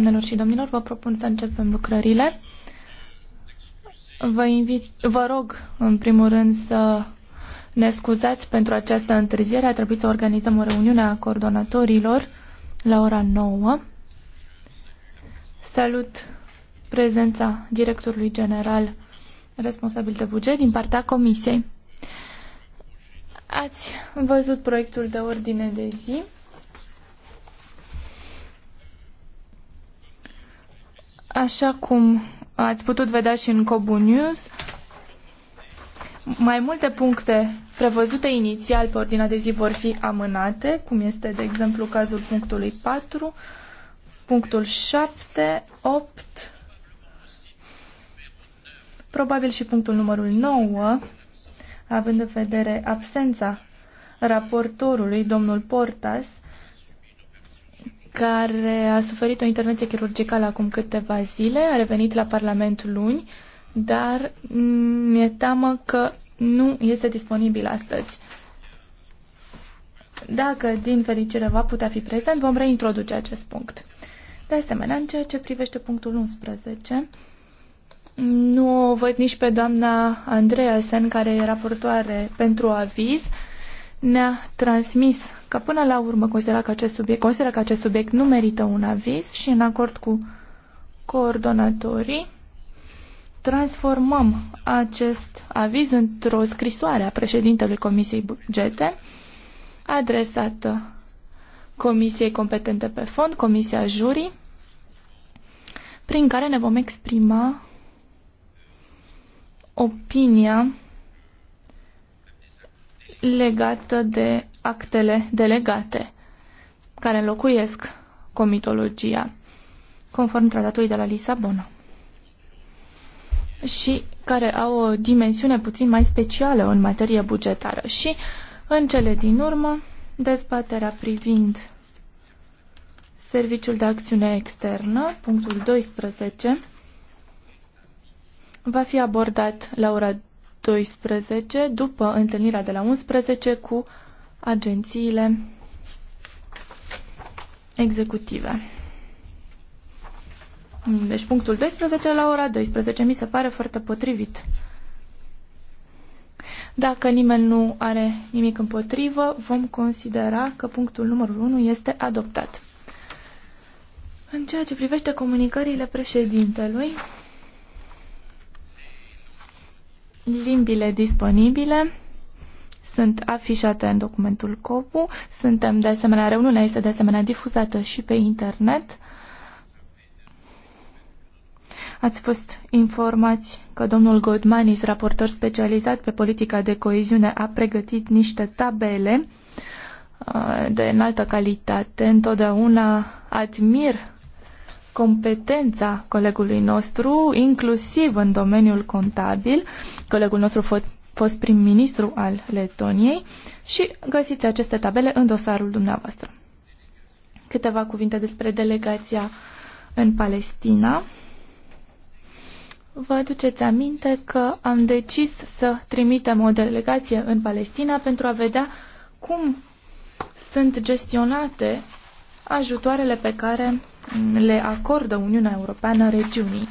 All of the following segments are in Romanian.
doamnelor și domnilor, vă propun să începem lucrările. Vă, invit, vă rog, în primul rând, să ne scuzați pentru această întârziere. A trebuit să organizăm o reuniune a coordonatorilor la ora 9. Salut prezența directorului general responsabil de buget din partea Comisiei. Ați văzut proiectul de ordine de zi. Așa cum ați putut vedea și în Cobu News, mai multe puncte prevăzute inițial pe ordinea de zi vor fi amânate, cum este, de exemplu, cazul punctului 4, punctul 7, 8, probabil și punctul numărul 9, având în vedere absența raportorului, domnul Portas, care a suferit o intervenție chirurgicală acum câteva zile, a revenit la Parlament luni, dar mi-e teamă că nu este disponibil astăzi. Dacă, din fericire, va putea fi prezent, vom reintroduce acest punct. De asemenea, în ceea ce privește punctul 11, nu o văd nici pe doamna Andreasen, care e raportoare pentru aviz, ne-a transmis că până la urmă consideră că acest subiect, consideră că acest subiect nu merită un aviz și în acord cu coordonatorii transformăm acest aviz într-o scrisoare a președintelui Comisiei Bugete adresată Comisiei competente pe fond, Comisia Jurii, prin care ne vom exprima opinia legată de actele delegate care înlocuiesc comitologia conform tratatului de la Lisabona și care au o dimensiune puțin mai specială în materie bugetară și în cele din urmă dezbaterea privind Serviciul de Acțiune Externă, punctul 12, va fi abordat la ora 12, după întâlnirea de la 11 cu agențiile executive. Deci punctul 12 la ora 12 mi se pare foarte potrivit. Dacă nimeni nu are nimic împotrivă, vom considera că punctul numărul 1 este adoptat. În ceea ce privește comunicările președintelui, Limbile disponibile sunt afișate în documentul COPU. Suntem de asemenea, reuniunea este de asemenea difuzată și pe internet. Ați fost informați că domnul Godmanis, raportor specializat pe politica de coeziune, a pregătit niște tabele uh, de înaltă calitate. Întotdeauna admir competența colegului nostru, inclusiv în domeniul contabil, colegul nostru fost, fost prim-ministru al Letoniei, și găsiți aceste tabele în dosarul dumneavoastră. Câteva cuvinte despre delegația în Palestina. Vă aduceți aminte că am decis să trimitem o delegație în Palestina pentru a vedea cum sunt gestionate ajutoarele pe care le acordă Uniunea Europeană regiunii.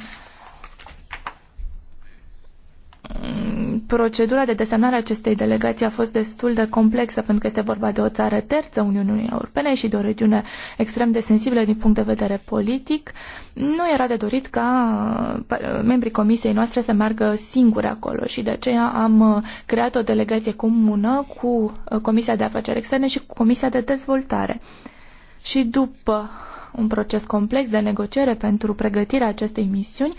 Procedura de desemnare a acestei delegații a fost destul de complexă pentru că este vorba de o țară terță Uniunii Europene și de o regiune extrem de sensibilă din punct de vedere politic. Nu era de dorit ca membrii comisiei noastre să meargă singuri acolo și de aceea am uh, creat o delegație comună cu uh, Comisia de Afaceri Externe și cu Comisia de Dezvoltare. Și după un proces complex de negociere pentru pregătirea acestei misiuni,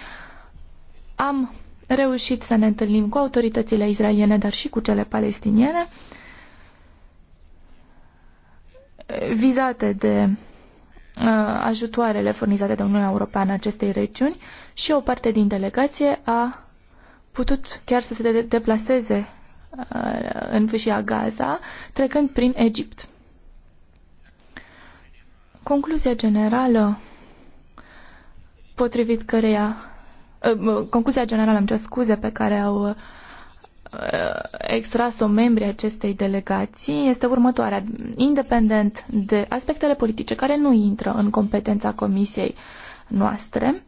am reușit să ne întâlnim cu autoritățile israeliene, dar și cu cele palestiniene, vizate de uh, ajutoarele furnizate de Uniunea Europeană acestei regiuni și o parte din delegație a putut chiar să se de deplaseze uh, în fâșia Gaza, trecând prin Egipt. Concluzia generală potrivit căreia ă, concluzia generală, am cer scuze, pe care au ă, extras-o membrii acestei delegații este următoarea. Independent de aspectele politice care nu intră în competența comisiei noastre,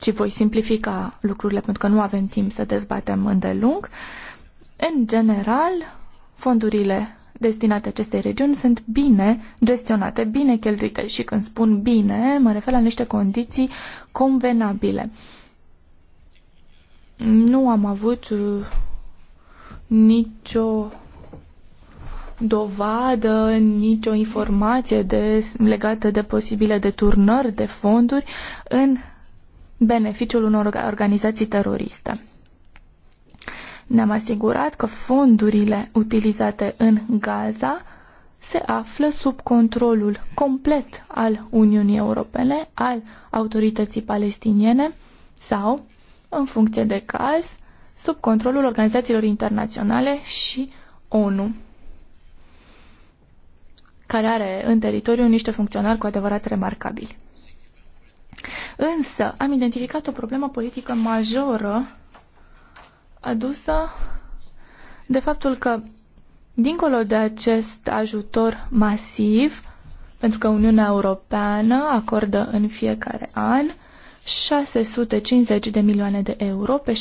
ci voi simplifica lucrurile pentru că nu avem timp să dezbatem îndelung, în general, fondurile destinate acestei regiuni sunt bine gestionate, bine cheltuite și când spun bine, mă refer la niște condiții convenabile. Nu am avut uh, nicio dovadă, nicio informație de, legată de posibile deturnări de fonduri în beneficiul unor organizații teroriste. Ne-am asigurat că fondurile utilizate în Gaza se află sub controlul complet al Uniunii Europene, al autorității palestiniene sau, în funcție de caz, sub controlul organizațiilor internaționale și ONU, care are în teritoriu niște funcționari cu adevărat remarcabili. Însă, am identificat o problemă politică majoră adusă de faptul că, dincolo de acest ajutor masiv, pentru că Uniunea Europeană acordă în fiecare an 650 de milioane de euro pe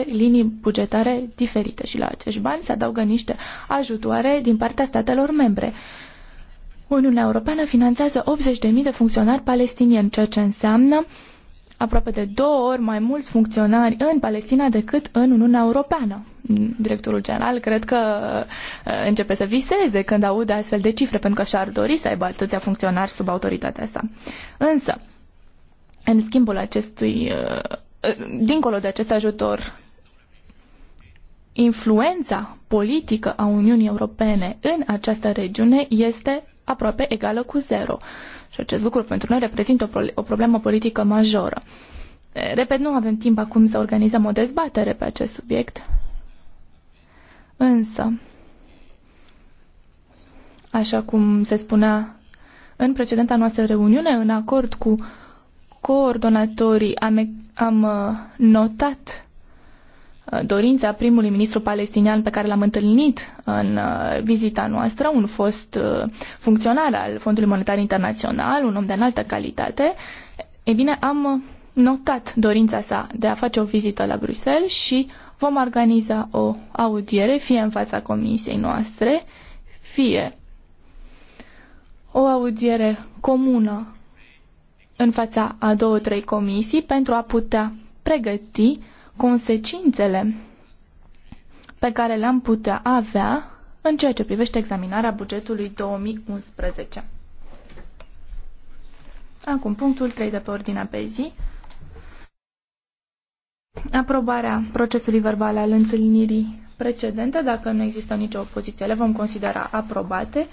6-7 linii bugetare diferite și la acești bani se adaugă niște ajutoare din partea statelor membre. Uniunea Europeană finanțează 80.000 de funcționari palestinieni, ceea ce înseamnă aproape de două ori mai mulți funcționari în Palestina decât în Uniunea Europeană. Directorul general cred că uh, începe să viseze când aude astfel de cifre, pentru că și-ar dori să aibă atâția funcționari sub autoritatea sa. Însă, în schimbul acestui, uh, uh, dincolo de acest ajutor, influența politică a Uniunii Europene în această regiune este aproape egală cu zero. Și acest lucru pentru noi reprezintă o problemă politică majoră. Repet, nu avem timp acum să organizăm o dezbatere pe acest subiect. Însă, așa cum se spunea în precedenta noastră reuniune, în acord cu coordonatorii, am, am uh, notat Uh, dorința primului ministru palestinian pe care l-am întâlnit în uh, vizita noastră, un fost uh, funcționar al Fondului Monetar Internațional, un om de înaltă calitate, e bine, am notat dorința sa de a face o vizită la Bruxelles și vom organiza o audiere, fie în fața comisiei noastre, fie o audiere comună în fața a două, trei comisii pentru a putea pregăti consecințele pe care le-am putea avea în ceea ce privește examinarea bugetului 2011. Acum, punctul 3 de pe ordinea pe zi. Aprobarea procesului verbal al întâlnirii precedente, dacă nu există nicio opoziție, le vom considera aprobate.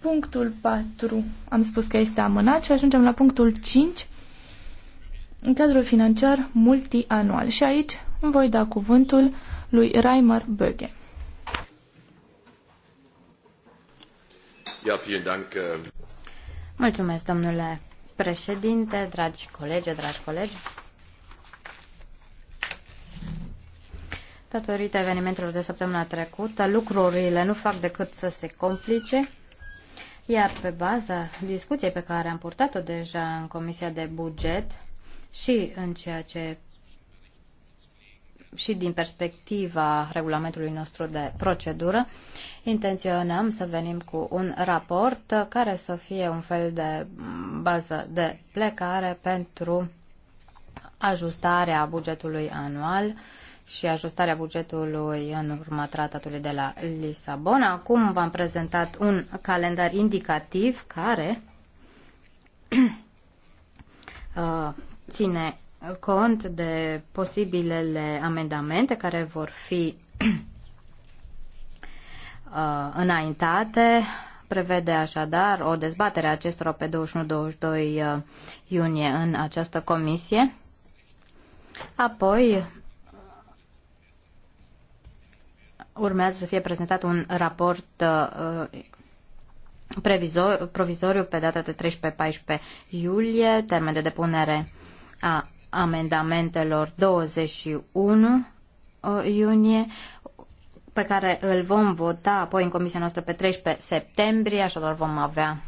Punctul 4 am spus că este amânat și ajungem la punctul 5, în cadrul financiar multianual. Și aici îmi voi da cuvântul lui Reimer Böge. Ja, Dank. Äh, Mulțumesc, domnule președinte, dragi colegi, dragi colegi. Datorită evenimentelor de săptămâna trecută, lucrurile nu fac decât să se complice, iar pe baza discuției pe care am purtat-o deja în Comisia de Buget, și în ceea ce și din perspectiva regulamentului nostru de procedură, intenționăm să venim cu un raport care să fie un fel de bază de plecare pentru ajustarea bugetului anual și ajustarea bugetului în urma tratatului de la Lisabona. Acum v-am prezentat un calendar indicativ care uh, ține cont de posibilele amendamente care vor fi uh, înaintate. Prevede așadar o dezbatere a acestora pe 21-22 uh, iunie în această comisie. Apoi urmează să fie prezentat un raport uh, previzor, provizoriu pe data de 13-14 iulie, termen de depunere a amendamentelor 21 uh, iunie, pe care îl vom vota apoi în comisia noastră pe 13 septembrie, așadar vom avea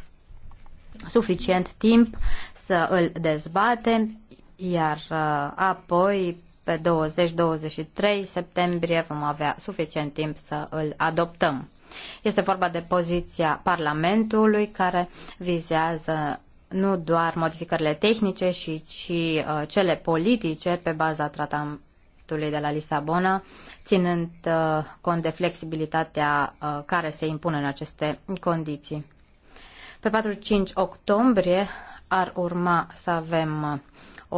suficient timp să îl dezbatem, iar uh, apoi pe 20-23 septembrie vom avea suficient timp să îl adoptăm. Este vorba de poziția Parlamentului care vizează nu doar modificările tehnice, și, ci uh, cele politice pe baza tratatului de la Lisabona, ținând uh, cont de flexibilitatea uh, care se impune în aceste condiții. Pe 4-5 octombrie ar urma să avem uh,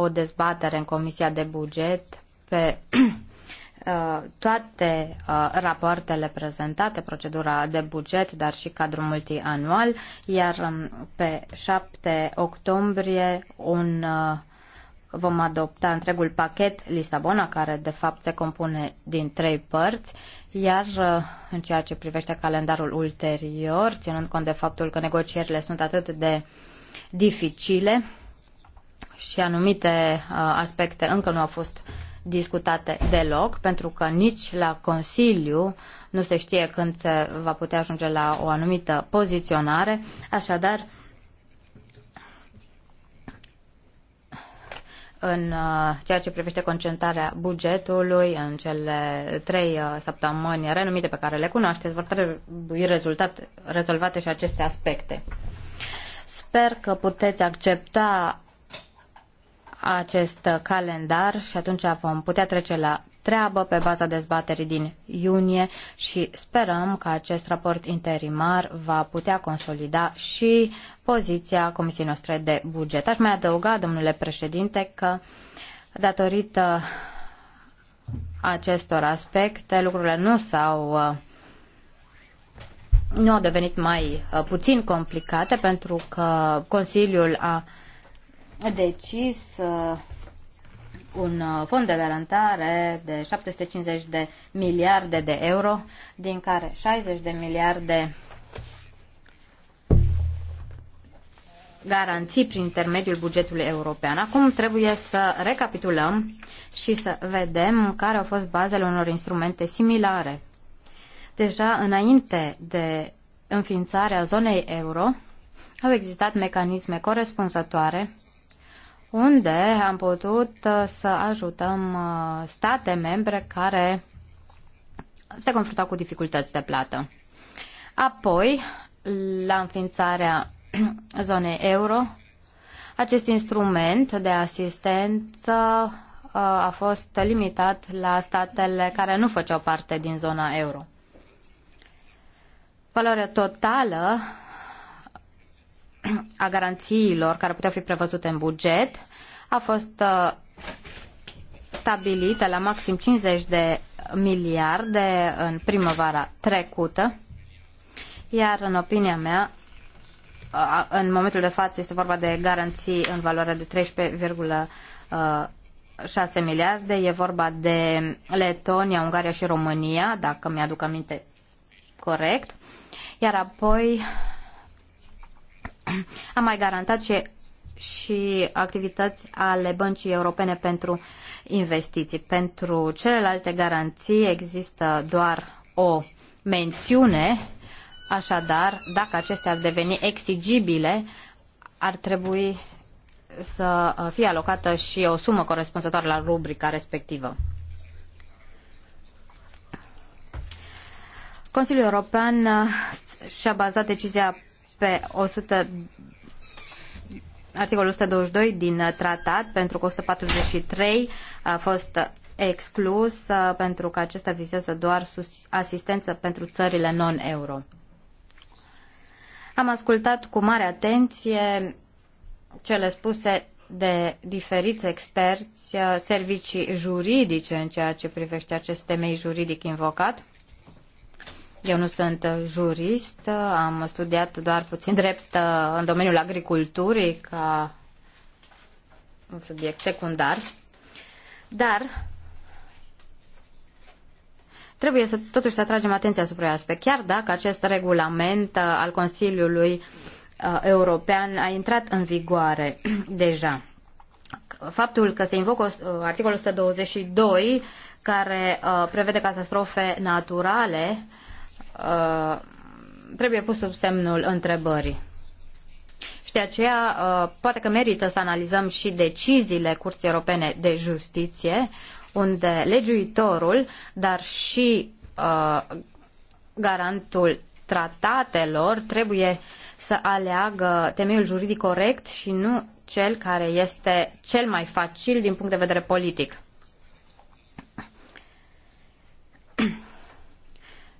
o dezbatere în Comisia de Buget pe Uh, toate uh, rapoartele prezentate, procedura de buget, dar și cadrul multianual, iar um, pe 7 octombrie un uh, vom adopta întregul pachet Lisabona, care de fapt se compune din trei părți, iar în ceea ce privește calendarul ulterior, ținând cont de faptul că negocierile sunt atât de dificile și anumite aspecte încă nu au fost discutate deloc, pentru că nici la Consiliu nu se știe când se va putea ajunge la o anumită poziționare. Așadar, în uh, ceea ce privește concentrarea bugetului în cele trei uh, săptămâni renumite pe care le cunoașteți, vor trebui rezultat, rezolvate și aceste aspecte. Sper că puteți accepta acest calendar și atunci vom putea trece la treabă pe baza dezbaterii din iunie și sperăm că acest raport interimar va putea consolida și poziția Comisiei noastre de buget. Aș mai adăuga, domnule președinte, că datorită acestor aspecte, lucrurile nu s-au nu au devenit mai uh, puțin complicate pentru că Consiliul a decis uh, un uh, fond de garantare de 750 de miliarde de euro, din care 60 de miliarde garanții prin intermediul bugetului european. Acum trebuie să recapitulăm și să vedem care au fost bazele unor instrumente similare. Deja înainte de înființarea zonei euro, au existat mecanisme corespunzătoare unde am putut uh, să ajutăm uh, state membre care se confruntau cu dificultăți de plată. Apoi, la înființarea zonei euro, acest instrument de asistență uh, a fost limitat la statele care nu făceau parte din zona euro. Valoarea totală a garanțiilor care puteau fi prevăzute în buget a fost uh, stabilită la maxim 50 de miliarde în primăvara trecută, iar în opinia mea, uh, în momentul de față este vorba de garanții în valoare de 13,6 uh, miliarde, e vorba de Letonia, Ungaria și România, dacă mi-aduc aminte corect, iar apoi am mai garantat și și activități ale Băncii Europene pentru Investiții. Pentru celelalte garanții există doar o mențiune, așadar, dacă acestea ar deveni exigibile, ar trebui să fie alocată și o sumă corespunzătoare la rubrica respectivă. Consiliul European uh, și-a bazat decizia pe 100, articolul 122 din tratat, pentru că 143 a fost exclus pentru că acesta vizează doar asistență pentru țările non-euro. Am ascultat cu mare atenție cele spuse de diferiți experți, servicii juridice în ceea ce privește acest temei juridic invocat. Eu nu sunt jurist, am studiat doar puțin drept uh, în domeniul agriculturii ca un subiect secundar, dar trebuie să totuși să atragem atenția asupra unui aspect. Chiar dacă acest regulament uh, al Consiliului uh, European a intrat în vigoare deja, faptul că se invocă articolul 122 care prevede catastrofe naturale Uh, trebuie pus sub semnul întrebării. Și de aceea uh, poate că merită să analizăm și deciziile Curții Europene de Justiție, unde legiuitorul, dar și uh, garantul tratatelor trebuie să aleagă temeiul juridic corect și nu cel care este cel mai facil din punct de vedere politic.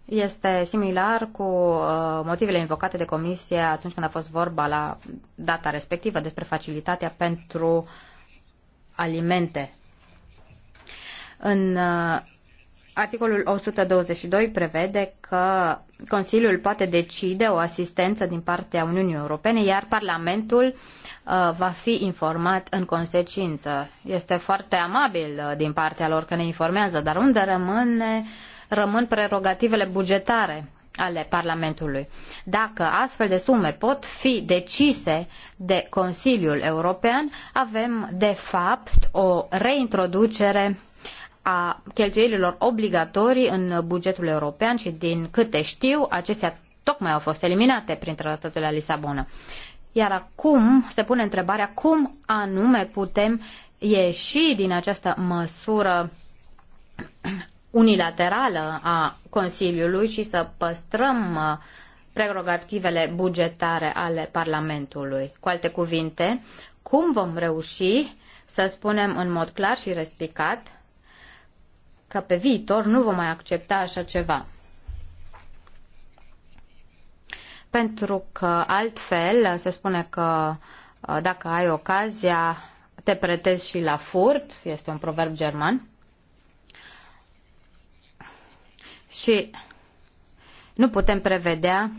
este similar cu uh, motivele invocate de comisie atunci când a fost vorba la data respectivă despre facilitatea pentru alimente. În uh, articolul 122 prevede că Consiliul poate decide o asistență din partea Uniunii Europene, iar Parlamentul uh, va fi informat în consecință. Este foarte amabil din partea lor că ne informează, dar unde rămâne uh, rămân prerogativele bugetare ale Parlamentului. Dacă astfel de sume pot fi decise de Consiliul European, avem de fapt o reintroducere a cheltuielilor obligatorii în bugetul european și din câte știu, acestea tocmai au fost eliminate prin tratatul la Lisabona. Iar acum se pune întrebarea cum anume putem ieși din această măsură unilaterală a Consiliului și să păstrăm uh, prerogativele bugetare ale Parlamentului. Cu alte cuvinte, cum vom reuși să spunem în mod clar și respicat că pe viitor nu vom mai accepta așa ceva? Pentru că altfel uh, se spune că uh, dacă ai ocazia, te pretezi și la furt, este un proverb german, și nu putem prevedea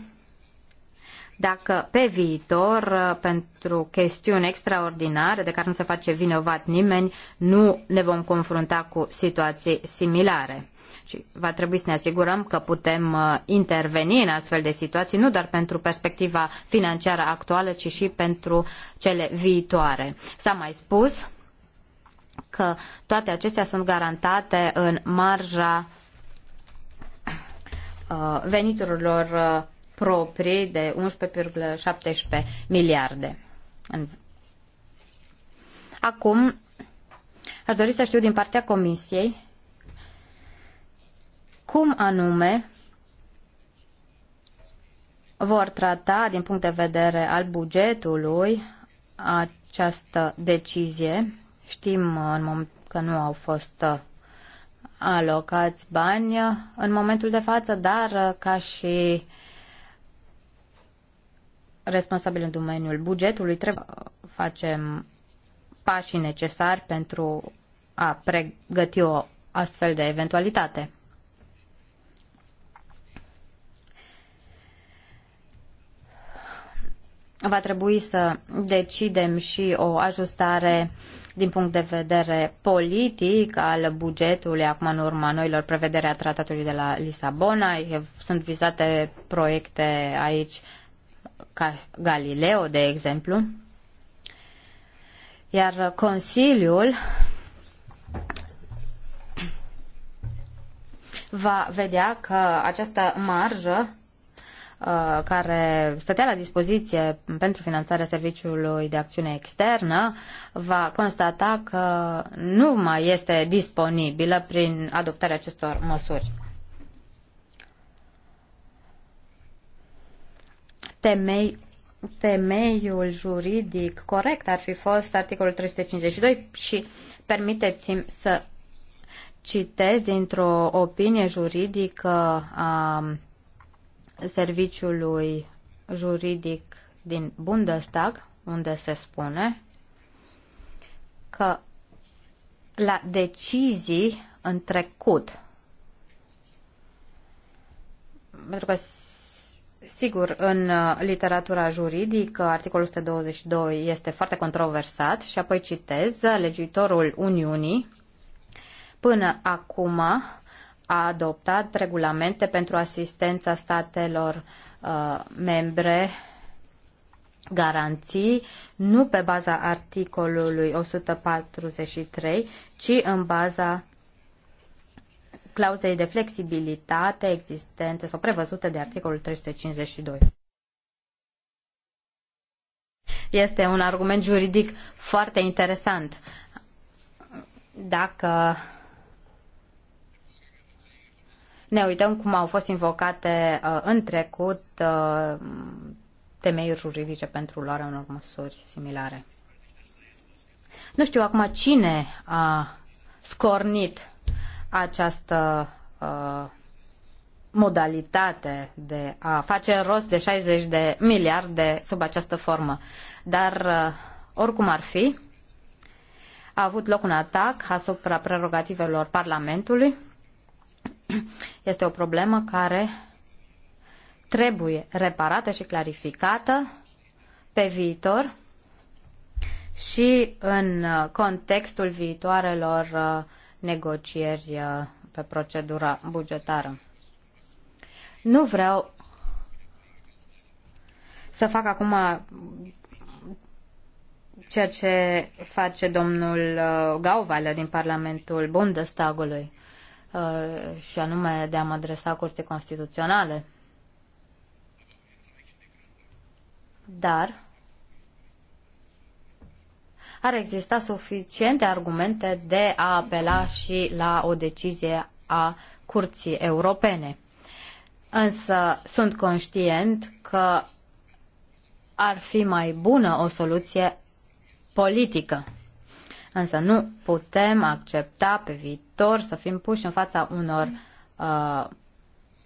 dacă pe viitor, uh, pentru chestiuni extraordinare de care nu se face vinovat nimeni, nu ne vom confrunta cu situații similare. Și va trebui să ne asigurăm că putem uh, interveni în astfel de situații, nu doar pentru perspectiva financiară actuală, ci și pentru cele viitoare. S-a mai spus că toate acestea sunt garantate în marja Uh, veniturilor uh, proprii de 11,17 miliarde. Acum, aș dori să știu din partea Comisiei cum anume vor trata, din punct de vedere al bugetului, această decizie. Știm uh, în moment că nu au fost alocați bani în momentul de față, dar uh, ca și responsabil în domeniul bugetului trebuie facem pașii necesari pentru a pregăti o astfel de eventualitate. va trebui să decidem și o ajustare din punct de vedere politic al bugetului, acum în urma noilor prevedere a tratatului de la Lisabona. Sunt vizate proiecte aici ca Galileo, de exemplu. Iar Consiliul va vedea că această marjă Uh, care stătea la dispoziție pentru finanțarea serviciului de acțiune externă va constata că nu mai este disponibilă prin adoptarea acestor măsuri. Temei temeiul juridic corect ar fi fost articolul 352 și permiteți-mi să citez dintr-o opinie juridică a serviciului juridic din Bundestag, unde se spune că la decizii în trecut, pentru că Sigur, în uh, literatura juridică, articolul 122 este foarte controversat și apoi citez legiuitorul Uniunii. Până acum, a adoptat regulamente pentru asistența statelor uh, membre garanții nu pe baza articolului 143, ci în baza clauzei de flexibilitate existente sau prevăzute de articolul 352. Este un argument juridic foarte interesant. Dacă ne uităm cum au fost invocate uh, în trecut uh, temeiuri juridice pentru luarea unor măsuri similare. Nu știu acum cine a scornit această uh, modalitate de a face rost de 60 de miliarde sub această formă. Dar, uh, oricum ar fi, a avut loc un atac asupra prerogativelor Parlamentului Este o problemă care trebuie reparată și clarificată pe viitor și în uh, contextul viitoarelor uh, negocieri uh, pe procedura bugetară. Nu vreau să fac acum ceea ce face domnul Gauweiler din Parlamentul Bundestagului. Uh, și anume de a mă adresa curții constituționale. Dar ar exista suficiente argumente de a apela și la o decizie a curții europene. Însă sunt conștient că ar fi mai bună o soluție politică. Însă nu putem accepta pe viitor să fim puși în fața unor uh,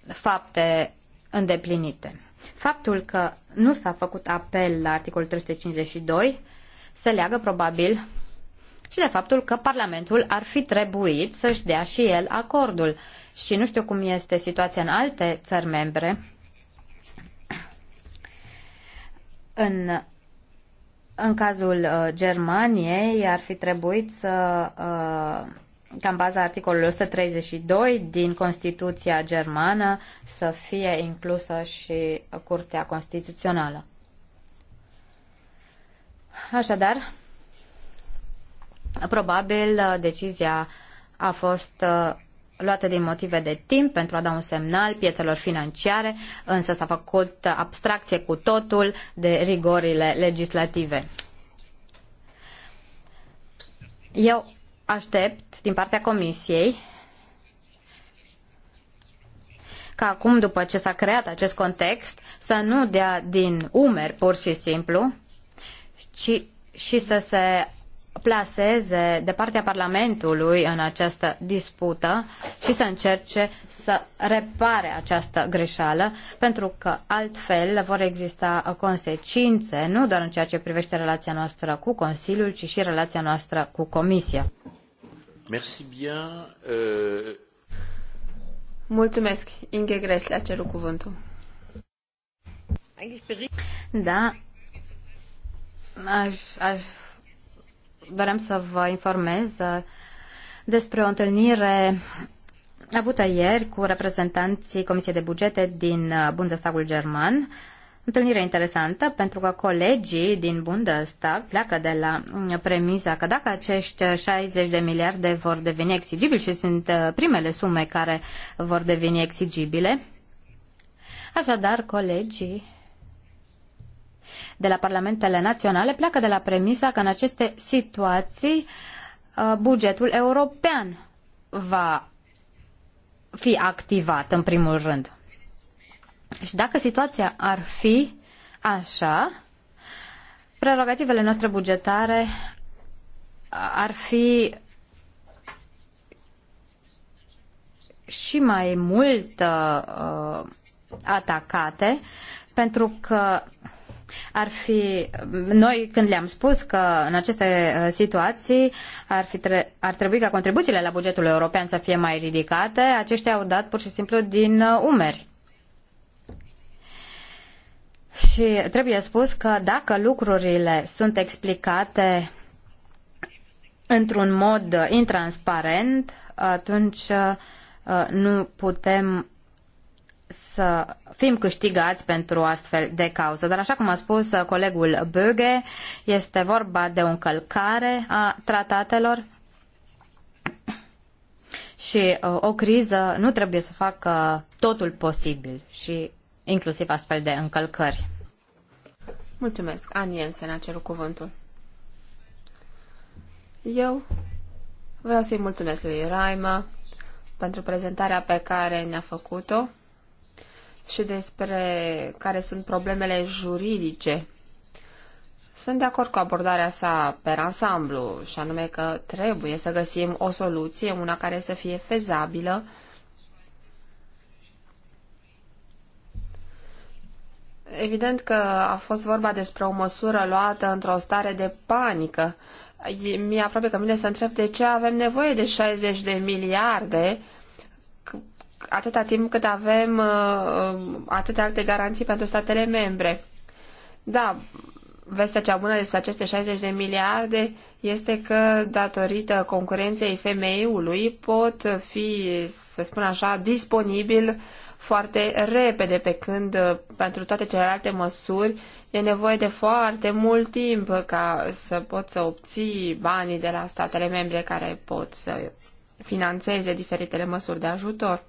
fapte îndeplinite. Faptul că nu s-a făcut apel la articolul 352 se leagă probabil și de faptul că Parlamentul ar fi trebuit să-și dea și el acordul. Și nu știu cum este situația în alte țări membre. În în cazul uh, Germaniei ar fi trebuit să, uh, ca în baza articolului 132 din Constituția germană, să fie inclusă și Curtea Constituțională. Așadar, probabil uh, decizia a fost uh, luată din motive de timp pentru a da un semnal piețelor financiare, însă s-a făcut abstracție cu totul de rigorile legislative. Eu aștept din partea Comisiei ca acum, după ce s-a creat acest context, să nu dea din umeri pur și simplu, ci și să se plaseze de partea Parlamentului în această dispută și să încerce să repare această greșeală, pentru că altfel vor exista consecințe, nu doar în ceea ce privește relația noastră cu Consiliul, ci și relația noastră cu Comisia. Merci bien. Uh... Mulțumesc. Inge Gresle a cerut cuvântul. Da. Aș, aș doream să vă informez uh, despre o întâlnire avută ieri cu reprezentanții Comisiei de Bugete din uh, Bundestagul German. Întâlnire interesantă pentru că colegii din Bundestag pleacă de la uh, premiza că dacă acești 60 de miliarde vor deveni exigibili și sunt primele sume care vor deveni exigibile, așadar colegii de la parlamentele naționale pleacă de la premisa că în aceste situații uh, bugetul european va fi activat în primul rând. Și dacă situația ar fi așa, prerogativele noastre bugetare ar fi și mai mult uh, atacate, pentru că ar fi, noi când le-am spus că în aceste uh, situații ar, fi tre- ar trebui ca contribuțiile la bugetul european să fie mai ridicate, aceștia au dat pur și simplu din uh, umeri. Și trebuie spus că dacă lucrurile sunt explicate într-un mod uh, intransparent, atunci nu putem să fim câștigați pentru astfel de cauză. Dar așa cum a spus uh, colegul Böge, este vorba de o încălcare a tratatelor și uh, o criză nu trebuie să facă totul posibil și inclusiv astfel de încălcări. Mulțumesc. Ani Jensen a cerut cuvântul. Eu vreau să-i mulțumesc lui Raima pentru prezentarea pe care ne-a făcut-o și despre care sunt problemele juridice. Sunt de acord cu abordarea sa pe ansamblu, și anume că trebuie să găsim o soluție, una care să fie fezabilă, Evident că a fost vorba despre o măsură luată într-o stare de panică. Mi-e aproape că mine să întreb de ce avem nevoie de 60 de miliarde atâta timp cât avem uh, uh, atâtea alte garanții pentru statele membre. Da, vestea cea bună despre aceste 60 de miliarde este că, datorită concurenței femeiului, pot fi, să spun așa, disponibil foarte repede, pe când uh, pentru toate celelalte măsuri e nevoie de foarte mult timp ca să poți să obții banii de la statele membre care pot să finanțeze diferitele măsuri de ajutor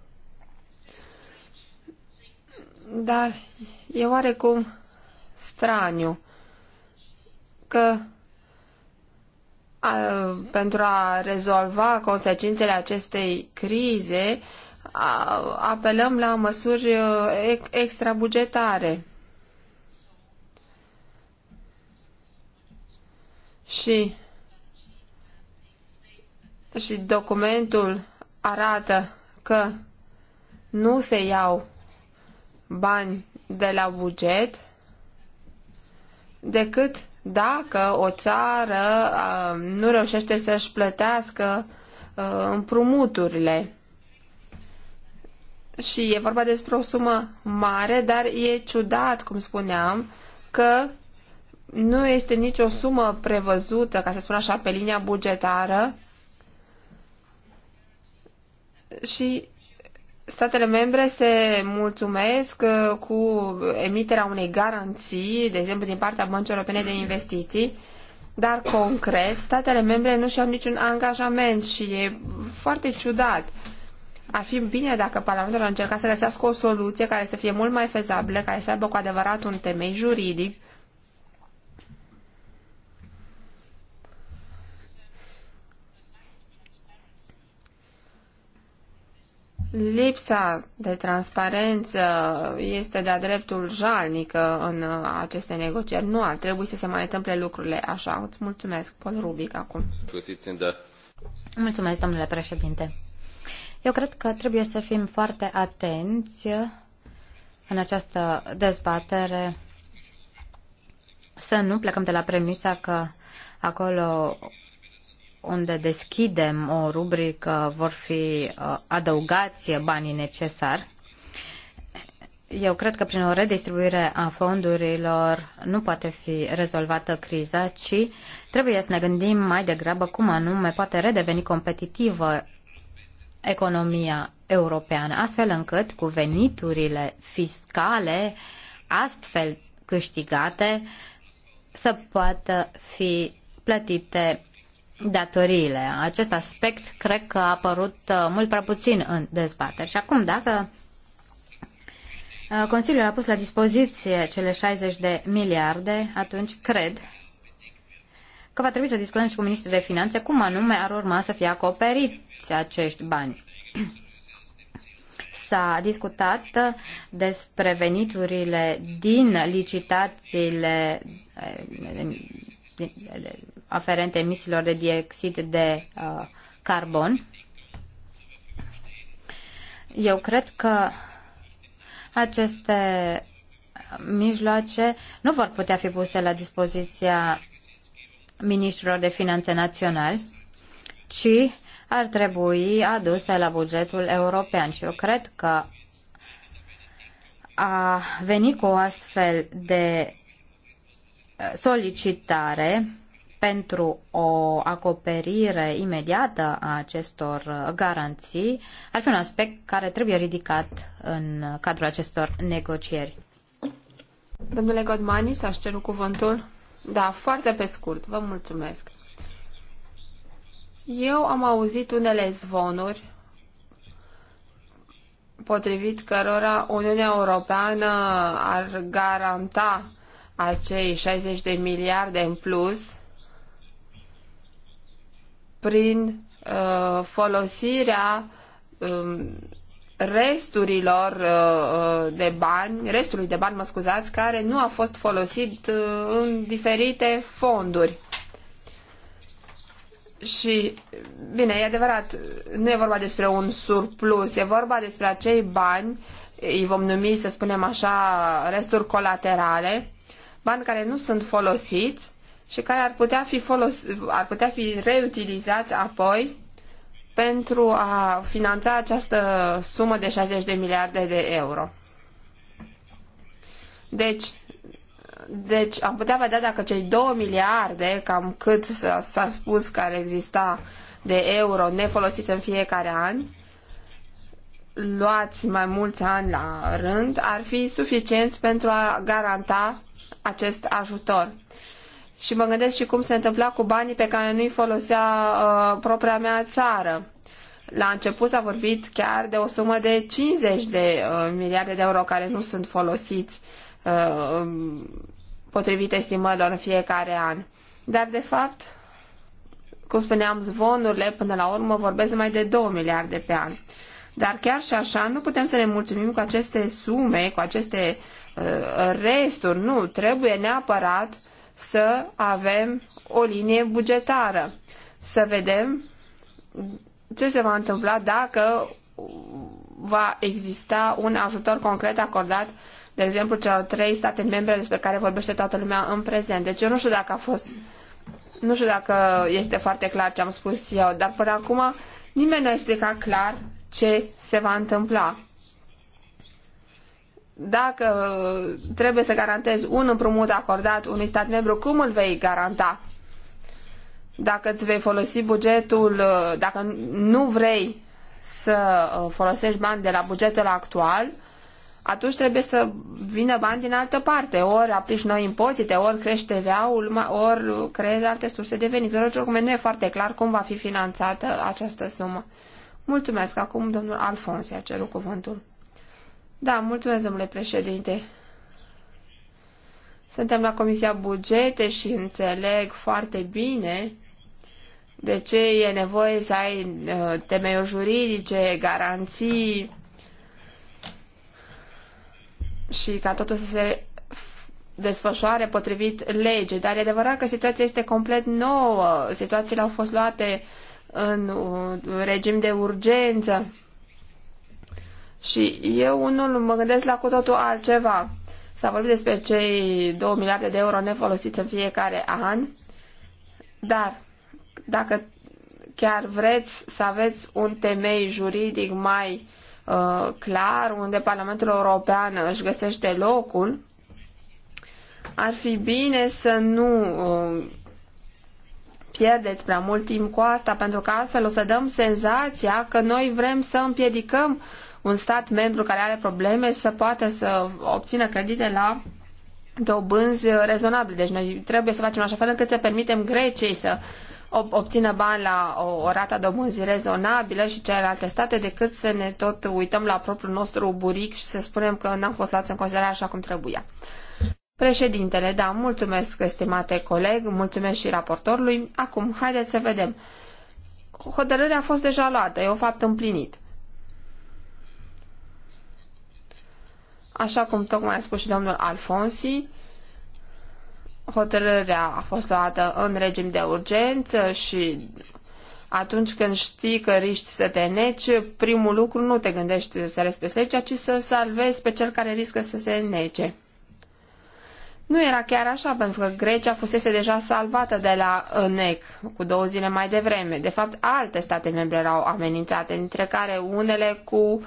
dar e oarecum straniu că a, pentru a rezolva consecințele acestei crize a, apelăm la măsuri uh, extrabugetare. Și, și documentul arată că nu se iau bani de la buget decât dacă o țară uh, nu reușește să-și plătească uh, împrumuturile. Și e vorba despre o sumă mare, dar e ciudat, cum spuneam, că nu este nicio sumă prevăzută, ca să spun așa, pe linia bugetară și statele membre se mulțumesc uh, cu emiterea unei garanții, de exemplu din partea Băncii Europene de Investiții, dar concret statele membre nu și-au niciun angajament și e foarte ciudat. Ar fi bine dacă Parlamentul ar încerca să găsească o soluție care să fie mult mai fezabilă, care să aibă cu adevărat un temei juridic Lipsa de transparență este de-a dreptul jalnică în uh, aceste negocieri. Nu ar trebui să se mai întâmple lucrurile așa. Îți mulțumesc, Paul Rubic, acum. Mulțumesc, domnule președinte. Eu cred că trebuie să fim foarte atenți în această dezbatere să nu plecăm de la premisa că acolo unde deschidem o rubrică vor fi uh, adăugați banii necesari. Eu cred că prin o redistribuire a fondurilor nu poate fi rezolvată criza, ci trebuie să ne gândim mai degrabă cum anume poate redeveni competitivă economia europeană, astfel încât cu veniturile fiscale astfel câștigate să poată fi plătite datoriile. Acest aspect cred că a apărut uh, mult prea puțin în dezbateri. Și acum, dacă uh, Consiliul a pus la dispoziție cele 60 de miliarde, atunci cred că va trebui să discutăm și cu ministrul de finanțe cum anume ar urma să fie acoperiți acești bani. S-a discutat uh, despre veniturile din licitațiile aferente emisiilor de dioxid de uh, carbon. Eu cred că aceste mijloace nu vor putea fi puse la dispoziția ministrilor de finanțe naționali, ci ar trebui aduse la bugetul european. Și eu cred că a veni cu o astfel de solicitare pentru o acoperire imediată a acestor garanții ar fi un aspect care trebuie ridicat în cadrul acestor negocieri. Domnule Godmani, s-aș cuvântul? Da, foarte pe scurt, vă mulțumesc. Eu am auzit unele zvonuri potrivit cărora Uniunea Europeană ar garanta acei 60 de miliarde în plus prin uh, folosirea um, resturilor uh, uh, de bani, restului de bani, mă scuzați, care nu a fost folosit uh, în diferite fonduri. Și, bine, e adevărat, nu e vorba despre un surplus, e vorba despre acei bani, îi vom numi, să spunem așa, resturi colaterale, bani care nu sunt folosiți și care ar putea fi, folos- ar putea fi reutilizați apoi pentru a finanța această sumă de 60 de miliarde de euro. Deci, deci am putea vedea dacă cei 2 miliarde, cam cât s-a spus că ar exista de euro nefolosiți în fiecare an, luați mai mulți ani la rând, ar fi suficienți pentru a garanta acest ajutor. Și mă gândesc și cum se întâmpla cu banii pe care nu-i folosea uh, propria mea țară. La început s-a vorbit chiar de o sumă de 50 de uh, miliarde de euro care nu sunt folosiți uh, um, potrivit estimărilor în fiecare an. Dar, de fapt, cum spuneam, zvonurile până la urmă vorbesc mai de 2 miliarde pe an. Dar chiar și așa nu putem să ne mulțumim cu aceste sume, cu aceste restul Nu, trebuie neapărat să avem o linie bugetară. Să vedem ce se va întâmpla dacă va exista un ajutor concret acordat, de exemplu, celor trei state membre despre care vorbește toată lumea în prezent. Deci eu nu știu dacă a fost, nu știu dacă este foarte clar ce am spus eu, dar până acum nimeni nu a explicat clar ce se va întâmpla dacă trebuie să garantezi un împrumut acordat unui stat membru, cum îl vei garanta? Dacă îți vei folosi bugetul, dacă nu vrei să uh, folosești bani de la bugetul actual, atunci trebuie să vină bani din altă parte. Ori aplici noi impozite, ori crește TVA-ul, ori creezi alte surse de venit. Deci, oricum, nu e foarte clar cum va fi finanțată această sumă. Mulțumesc. Acum, domnul Alfonsi a cerut cuvântul. Da, mulțumesc, domnule președinte. Suntem la Comisia Bugete și înțeleg foarte bine de ce e nevoie să ai uh, temeiuri juridice, garanții și ca totul să se desfășoare potrivit lege. Dar e adevărat că situația este complet nouă. Situațiile au fost luate în uh, regim de urgență și eu unul mă gândesc la cu totul altceva. S-a vorbit despre cei 2 miliarde de euro nefolosiți în fiecare an, dar dacă chiar vreți să aveți un temei juridic mai uh, clar, unde Parlamentul European își găsește locul, ar fi bine să nu uh, pierdeți prea mult timp cu asta, pentru că altfel o să dăm senzația că noi vrem să împiedicăm un stat membru care are probleme să poată să obțină credite la dobânzi rezonabile. Deci noi trebuie să facem așa fel încât să permitem Greciei să obțină bani la o, o rată dobânzi rezonabilă și celelalte state decât să ne tot uităm la propriul nostru buric și să spunem că n-am fost luați în considerare așa cum trebuia. Președintele, da, mulțumesc, estimate coleg, mulțumesc și raportorului. Acum, haideți să vedem. Hotărârea a fost deja luată, e o fapt împlinit. Așa cum tocmai a spus și domnul Alfonsi, hotărârea a fost luată în regim de urgență și atunci când știi că riști să te neci, primul lucru nu te gândești să respecti legea, ci să salvezi pe cel care riscă să se nece. Nu era chiar așa, pentru că Grecia fusese deja salvată de la NEC cu două zile mai devreme. De fapt, alte state membre erau amenințate, dintre care unele cu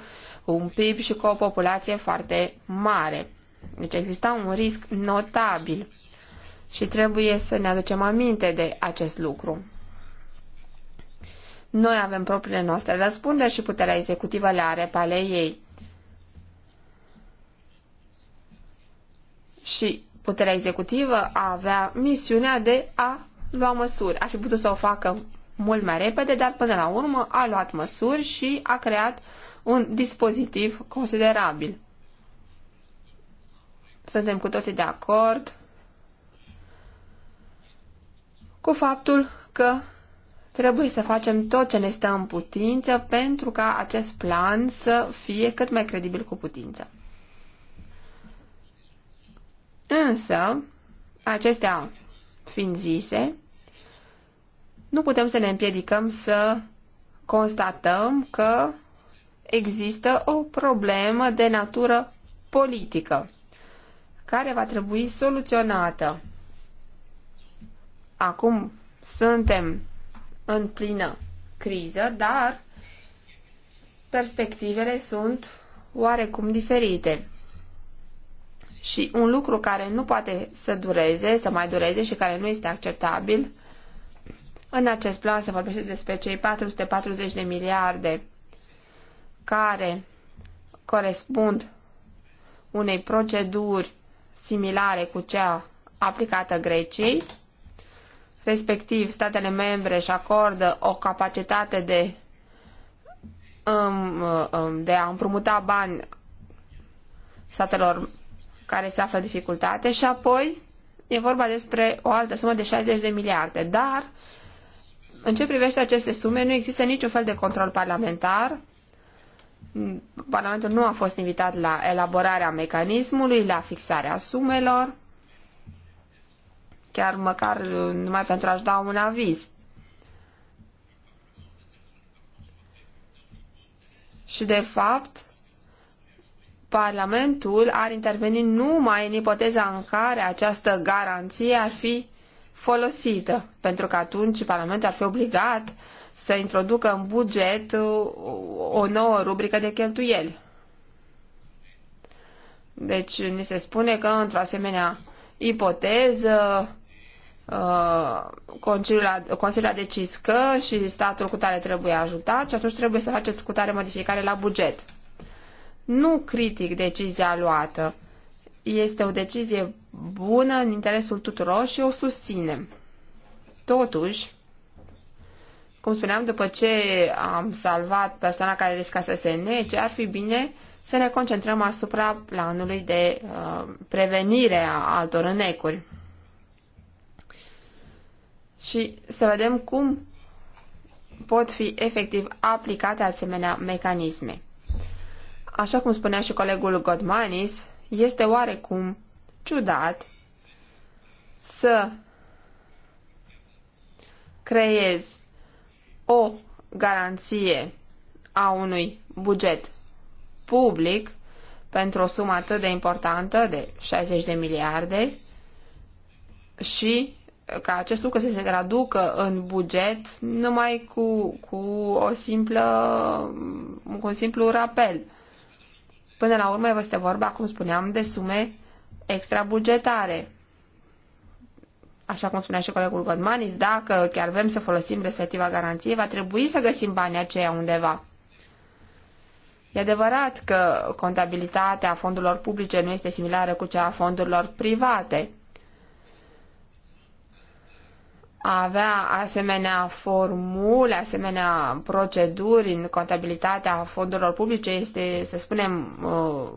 cu un PIB și cu o populație foarte mare. Deci exista un risc notabil și trebuie să ne aducem aminte de acest lucru. Noi avem propriile noastre răspunderi și puterea executivă le are pe ale ei. Și puterea executivă avea misiunea de a lua măsuri. Ar fi putut să o facă mult mai repede, dar până la urmă a luat măsuri și a creat un dispozitiv considerabil. Suntem cu toții de acord cu faptul că trebuie să facem tot ce ne stă în putință pentru ca acest plan să fie cât mai credibil cu putință. Însă, acestea fiind zise, nu putem să ne împiedicăm să constatăm că există o problemă de natură politică care va trebui soluționată. Acum suntem în plină criză, dar perspectivele sunt oarecum diferite. Și un lucru care nu poate să dureze, să mai dureze și care nu este acceptabil, în acest plan se vorbește despre cei 440 de miliarde care corespund unei proceduri similare cu cea aplicată Greciei, respectiv statele membre își acordă o capacitate de, um, um, de a împrumuta bani statelor care se află în dificultate și apoi e vorba despre o altă sumă de 60 de miliarde, dar în ce privește aceste sume, nu există niciun fel de control parlamentar. Parlamentul nu a fost invitat la elaborarea mecanismului, la fixarea sumelor, chiar măcar numai pentru a-și da un aviz. Și, de fapt, Parlamentul ar interveni numai în ipoteza în care această garanție ar fi folosită, pentru că atunci Parlamentul ar fi obligat să introducă în buget uh, o nouă rubrică de cheltuieli. Deci ni se spune că într-o asemenea ipoteză uh, Consiliul a, Consiliul a decis că și statul cu tare trebuie ajutat și atunci trebuie să faceți cu tare modificare la buget. Nu critic decizia luată, este o decizie bună în interesul tuturor și o susținem. Totuși, cum spuneam, după ce am salvat persoana care risca să se nece, ar fi bine să ne concentrăm asupra planului de uh, prevenire a altor înecuri. Și să vedem cum pot fi efectiv aplicate asemenea mecanisme. Așa cum spunea și colegul Godmanis, este oarecum ciudat să creezi o garanție a unui buget public pentru o sumă atât de importantă de 60 de miliarde și ca acest lucru să se traducă în buget numai cu, cu o simplă, cu un simplu rapel. Până la urmă este vorba, cum spuneam, de sume extrabugetare. Așa cum spunea și colegul Godmanis, dacă chiar vrem să folosim respectiva garanție, va trebui să găsim banii aceia undeva. E adevărat că contabilitatea fondurilor publice nu este similară cu cea a fondurilor private, a avea asemenea formule, asemenea proceduri în contabilitatea fondurilor publice este, să spunem, uh,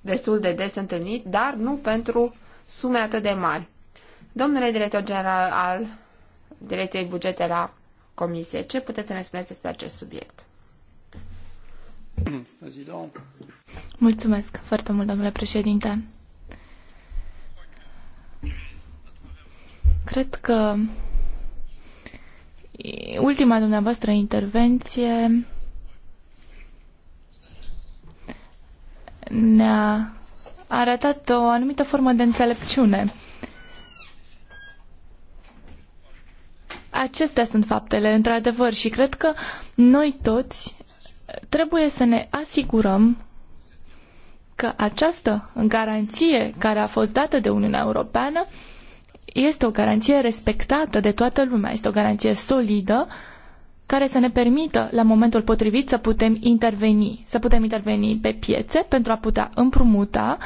destul de des întâlnit, dar nu pentru sume atât de mari. Domnule director general al Direcției Bugete la Comisie, ce puteți să ne spuneți despre acest subiect? Mulțumesc foarte mult, domnule președinte. Cred că ultima dumneavoastră intervenție ne-a arătat o anumită formă de înțelepciune. Acestea sunt faptele, într-adevăr, și cred că noi toți trebuie să ne asigurăm că această garanție care a fost dată de Uniunea Europeană este o garanție respectată de toată lumea, este o garanție solidă care să ne permită la momentul potrivit să putem interveni, să putem interveni pe piețe pentru a putea împrumuta,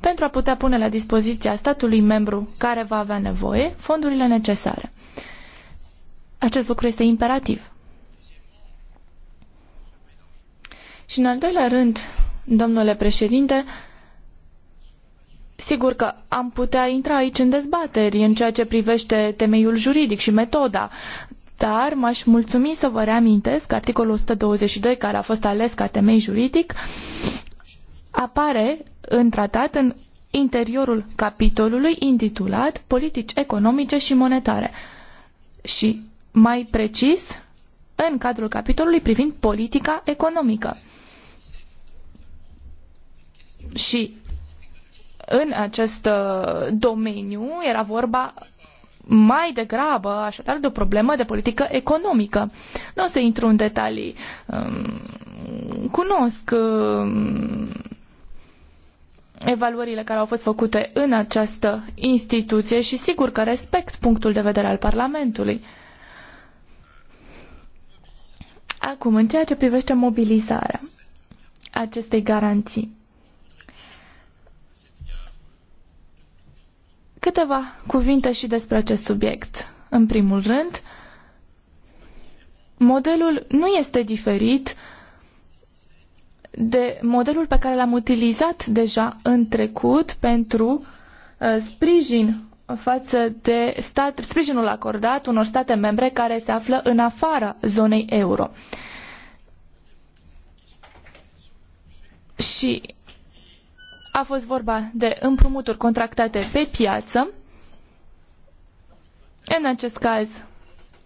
pentru a putea pune la dispoziția statului membru care va avea nevoie fondurile necesare. Acest lucru este imperativ. Și în al doilea rând, domnule președinte, Sigur că am putea intra aici în dezbateri în ceea ce privește temeiul juridic și metoda, dar m-aș mulțumi să vă reamintesc că articolul 122 care a fost ales ca temei juridic apare în tratat în interiorul capitolului intitulat Politici economice și monetare și mai precis în cadrul capitolului privind politica economică. Și în acest uh, domeniu era vorba mai degrabă, așadar, de o problemă de politică economică. Nu o să intru în detalii. Um, cunosc um, evaluările care au fost făcute în această instituție și sigur că respect punctul de vedere al Parlamentului. Acum, în ceea ce privește mobilizarea acestei garanții, Câteva cuvinte și despre acest subiect. În primul rând, modelul nu este diferit de modelul pe care l-am utilizat deja în trecut pentru uh, sprijin față de stat, sprijinul acordat unor state membre care se află în afara zonei euro. Și a fost vorba de împrumuturi contractate pe piață. În acest caz,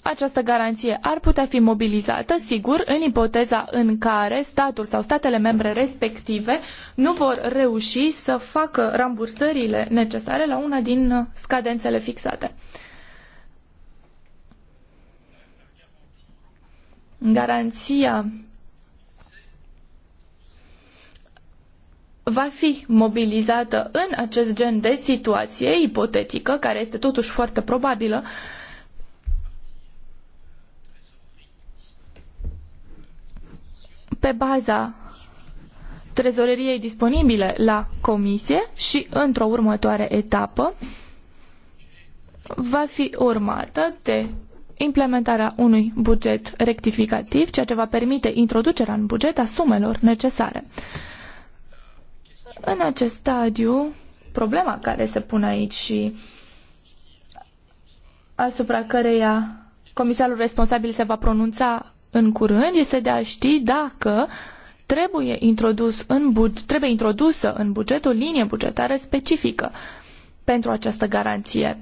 această garanție ar putea fi mobilizată, sigur, în ipoteza în care statul sau statele membre respective nu vor reuși să facă rambursările necesare la una din scadențele fixate. Garanția va fi mobilizată în acest gen de situație ipotetică, care este totuși foarte probabilă, pe baza trezoreriei disponibile la comisie și într-o următoare etapă va fi urmată de implementarea unui buget rectificativ, ceea ce va permite introducerea în buget a sumelor necesare. În acest stadiu, problema care se pune aici și asupra căreia comisarul responsabil se va pronunța în curând este de a ști dacă trebuie, introdus în buget, trebuie introdusă în buget o linie bugetară specifică pentru această garanție,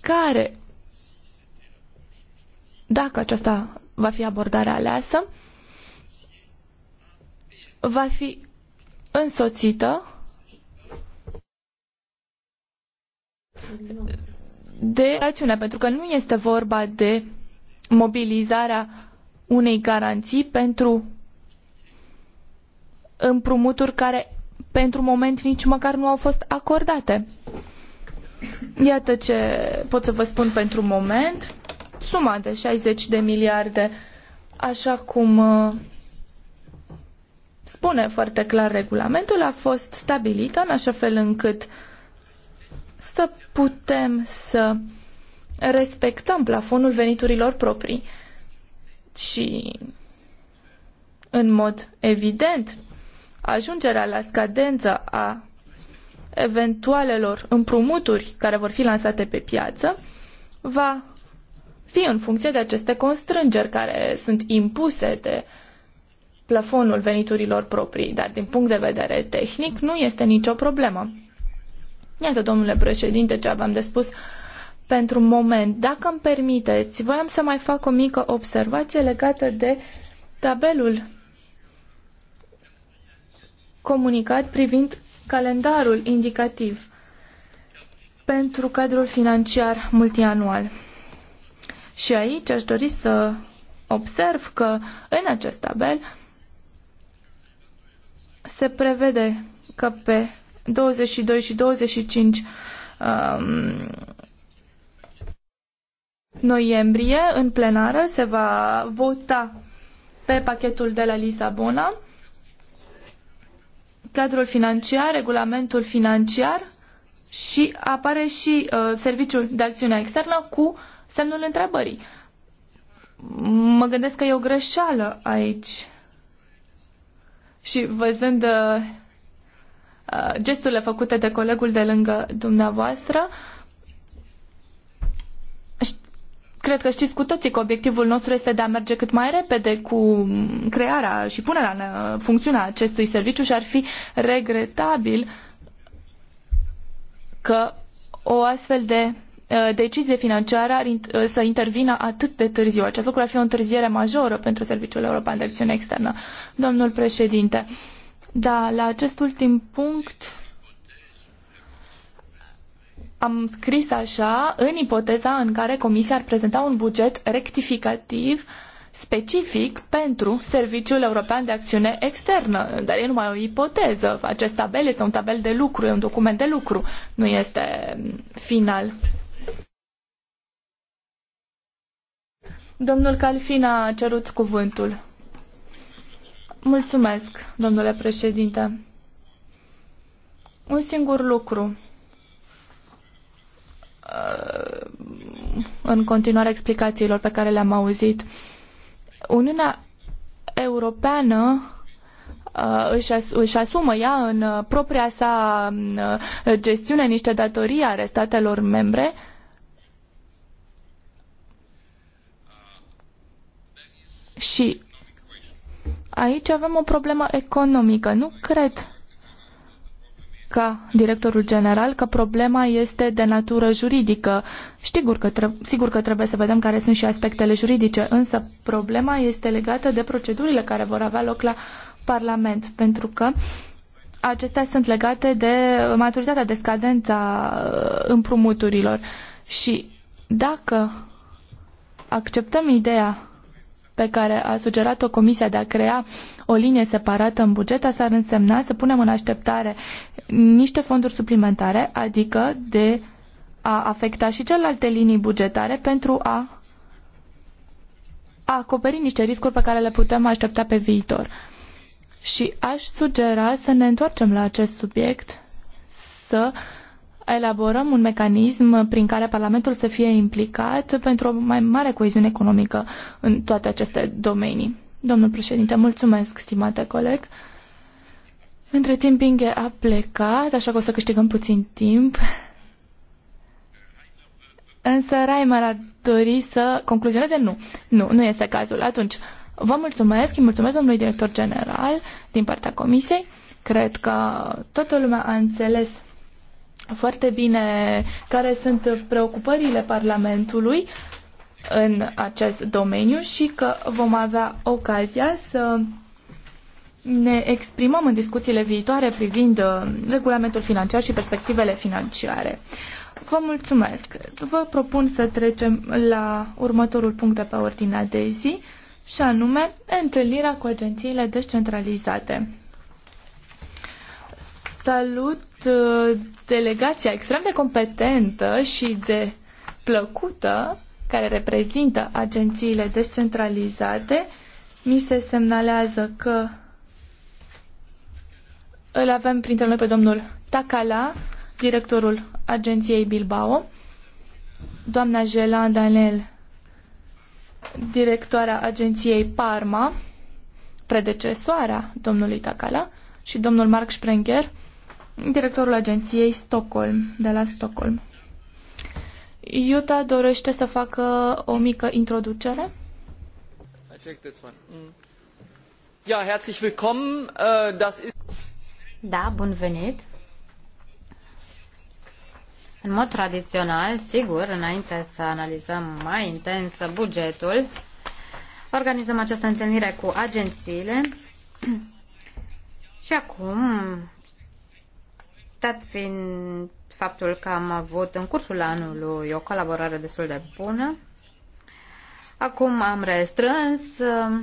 care, dacă aceasta va fi abordarea aleasă, va fi însoțită de rațiune, pentru că nu este vorba de mobilizarea unei garanții pentru împrumuturi care pentru moment nici măcar nu au fost acordate. Iată ce pot să vă spun pentru moment. Suma de 60 de miliarde, așa cum uh, spune foarte clar regulamentul, a fost stabilită în așa fel încât să putem să respectăm plafonul veniturilor proprii. Și, în mod evident, ajungerea la scadență a eventualelor împrumuturi care vor fi lansate pe piață va fi în funcție de aceste constrângeri care sunt impuse de uh, plafonul veniturilor proprii, dar din punct de vedere tehnic nu este nicio problemă. Iată, domnule președinte, ce aveam de spus pentru moment. Dacă îmi permiteți, voiam să mai fac o mică observație legată de tabelul comunicat privind calendarul indicativ pentru cadrul financiar multianual. Și aici aș dori să observ că în acest tabel se prevede că pe 22 și 25 um, noiembrie, în plenară, se va vota pe pachetul de la Lisabona, cadrul financiar, regulamentul financiar și apare și uh, serviciul de acțiune externă cu semnul întrebării. Mă gândesc că e o greșeală aici și văzând uh, uh, gesturile făcute de colegul de lângă dumneavoastră, cred că știți cu toții că obiectivul nostru este de a merge cât mai repede cu crearea și punerea în uh, funcțiune a acestui serviciu și ar fi regretabil că o astfel de Uh, decizie financiară ar, uh, să intervină atât de târziu. Acest lucru ar fi o întârziere majoră pentru Serviciul European de Acțiune Externă. Domnul președinte, da, la acest ultim punct am scris așa, în ipoteza în care Comisia ar prezenta un buget rectificativ specific pentru Serviciul European de Acțiune Externă. Dar e numai o ipoteză. Acest tabel este un tabel de lucru, e un document de lucru, nu este mm, final. Domnul Calfin a cerut cuvântul. Mulțumesc, domnule președinte. Un singur lucru. Uh, în continuare explicațiilor pe care le-am auzit, Uniunea Europeană uh, își, as, își asumă ea în propria sa uh, gestiune niște datorii ale statelor membre Și aici avem o problemă economică. Nu cred ca directorul general că problema este de natură juridică. Sigur că, trebuie, sigur că trebuie să vedem care sunt și aspectele juridice, însă problema este legată de procedurile care vor avea loc la Parlament, pentru că acestea sunt legate de maturitatea, de a uh, împrumuturilor. Și dacă acceptăm ideea pe care a sugerat-o Comisia de a crea o linie separată în buget, asta ar însemna să punem în așteptare niște fonduri suplimentare, adică de a afecta și celelalte linii bugetare pentru a a acoperi niște riscuri pe care le putem aștepta pe viitor. Și aș sugera să ne întoarcem la acest subiect, să uh, elaborăm un mecanism prin care Parlamentul să fie implicat pentru o mai mare coeziune economică în toate aceste domenii. Domnul președinte, mulțumesc, stimate coleg. Între timp, Inge a plecat, așa că o să câștigăm puțin timp. Însă Raimer ar dori să concluzioneze? Nu, nu, nu este cazul. Atunci, vă mulțumesc, îi mulțumesc domnului director general din partea comisiei. Cred că toată lumea a înțeles foarte bine care sunt preocupările Parlamentului în acest domeniu și că vom avea ocazia să ne exprimăm în discuțiile viitoare privind uh, regulamentul financiar și perspectivele financiare. Vă mulțumesc. Vă propun să trecem la următorul punct de pe ordinea de zi și anume întâlnirea cu agențiile descentralizate. Salut Uh, delegația extrem de competentă și de plăcută care reprezintă agențiile descentralizate, mi se semnalează că îl avem printre noi pe domnul Takala, directorul agenției Bilbao, doamna Jelan Daniel, directoarea agenției Parma, predecesoarea domnului Takala, și domnul Mark Sprenger, directorul agenției Stockholm, de la Stockholm. Iuta dorește să facă o mică introducere. Mm. Ja, herzlich willkommen. Äh, das ist da, bun venit. În mod tradițional, sigur, înainte să analizăm mai intens bugetul, organizăm această întâlnire cu agențiile și acum dat fiind faptul că am avut în cursul anului o colaborare destul de bună, acum am restrâns uh,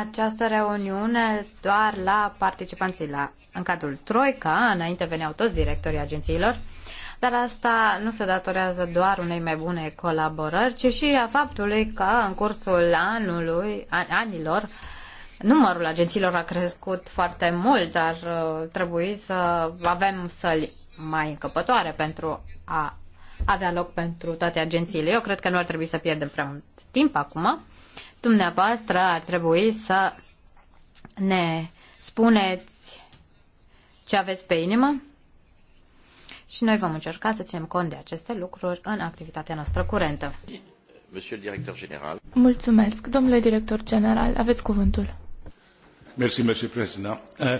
această reuniune doar la participanții la, în cadrul Troica, înainte veneau toți directorii agențiilor, dar asta nu se datorează doar unei mai bune colaborări, ci și a faptului că în cursul anului, an, anilor, uh, numărul agențiilor a crescut foarte mult, dar uh, trebuie să avem săli mai încăpătoare pentru a avea loc pentru toate agențiile. Eu cred că nu ar trebui să pierdem prea mult timp acum. Dumneavoastră ar trebui să ne spuneți ce aveți pe inimă și noi vom încerca să ținem cont de aceste lucruri în activitatea noastră curentă. Mulțumesc. Domnule director general, aveți cuvântul. Uh,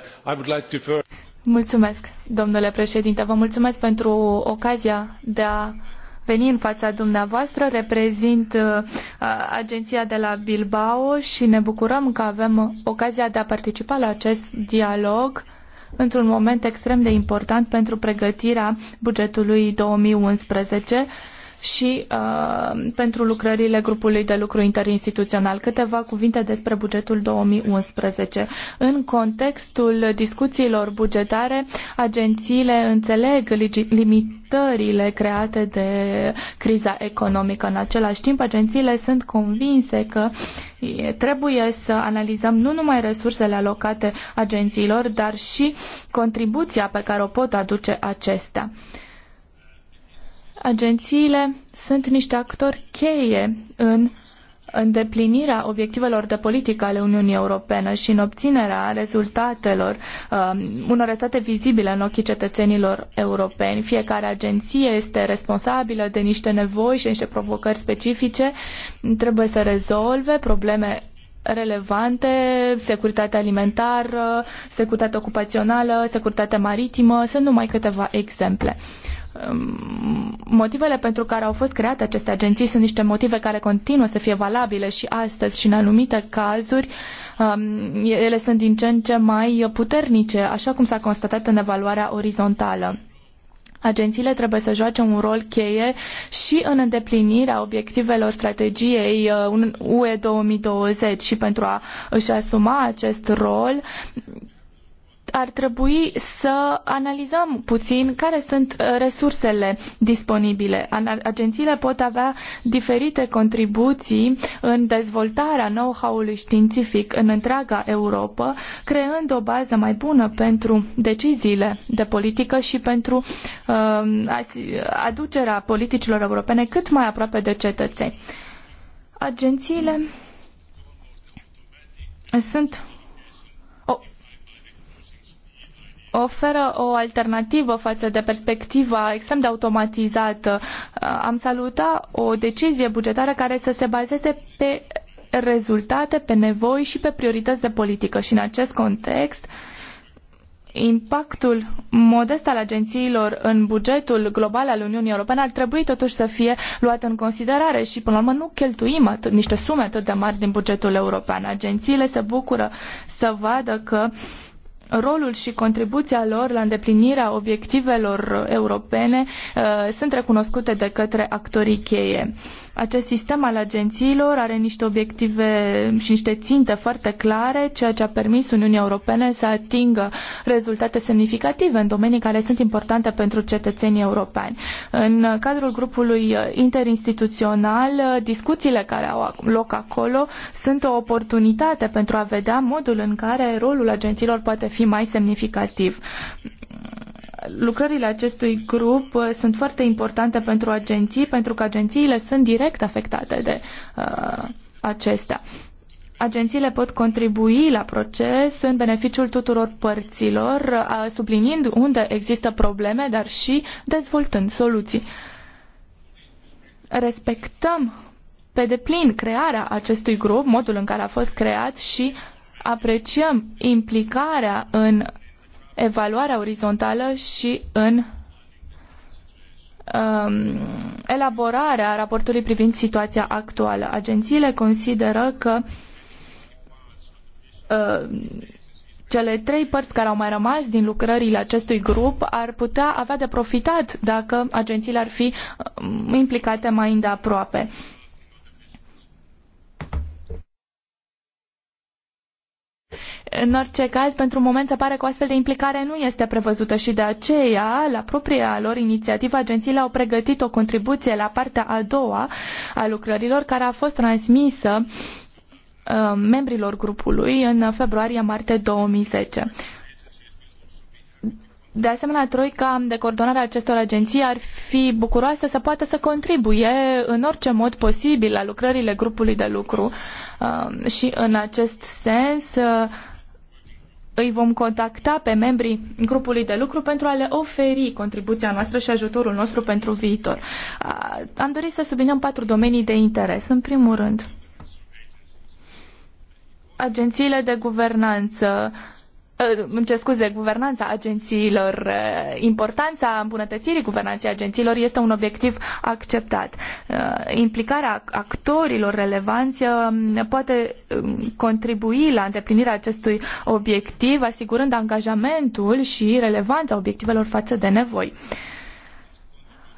mulțumesc, domnule președinte. Vă mulțumesc pentru ocazia de a veni în fața dumneavoastră. Reprezint uh, agenția de la Bilbao și ne bucurăm că avem ocazia de a participa la acest dialog într-un moment extrem de important pentru pregătirea bugetului 2011 și uh, pentru lucrările grupului de lucru interinstituțional. Câteva cuvinte despre bugetul 2011. În contextul discuțiilor bugetare, agențiile înțeleg limitările create de criza economică. În același timp, agențiile sunt convinse că trebuie să analizăm nu numai resursele alocate agențiilor, dar și contribuția pe care o pot aduce acestea. Agențiile sunt niște actori cheie în îndeplinirea obiectivelor de politică ale Uniunii Europene și în obținerea rezultatelor um, unor rezultate vizibile în ochii cetățenilor europeni. Fiecare agenție este responsabilă de niște nevoi și de niște provocări specifice. Trebuie să rezolve probleme relevante, securitatea alimentară, securitatea ocupațională, securitatea maritimă, sunt numai câteva exemple. Ehm, motivele pentru care au fost create aceste agenții sunt niște motive care continuă să fie valabile și astăzi și în anumite cazuri ehm, ele sunt din ce în ce mai puternice, așa cum s-a constatat în evaluarea orizontală. Agențiile trebuie să joace un rol cheie și în îndeplinirea obiectivelor strategiei uh, UE 2020 și pentru a își asuma acest rol ar trebui să analizăm puțin care sunt uh, resursele disponibile. Agențiile pot avea diferite contribuții în dezvoltarea know-how-ului științific în întreaga Europa, creând o bază mai bună pentru deciziile de politică și pentru uh, aducerea politicilor europene cât mai aproape de cetățeni. Agențiile sunt oferă o alternativă față de perspectiva extrem de automatizată. Uh, am salutat o decizie bugetară care să se bazeze pe rezultate, pe nevoi și pe priorități de politică. Și în acest context, impactul modest al agențiilor în bugetul global al Uniunii Europene ar trebui totuși să fie luat în considerare și până la urmă nu cheltuim atât, niște sume atât de mari din bugetul european. Agențiile se bucură să vadă că uh, rolul și contribuția lor la îndeplinirea obiectivelor europene uh, sunt recunoscute de către actorii cheie. Acest sistem al agențiilor are niște obiective și niște ținte foarte clare, ceea ce a permis Uniunii Europene să atingă rezultate semnificative în domenii care sunt importante pentru cetățenii europeni. În cadrul grupului interinstituțional, discuțiile care au loc acolo sunt o oportunitate pentru a vedea modul în care rolul agențiilor poate fi mai semnificativ lucrările acestui grup uh, sunt foarte importante pentru agenții, pentru că agențiile sunt direct afectate de uh, acestea. Agențiile pot contribui la proces în beneficiul tuturor părților, uh, subliniind unde există probleme, dar și dezvoltând soluții. Respectăm pe deplin crearea acestui grup, modul în care a fost creat și apreciem implicarea în evaluarea orizontală și în um, elaborarea raportului privind situația actuală. Agențiile consideră că uh, cele trei părți care au mai rămas din lucrările acestui grup ar putea avea de profitat dacă agențiile ar fi uh, implicate mai îndeaproape. În orice caz, pentru un moment se pare că o astfel de implicare nu este prevăzută și de aceea, la propria lor inițiativă, agențiile au pregătit o contribuție la partea a doua a lucrărilor care a fost transmisă uh, membrilor grupului în februarie-martie 2010. De asemenea, Troica de coordonare a acestor agenții ar fi bucuroasă să poată să contribuie în orice mod posibil la lucrările grupului de lucru. Uh, și în acest sens, uh, îi vom contacta pe membrii grupului de lucru pentru a le oferi contribuția noastră și ajutorul nostru pentru viitor. Am dorit să subliniem patru domenii de interes. În primul rând, agențiile de guvernanță, îmi cer scuze, guvernanța agențiilor, eh, importanța îmbunătățirii guvernanței agențiilor este un obiectiv acceptat. Eh, implicarea actorilor relevanți eh, poate contribui la îndeplinirea acestui obiectiv, asigurând angajamentul și relevanța obiectivelor față de nevoi.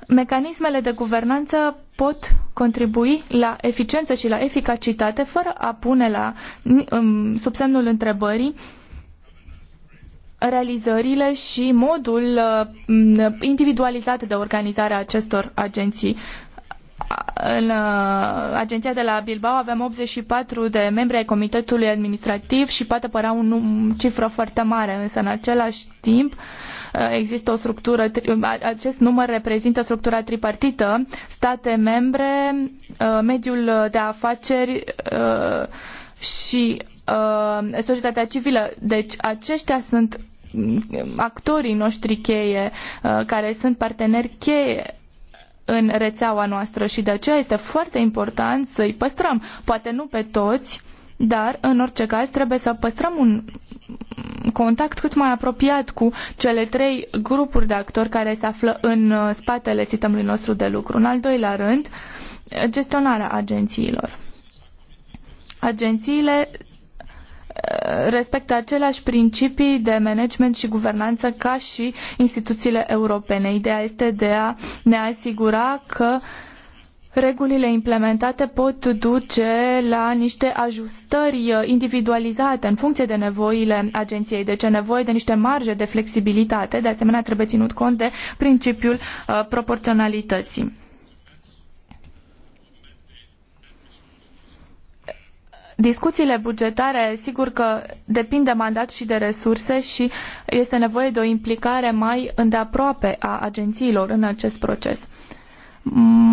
Mecanismele de guvernanță pot contribui la eficiență și la eficacitate fără a pune la, sub semnul întrebării realizările și modul uh, individualizat de organizare a acestor agenții. În uh, agenția de la Bilbao avem 84 de membri ai comitetului administrativ și poate părea un, un cifră foarte mare, însă în același timp uh, există o structură, acest număr reprezintă structura tripartită, state membre, mediul de afaceri și societatea civilă. Deci aceștia sunt actorii noștri cheie, uh, care sunt parteneri cheie în rețeaua noastră și de aceea este foarte important să-i păstrăm. Poate nu pe toți, dar în orice caz trebuie să păstrăm un contact cât mai apropiat cu cele trei grupuri de actori care se află în uh, spatele sistemului nostru de lucru. În al doilea rând, gestionarea agențiilor. Agențiile respectă aceleași principii de management și guvernanță ca și instituțiile europene. Ideea este de a ne asigura că regulile implementate pot duce la niște ajustări individualizate în funcție de nevoile agenției, deci e nevoie de niște marje de flexibilitate. De asemenea, trebuie ținut cont de principiul uh, proporționalității. Discuțiile bugetare, sigur că depind de mandat și de resurse și este nevoie de o implicare mai îndeaproape a agențiilor în acest proces,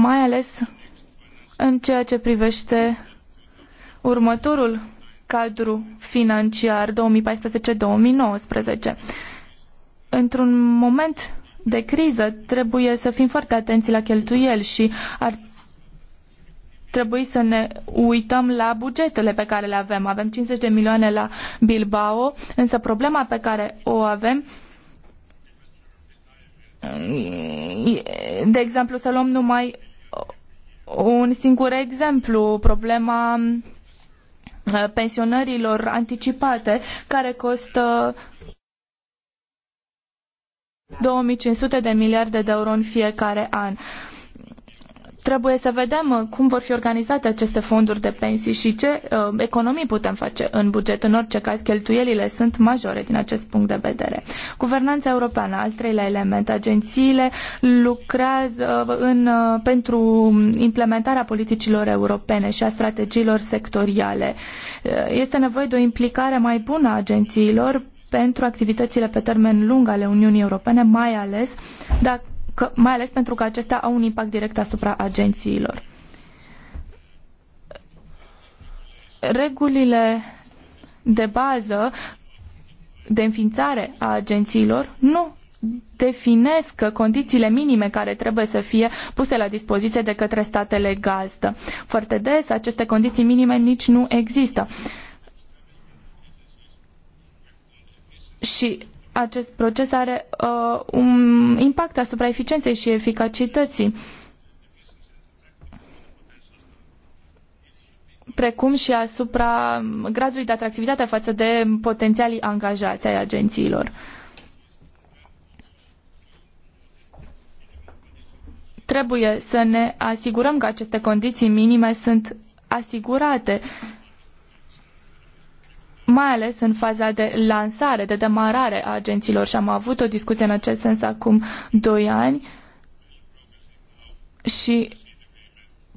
mai ales în ceea ce privește următorul cadru financiar 2014-2019. Într-un moment de criză trebuie să fim foarte atenți la cheltuieli și ar trebui să ne uităm la bugetele pe care le avem. Avem 50 de milioane la Bilbao, însă problema pe care o avem mm, de exemplu, să luăm numai un singur exemplu, problema mm, pensionărilor anticipate, care costă 2500 de miliarde de euro în fiecare an. Trebuie să vedem uh, cum vor fi organizate aceste fonduri de pensii și ce uh, economii putem face în buget. În orice caz, cheltuielile sunt majore din acest punct de vedere. Guvernanța europeană, al treilea element, agențiile lucrează uh, în, uh, pentru implementarea politicilor europene și a strategiilor sectoriale. Este nevoie de o implicare mai bună a agențiilor pentru activitățile pe termen lung ale Uniunii Europene, mai ales dacă că, mai ales pentru că acestea au un impact direct asupra agențiilor. Regulile de bază de înființare a agențiilor nu definesc condițiile minime care trebuie să fie puse la dispoziție de către statele gazdă. Foarte des aceste condiții minime nici nu există. Și acest proces are uh, un impact asupra eficienței și eficacității, precum și asupra gradului de atractivitate față de potențialii angajați ai agențiilor. Trebuie să ne asigurăm că aceste condiții minime sunt asigurate mai ales în faza de lansare, de demarare a agenților și am avut o discuție în acest sens acum doi ani și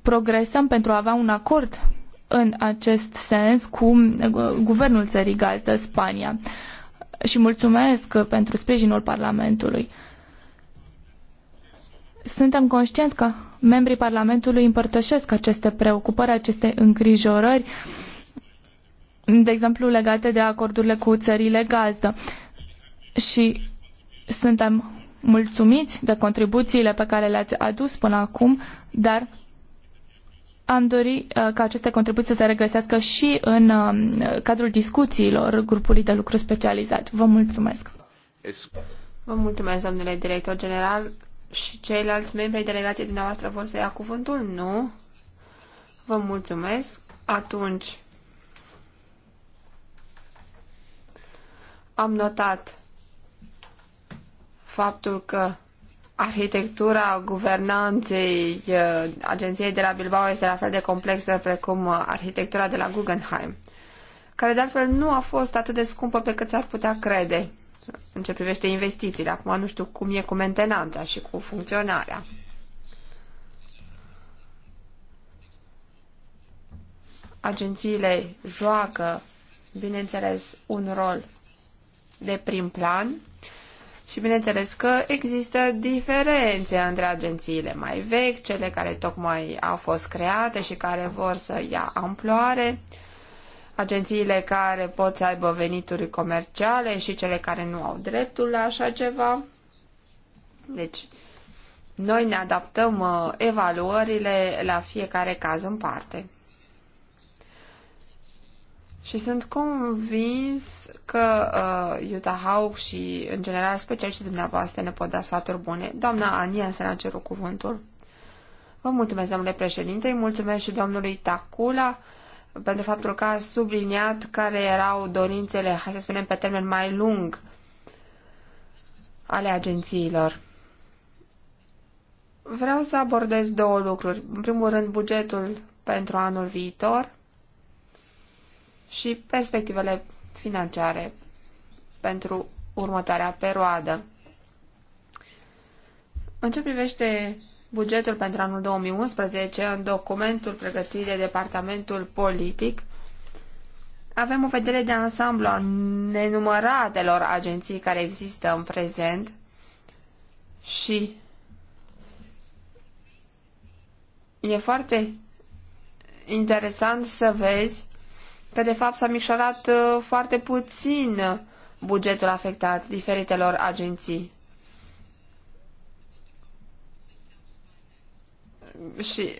progresăm pentru a avea un acord în acest sens cu uh, guvernul țării gazdă, Spania. Și mulțumesc pentru sprijinul Parlamentului. Suntem conștienți că membrii Parlamentului împărtășesc aceste preocupări, aceste îngrijorări uh, de exemplu legate de acordurile cu țările gazdă. Și suntem mulțumiți de contribuțiile pe care le-ați adus până acum, dar am dori uh, ca aceste contribuții să se regăsească și în uh, cadrul discuțiilor grupului de lucru specializat. Vă mulțumesc! Vă mulțumesc, domnule director general și ceilalți membri ai delegației dumneavoastră vor să ia cuvântul? Nu? Vă mulțumesc. Atunci, Am notat faptul că arhitectura guvernanței uh, agenției de la Bilbao este la fel de complexă precum uh, arhitectura de la Guggenheim, care de altfel nu a fost atât de scumpă pe cât s-ar putea crede în ce privește investițiile. Acum nu știu cum e cu mentenanța și cu funcționarea. Agențiile joacă, bineînțeles, un rol de prim plan și bineînțeles că există diferențe între agențiile mai vechi, cele care tocmai au fost create și care vor să ia amploare, agențiile care pot să aibă venituri comerciale și cele care nu au dreptul la așa ceva. Deci, noi ne adaptăm uh, evaluările la fiecare caz în parte. Și sunt convins că uh, Iuta Hauk și, în general, special și dumneavoastră ne pot da sfaturi bune. Doamna Ania să ne cerut cuvântul. Vă mulțumesc, domnule președinte, îi mulțumesc și domnului Tacula pentru faptul că a subliniat care erau dorințele, hai să spunem, pe termen mai lung ale agențiilor. Vreau să abordez două lucruri. În primul rând, bugetul pentru anul viitor – și perspectivele financiare pentru următoarea perioadă. În ce privește bugetul pentru anul 2011, în documentul pregătit de Departamentul Politic, avem o vedere de ansamblu a nenumăratelor agenții care există în prezent și e foarte interesant să vezi că de fapt s-a micșorat uh, foarte puțin bugetul afectat diferitelor agenții. Și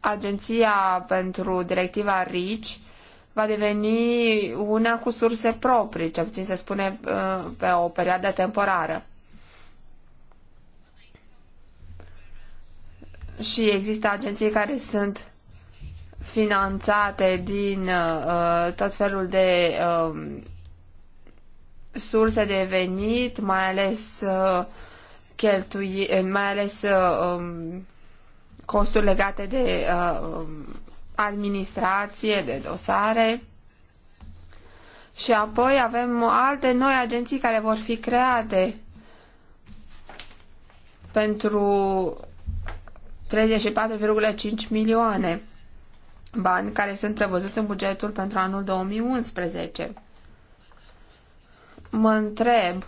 agenția pentru directiva RICI va deveni una cu surse proprii, ce puțin se spune uh, pe o perioadă temporară. Și există agenții care sunt finanțate din uh, uh, tot felul de uh, surse de venit, mai ales uh, cheltui, eh, mai ales uh, um, costuri legate de uh, um, administrație, de dosare. Și apoi avem alte noi agenții care vor fi create pentru 34,5 milioane bani care sunt prevăzuți în bugetul pentru anul 2011. Mă întreb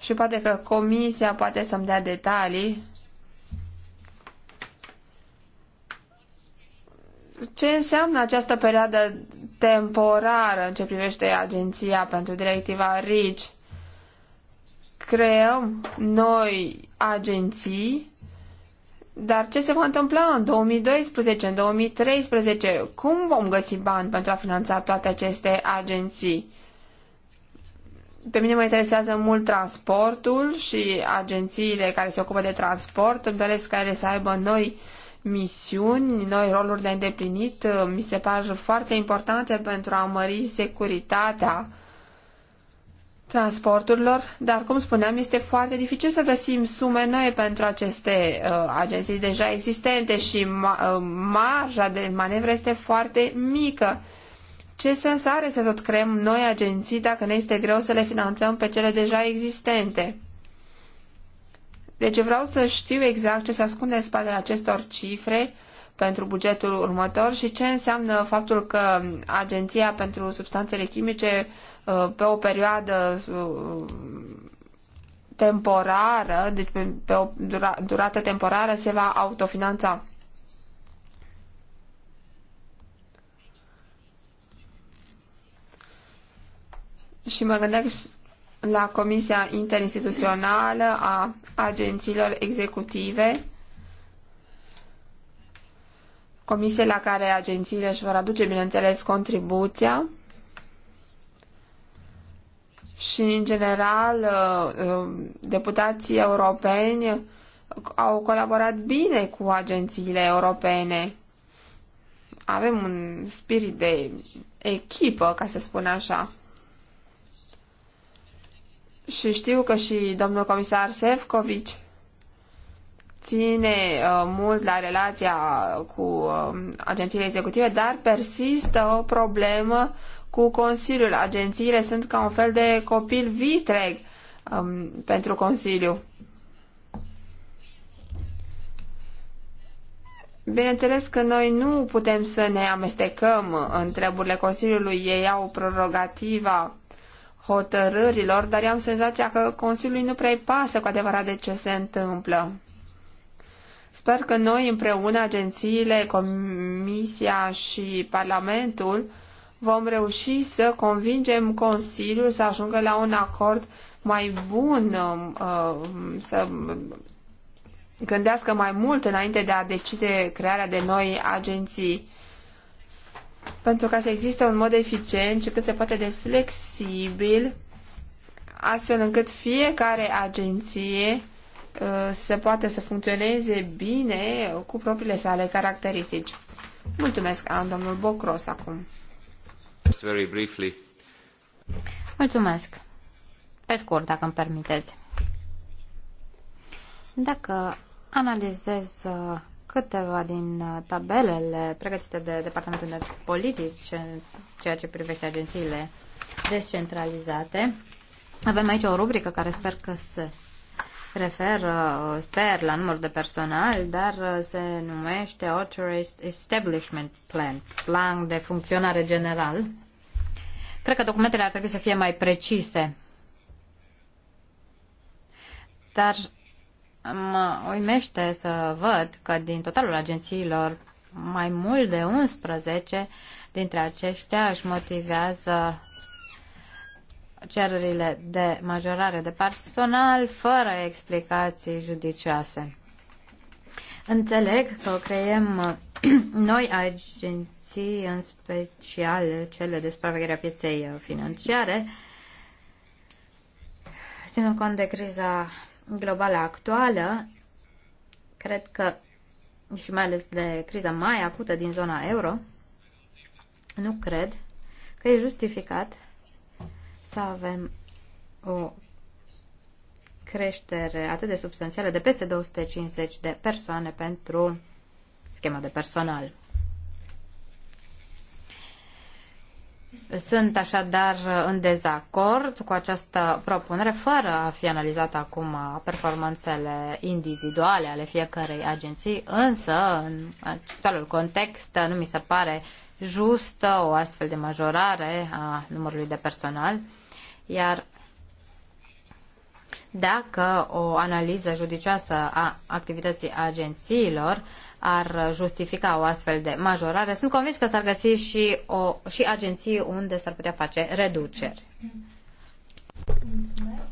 și poate că comisia poate să-mi dea detalii ce înseamnă această perioadă temporară în ce privește agenția pentru directiva RICI. Creăm noi agenții dar ce se va întâmpla în 2012, în 2013? Cum vom găsi bani pentru a finanța toate aceste agenții? Pe mine mă interesează mult transportul și agențiile care se ocupă de transport. Îmi doresc ca ele să aibă noi misiuni, noi roluri de îndeplinit. Mi se par foarte importante pentru a mări securitatea transporturilor, dar, cum spuneam, este foarte dificil să găsim sume noi pentru aceste uh, agenții deja existente și ma- uh, marja de manevră este foarte mică. Ce sens are să tot creăm noi agenții dacă ne este greu să le finanțăm pe cele deja existente? Deci vreau să știu exact ce se ascunde în spatele acestor cifre pentru bugetul următor și ce înseamnă faptul că Agenția pentru Substanțele Chimice uh, pe o perioadă uh, temporară, deci pe, o durată temporară se va autofinanța. Și mă gândesc la Comisia Interinstituțională a Agențiilor Executive comisie la care agențiile își vor aduce, bineînțeles, contribuția și, în general, uh, uh, deputații europeni au colaborat bine cu agențiile europene. Avem un spirit de echipă, ca să spun așa. Și știu că și domnul comisar Sefcovici ține uh, mult la relația cu uh, agențiile executive, dar persistă o problemă cu Consiliul. Agențiile sunt ca un fel de copil vitreg um, pentru Consiliu. Bineînțeles că noi nu putem să ne amestecăm în treburile Consiliului, ei au prorogativa hotărârilor, dar eu am senzația că Consiliului nu prea pasă cu adevărat de ce se întâmplă. Sper că noi împreună, agențiile, Comisia și Parlamentul, vom reuși să convingem Consiliul să ajungă la un acord mai bun, um, uh, să gândească mai mult înainte de a decide crearea de noi agenții. Pentru ca să existe un mod eficient și cât se poate de flexibil, astfel încât fiecare agenție Uh, să poată să funcționeze bine cu propriile sale caracteristici. Mulțumesc, am domnul Bocros acum. Very briefly. Mulțumesc. Pe scurt, dacă îmi permiteți. Dacă analizez uh, câteva din uh, tabelele pregătite de Departamentul de Politici în ceea ce privește agențiile descentralizate, avem aici o rubrică care sper că se referă, uh, sper, la număr de personal, dar uh, se numește Authorized Establishment Plan, plan de funcționare general. Cred că documentele ar trebui să fie mai precise. Dar mă uimește să văd că din totalul agențiilor, mai mult de 11 dintre aceștia își motivează cererile de majorare de personal fără explicații judicioase. Înțeleg că creăm uh, noi agenții, în special cele de supraveghere a pieței uh, financiare, ținând cont de criza globală actuală, cred că și mai ales de criza mai acută din zona euro, nu cred că e justificat să avem o creștere atât de substanțială de peste 250 de persoane pentru schema de personal. Sunt așadar în dezacord cu această propunere, fără a fi analizat acum performanțele individuale ale fiecărei agenții, însă în actualul context nu mi se pare justă o astfel de majorare a numărului de personal. Iar dacă o analiză judicioasă a activității agențiilor ar justifica o astfel de majorare, sunt convins că s-ar găsi și, o, și agenții unde s-ar putea face reduceri. Mulțumesc.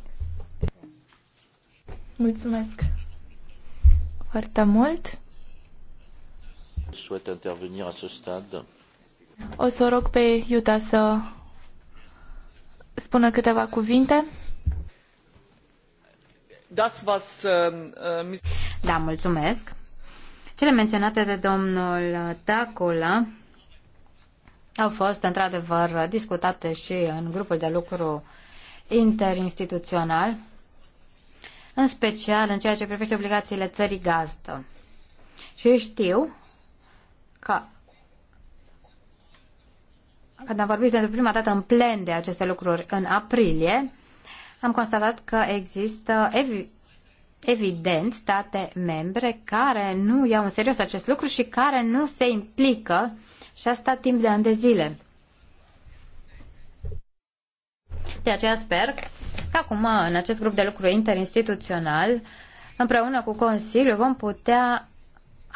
Mulțumesc foarte mult. Souhaite interveni la ce stade. O să rog pe Iuta să spună câteva cuvinte? Ähm, äh, da, mulțumesc. Cele menționate de domnul Tacula au fost într-adevăr discutate și în grupul de lucru interinstituțional, în special în ceea ce privește obligațiile țării gazdă. Și știu că când am vorbit pentru prima dată în plen de aceste lucruri în aprilie, am constatat că există evi- evident state membre care nu iau în serios acest lucru și care nu se implică și asta timp de ani de zile. De aceea sper că acum, în acest grup de lucru interinstituțional, împreună cu Consiliul, vom putea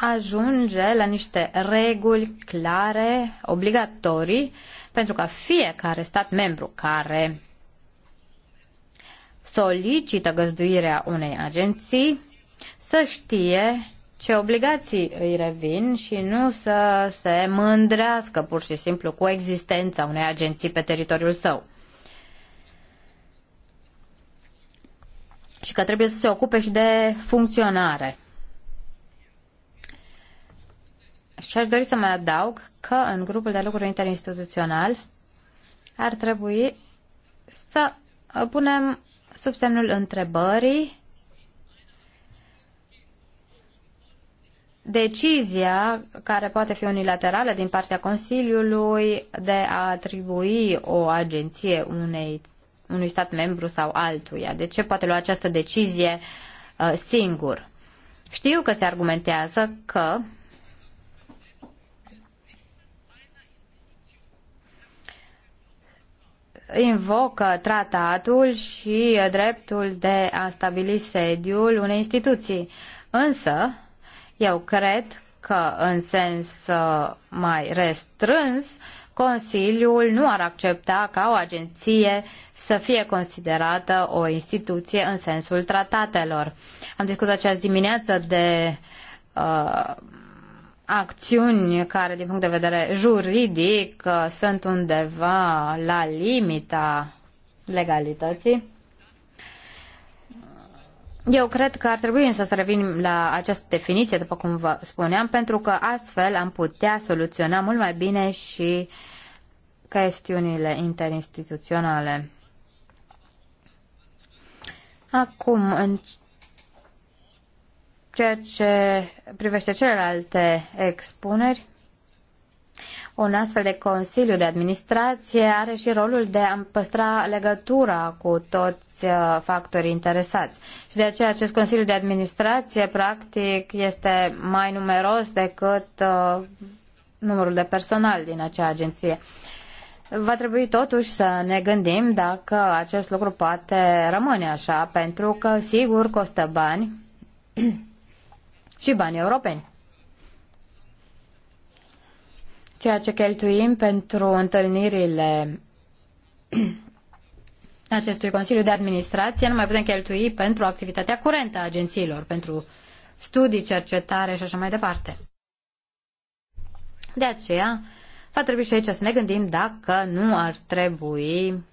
ajunge la niște reguli clare, obligatorii, pentru ca fiecare stat membru care solicită găzduirea unei agenții să știe ce obligații îi revin și nu să se mândrească pur și simplu cu existența unei agenții pe teritoriul său. Și că trebuie să se ocupe și de funcționare. Și aș dori să mai adaug că în grupul de lucru interinstituțional ar trebui să punem sub semnul întrebării decizia care poate fi unilaterală din partea Consiliului de a atribui o agenție unei, unui stat membru sau altuia. De ce poate lua această decizie uh, singur? Știu că se argumentează că invocă tratatul și dreptul de a stabili sediul unei instituții. Însă, eu cred că în sens uh, mai restrâns, Consiliul nu ar accepta ca o agenție să fie considerată o instituție în sensul tratatelor. Am discutat această dimineață de uh, acțiuni care, din punct de vedere juridic, uh, sunt undeva la limita legalității. Eu cred că ar trebui însă să revin la această definiție, după cum vă spuneam, pentru că astfel am putea soluționa mult mai bine și chestiunile interinstituționale. Acum, în ceea ce privește celelalte expuneri, un astfel de Consiliu de Administrație are și rolul de a păstra legătura cu toți uh, factorii interesați. Și de aceea acest Consiliu de Administrație, practic, este mai numeros decât uh, numărul de personal din acea agenție. Va trebui totuși să ne gândim dacă acest lucru poate rămâne așa, pentru că sigur costă bani și bani europeni. Ceea ce cheltuim pentru întâlnirile acestui Consiliu de Administrație nu mai putem cheltui pentru activitatea curentă a agențiilor, pentru studii, cercetare și așa mai departe. De aceea, va trebui și aici să ne gândim dacă nu ar trebui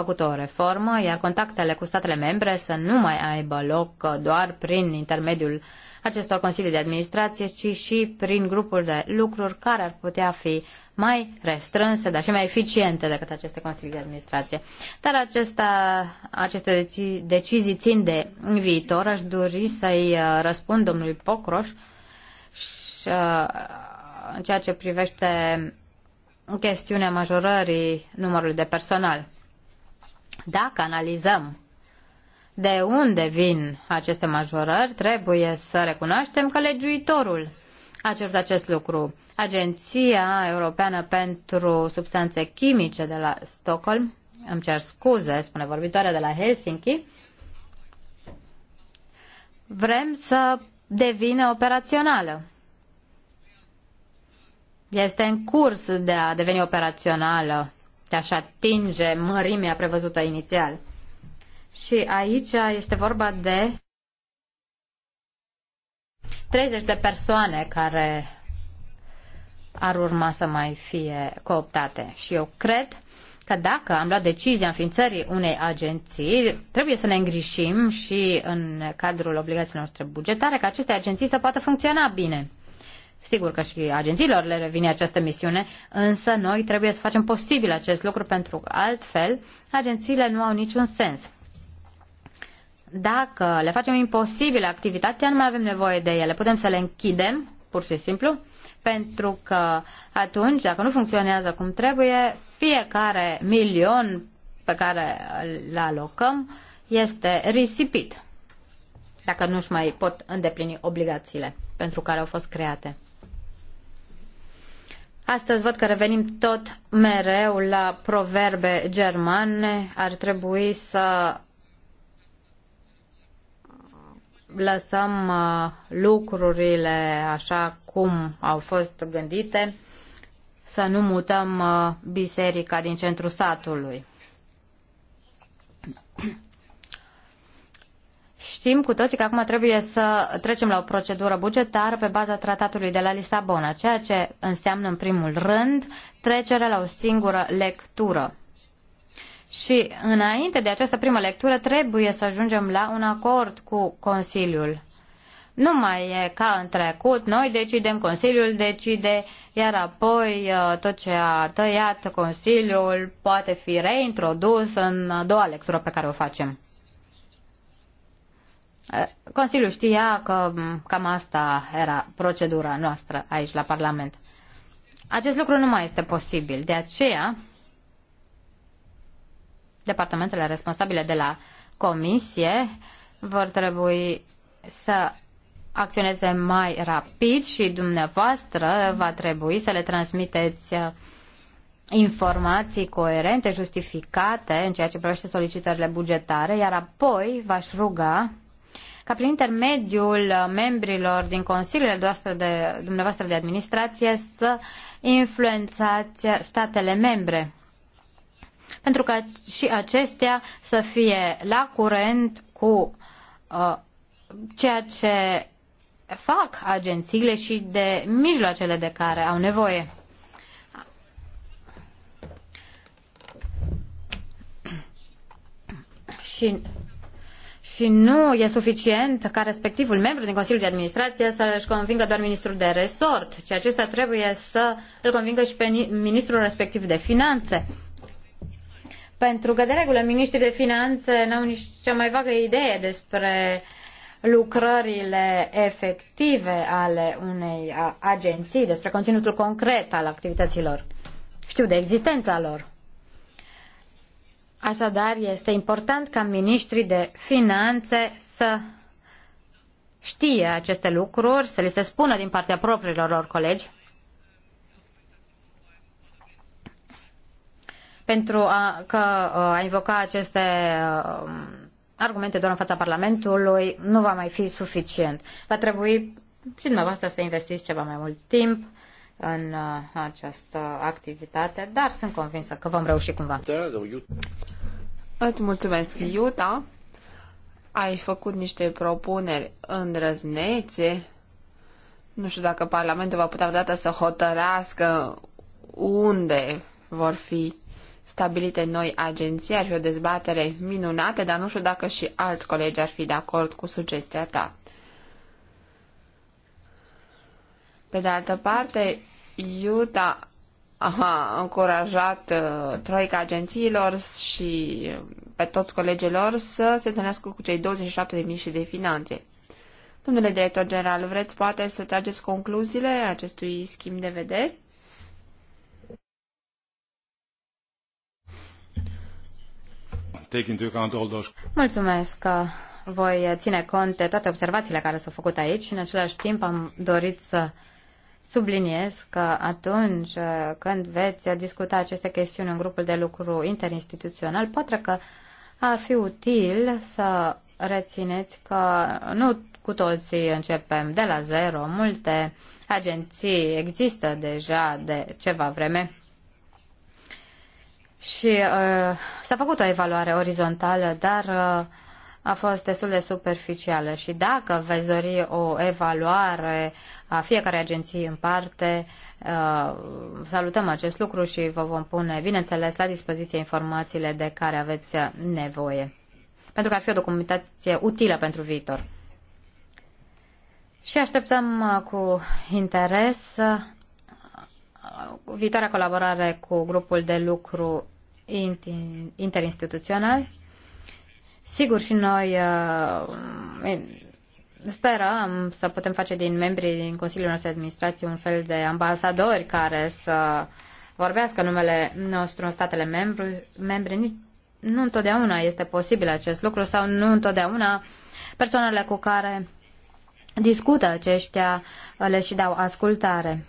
făcut o reformă, iar contactele cu statele membre să nu mai aibă loc doar prin intermediul acestor consilii de administrație, ci și prin grupuri de lucruri care ar putea fi mai restrânse, dar și mai eficiente decât aceste consilii de administrație. Dar acesta, aceste decizii, decizii țin de viitor. Aș dori să-i uh, răspund domnului Pocroș și, uh, în ceea ce privește chestiunea majorării numărului de personal. Dacă analizăm de unde vin aceste majorări, trebuie să recunoaștem că legiuitorul a cerut acest lucru. Agenția Europeană pentru Substanțe Chimice de la Stockholm, îmi cer scuze, spune vorbitoarea de la Helsinki, vrem să devină operațională. Este în curs de a deveni operațională de a atinge mărimea prevăzută inițial. Și aici este vorba de 30 de persoane care ar urma să mai fie cooptate. Și eu cred că dacă am luat decizia înființării unei agenții, trebuie să ne îngrișim și în cadrul obligațiilor noastre bugetare ca aceste agenții să poată funcționa bine. Sigur că și agențiilor le revine această misiune, însă noi trebuie să facem posibil acest lucru pentru că altfel agențiile nu au niciun sens. Dacă le facem imposibil activitatea, nu mai avem nevoie de ele. Putem să le închidem, pur și simplu, pentru că atunci, dacă nu funcționează cum trebuie, fiecare milion pe care îl alocăm este risipit dacă nu și mai pot îndeplini obligațiile pentru care au fost create. Astăzi văd că revenim tot mereu la proverbe germane. Ar trebui să lăsăm uh, lucrurile așa cum au fost gândite, să nu mutăm uh, biserica din centrul satului. Știm cu toții că acum trebuie să trecem la o procedură bugetară pe baza tratatului de la Lisabona, ceea ce înseamnă în primul rând trecerea la o singură lectură. Și înainte de această primă lectură trebuie să ajungem la un acord cu Consiliul. Nu mai e ca în trecut, noi decidem, Consiliul decide, iar apoi uh, tot ce a tăiat Consiliul poate fi reintrodus în a doua lectură pe care o facem. Consiliul știa că cam asta era procedura noastră aici la Parlament. Acest lucru nu mai este posibil. De aceea, departamentele responsabile de la Comisie vor trebui să acționeze mai rapid și dumneavoastră va trebui să le transmiteți uh, informații coerente, justificate în ceea ce privește solicitările bugetare, iar apoi v-aș ruga ca prin intermediul membrilor din consiliile de, dumneavoastră de administrație să influențați statele membre pentru ca și acestea să fie la curent cu uh, ceea ce fac agențiile și de mijloacele de care au nevoie. Și și nu e suficient ca respectivul membru din Consiliul de Administrație să își convingă doar ministrul de resort, ci acesta trebuie să îl convingă și pe ministrul respectiv de finanțe. Pentru că, de regulă, ministrii de finanțe n-au nici cea mai vagă idee despre lucrările efective ale unei agenții, despre conținutul concret al activităților. Știu de existența lor. Așadar, este important ca ministrii de finanțe să știe aceste lucruri, să li se spună din partea propriilor lor colegi, pentru a, că a invoca aceste argumente doar în fața Parlamentului nu va mai fi suficient. Va trebui și dumneavoastră să investiți ceva mai mult timp în uh, această activitate, dar sunt convinsă că vom reuși cumva. Îți mulțumesc, Iuta. Ai făcut niște propuneri îndrăznețe. Nu știu dacă Parlamentul va putea vreodată să hotărască unde vor fi stabilite noi agenții. Ar fi o dezbatere minunată, dar nu știu dacă și alți colegi ar fi de acord cu sugestia ta. Pe de altă parte, Utah a încurajat uh, troica agențiilor și pe toți colegilor să se întâlnească cu cei 27 de miniștri de finanțe. Domnule director general, vreți poate să trageți concluziile acestui schimb de vederi? Mulțumesc că voi ține cont de toate observațiile care s-au făcut aici și în același timp am dorit să Subliniez că atunci uh, când veți discuta aceste chestiuni în grupul de lucru interinstituțional, poate că ar fi util să rețineți că nu cu toții începem de la zero. Multe agenții există deja de ceva vreme și uh, s-a făcut o evaluare orizontală, dar uh, a fost destul de superficială și dacă veți dori o evaluare a fiecare agenție în parte, uh, salutăm acest lucru și vă vom pune, bineînțeles, la dispoziție informațiile de care aveți nevoie. Pentru că ar fi o documentație utilă pentru viitor. Și așteptăm uh, cu interes uh, viitoarea colaborare cu grupul de lucru interinstituțional Sigur și noi uh, sperăm să putem face din membrii din Consiliul nostru de administrație un fel de ambasadori care să vorbească numele nostru în statele membre, membre. Nu întotdeauna este posibil acest lucru sau nu întotdeauna persoanele cu care discută aceștia le și dau ascultare.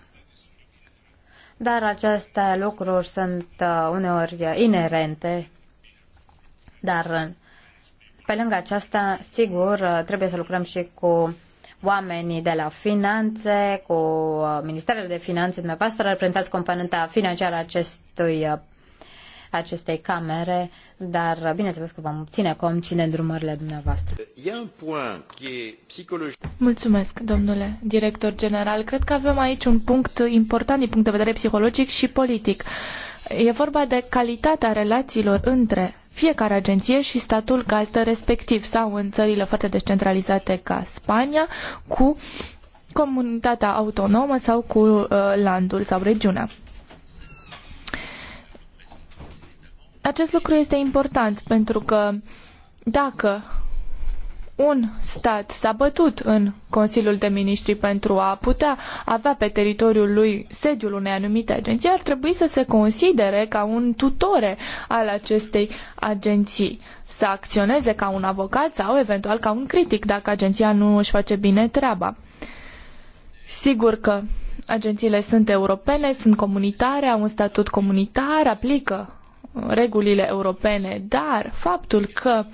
Dar aceste lucruri sunt uh, uneori uh, inerente, dar pe lângă aceasta, sigur, trebuie să lucrăm și cu oamenii de la finanțe, cu Ministerul de Finanțe, dumneavoastră reprezentați componenta financiară acestui acestei camere, dar bine bineînțeles că vom ține cum cine de dumneavoastră. Mulțumesc, domnule director general. Cred că avem aici un punct important din punct de vedere psihologic și politic. E vorba de calitatea relațiilor între fiecare agenție și statul gazdă respectiv sau în țările foarte descentralizate ca Spania cu comunitatea autonomă sau cu uh, landul sau regiunea. Acest lucru este important pentru că dacă un stat s-a bătut în Consiliul de Ministri pentru a putea avea pe teritoriul lui sediul unei anumite agenții, ar trebui să se considere ca un tutore al acestei agenții, să acționeze ca un avocat sau eventual ca un critic dacă agenția nu își face bine treaba. Sigur că agențiile sunt europene, sunt comunitare, au un statut comunitar, aplică regulile europene, dar faptul că uh,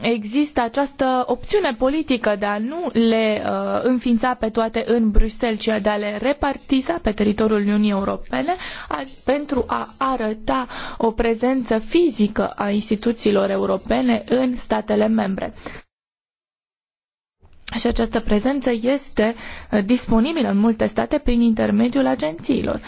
există această opțiune politică de a nu le uh, înființa pe toate în Bruxelles, ci de a le repartiza pe teritoriul Uniunii Europene a, pentru a arăta o prezență fizică a instituțiilor europene în statele membre. Și această prezență este uh, disponibilă în multe state prin intermediul agențiilor.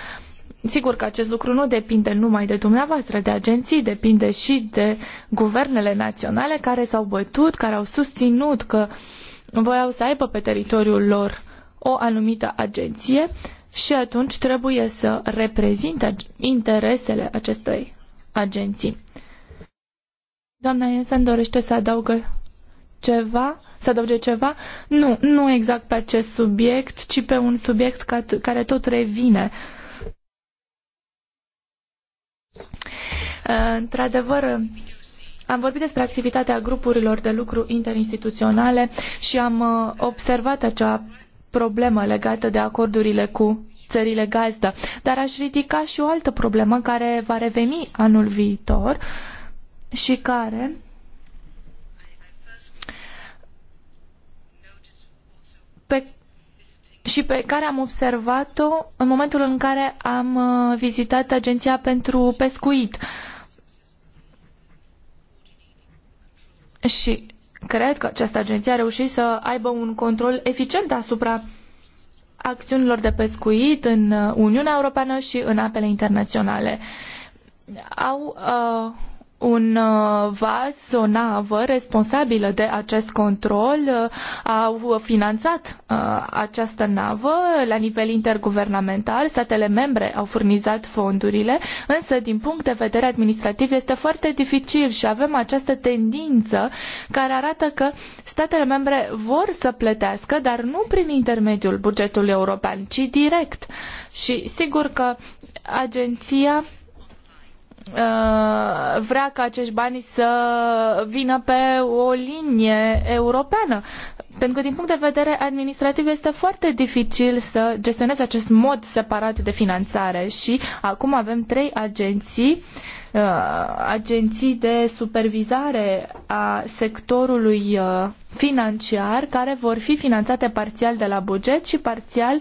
Sigur că acest lucru nu depinde numai de dumneavoastră, de agenții, depinde și de guvernele naționale care s-au bătut, care au susținut că voiau să aibă pe teritoriul lor o anumită agenție și atunci trebuie să reprezinte interesele acestei agenții. Doamna Jensen dorește să adaugă ceva? Să adauge ceva? Nu, nu exact pe acest subiect, ci pe un subiect care tot revine uh, Uh, într-adevăr, am vorbit despre activitatea grupurilor de lucru interinstituționale și am uh, observat acea problemă legată de acordurile cu țările gazdă, dar aș ridica și o altă problemă care va reveni anul viitor și care și pe care am observat-o în momentul în care am uh, vizitat Agenția pentru Pescuit. Și cred că această agenție a reușit să aibă un control eficient asupra acțiunilor de pescuit în uh, Uniunea Europeană și în apele internaționale. Au uh, un uh, vas, o navă responsabilă de acest control uh, au finanțat uh, această navă la nivel interguvernamental, statele membre au furnizat fondurile, însă din punct de vedere administrativ este foarte dificil și avem această tendință care arată că statele membre vor să plătească, dar nu prin intermediul bugetului european, ci direct. Și sigur că agenția Uh, vrea ca acești bani să vină pe o linie europeană. Pentru că din punct de vedere administrativ este foarte dificil să gestionezi acest mod separat de finanțare și acum avem trei agenții uh, agenții de supervizare a sectorului uh, financiar care vor fi finanțate parțial de la buget și parțial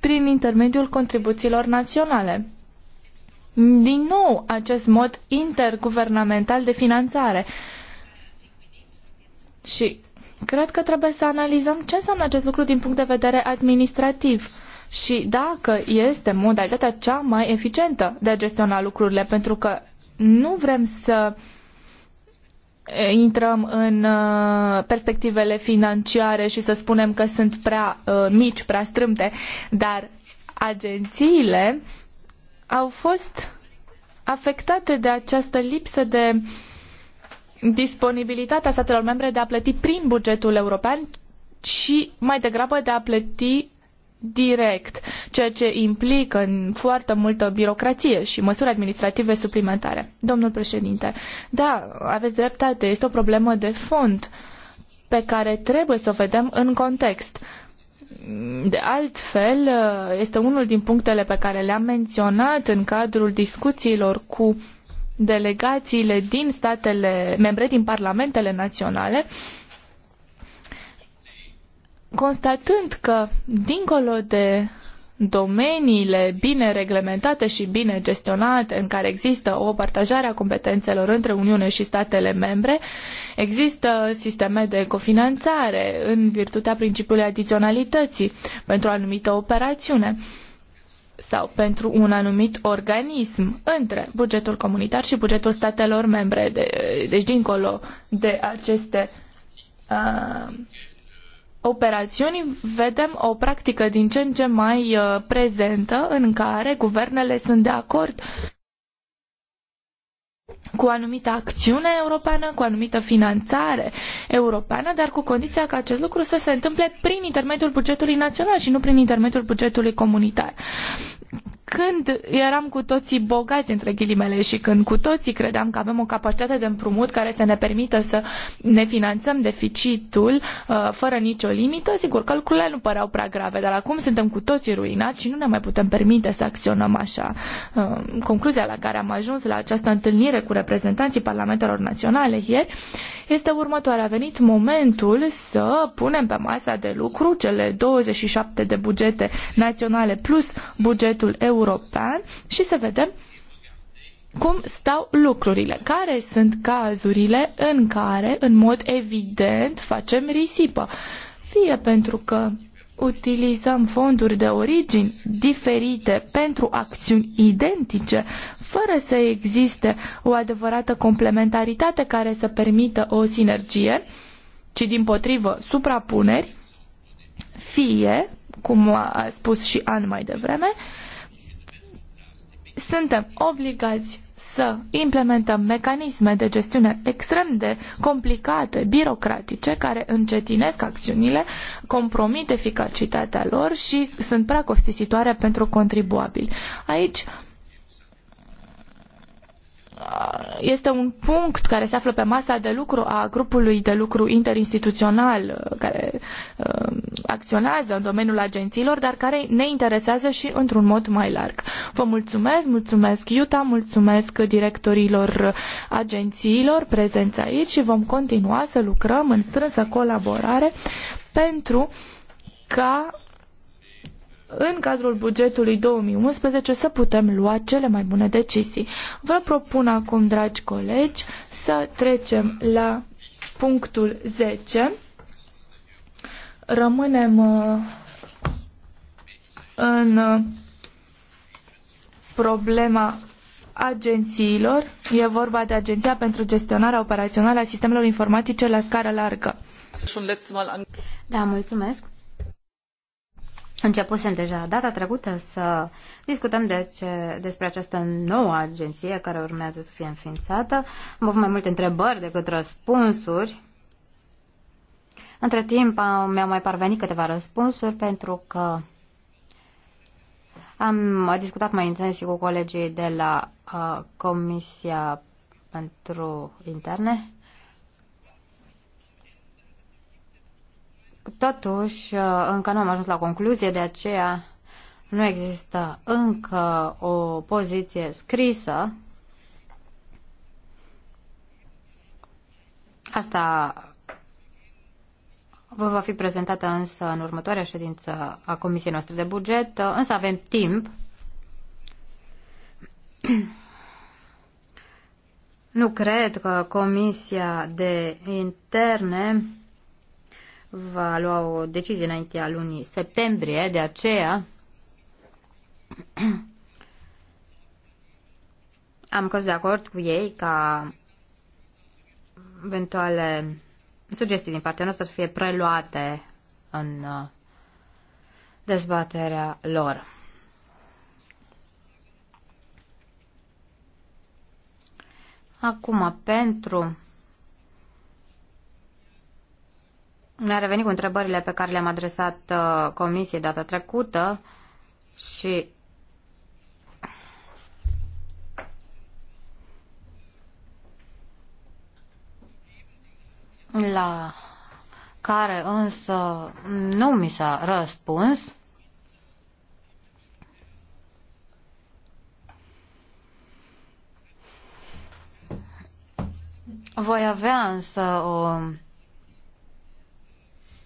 prin intermediul contribuțiilor naționale din nou acest mod interguvernamental de finanțare. Și cred că trebuie să analizăm ce înseamnă acest lucru din punct de vedere administrativ și dacă este modalitatea cea mai eficientă de a gestiona lucrurile, pentru că nu vrem să intrăm în uh, perspectivele financiare și să spunem că sunt prea uh, mici, prea strâmte, dar agențiile au fost afectate de această lipsă de disponibilitate a statelor membre de a plăti prin bugetul european și mai degrabă de a plăti direct, ceea ce implică în foarte multă birocrație și măsuri administrative suplimentare. Domnul președinte, da, aveți dreptate, este o problemă de fond pe care trebuie să o vedem în context. De altfel, uh, este unul din punctele pe care le-am menționat în cadrul discuțiilor cu delegațiile din statele membre, din parlamentele naționale, constatând că, dincolo de domeniile bine reglementate și bine gestionate, în care există o partajare a competențelor între Uniune și statele membre, există sisteme de cofinanțare în virtutea principiului adiționalității pentru o anumită operațiune sau pentru un anumit organism între bugetul comunitar și bugetul statelor membre, de, deci dincolo de aceste uh, operațiuni vedem o practică din ce în ce mai uh, prezentă în care guvernele sunt de acord cu anumită acțiune europeană, cu anumită finanțare europeană, dar cu condiția ca acest lucru să se întâmple prin intermediul bugetului național și nu prin intermediul bugetului comunitar când eram cu toții bogați, între ghilimele, și când cu toții credeam că avem o capacitate de împrumut care să ne permită să ne finanțăm deficitul uh, fără nicio limită, sigur, calculele nu păreau prea grave, dar acum suntem cu toții ruinați și nu ne mai putem permite să acționăm așa. Uh, concluzia la care am ajuns la această întâlnire cu reprezentanții parlamentelor naționale ieri este următoarea. A venit momentul să punem pe masa de lucru cele 27 de bugete naționale plus bugetul EU european și să vedem cum stau lucrurile, care sunt cazurile în care, în mod evident, facem risipă. Fie pentru că utilizăm fonduri de origini diferite pentru acțiuni identice, fără să existe o adevărată complementaritate care să permită o sinergie, ci din potrivă suprapuneri, fie, cum a spus și An mai devreme, uh, suntem obligați să implementăm mecanisme de gestiune extrem de complicate, birocratice, care încetinesc acțiunile, compromit eficacitatea lor și sunt prea costisitoare pentru contribuabili. Aici Uh, este un punct care se află pe masa de lucru a grupului de lucru interinstituțional uh, care uh, acționează în domeniul agențiilor, dar care ne interesează și într-un mod mai larg. Vă mulțumesc, mulțumesc Iuta, mulțumesc directorilor agențiilor prezenți aici și vom continua să lucrăm în strânsă colaborare pentru ca în cadrul bugetului 2011 să putem lua cele mai bune decizii. Vă propun acum, dragi colegi, să trecem la punctul 10. Rămânem uh, în uh, problema agențiilor. E vorba de Agenția pentru gestionarea operațională a sistemelor informatice la scară largă. Da, mulțumesc. Începusem deja data trecută să discutăm de ce, despre această nouă agenție care urmează să fie înființată. Am avut mai multe întrebări decât răspunsuri. Între timp mi-au mai parvenit câteva răspunsuri pentru că am discutat mai intens și cu colegii de la uh, Comisia pentru Interne Totuși, uh, încă nu am ajuns la concluzie, de aceea nu există încă o poziție scrisă. Asta vă va fi prezentată însă în următoarea ședință a Comisiei noastre de buget, uh, însă avem timp. Nu cred că Comisia de Interne va lua o decizie înaintea lunii septembrie, de aceea am fost de acord cu ei ca eventuale sugestii din partea noastră să fie preluate în uh, dezbaterea lor. Acum, pentru Ne-a revenit cu întrebările pe care le-am adresat uh, comisiei data trecută și la care însă nu mi s-a răspuns. Voi avea însă o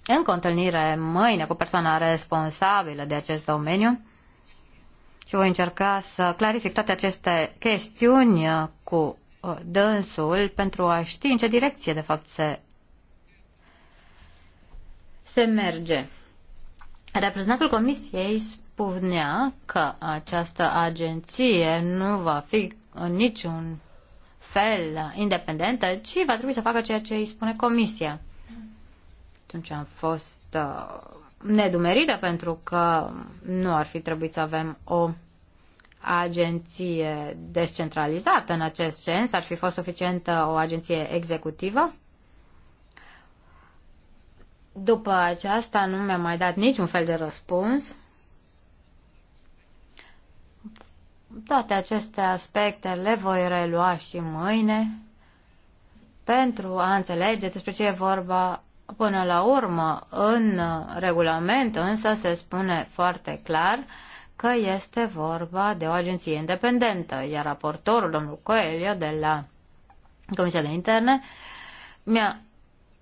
încă o întâlnire mâine cu persoana responsabilă de acest domeniu și voi încerca să clarific toate aceste chestiuni cu uh, dânsul pentru a ști în ce direcție de fapt se, se merge. Reprezentantul Comisiei spunea că această agenție nu va fi în niciun fel independentă, ci va trebui să facă ceea ce îi spune Comisia. Atunci am fost uh, nedumerită pentru că nu ar fi trebuit să avem o agenție descentralizată în acest sens? Ar fi fost suficientă o agenție executivă? După aceasta nu mi-a mai dat niciun fel de răspuns. Toate aceste aspecte le voi relua și mâine pentru a înțelege despre ce e vorba Până la urmă, în regulament însă se spune foarte clar că este vorba de o agenție independentă, iar raportorul, domnul Coelho, de la Comisia de Interne, mi-a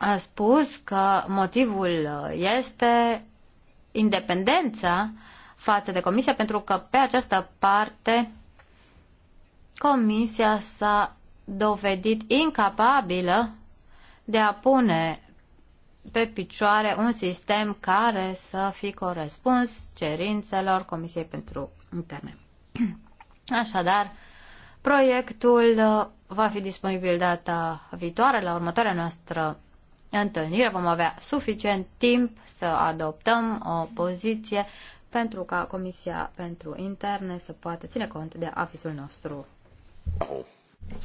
a spus că motivul este independența față de Comisia, pentru că pe această parte Comisia s-a dovedit incapabilă de a pune pe picioare un sistem care să fi corespuns cerințelor Comisiei pentru Interne. Așadar, proiectul uh, va fi disponibil data viitoare, la următoarea noastră întâlnire. Vom avea suficient timp să adoptăm o poziție pentru ca Comisia pentru Interne să poată ține cont de avisul nostru.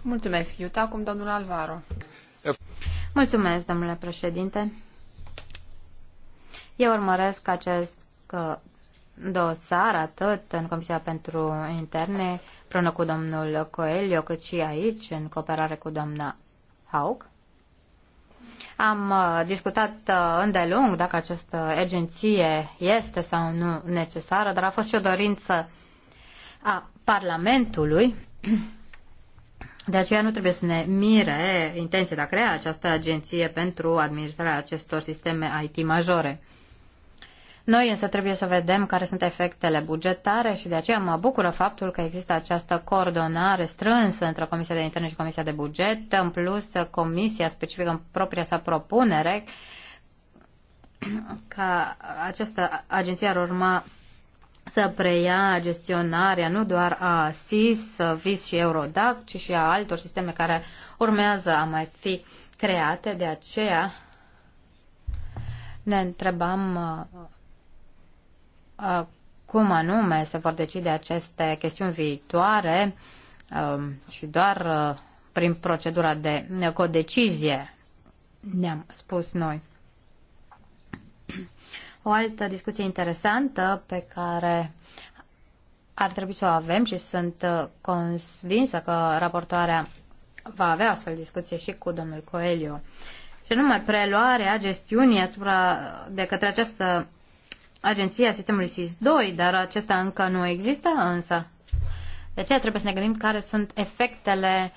Mulțumesc, Iuta. Acum domnul Alvaro. Mulțumesc, domnule președinte. Eu urmăresc acest dosar atât în Comisia pentru Interne, prână cu domnul Coelho, cât și aici, în cooperare cu doamna Haug. Am uh, discutat uh, îndelung dacă această agenție este sau nu necesară, dar a fost și o dorință a Parlamentului. De aceea nu trebuie să ne mire intenția de a crea această agenție pentru administrarea acestor sisteme IT majore. Noi însă trebuie să vedem care sunt efectele bugetare și de aceea mă bucură faptul că există această coordonare strânsă între Comisia de Interne și Comisia de Buget. În plus, Comisia specifică în propria sa propunere ca această agenție ar urma să preia gestionarea nu doar a SIS, VIS și Eurodac, ci și a altor sisteme care urmează a mai fi create. De aceea ne întrebam Uh, cum anume se vor decide aceste chestiuni viitoare um, și doar uh, prin procedura de codecizie, ne-am spus noi. O altă discuție interesantă pe care ar trebui să o avem și sunt uh, convinsă că raportoarea va avea astfel discuție și cu domnul Coelio. Și numai preluarea gestiunii asupra, de către această Agenția sistemului SIS-2, dar acesta încă nu există însă. De aceea trebuie să ne gândim care sunt efectele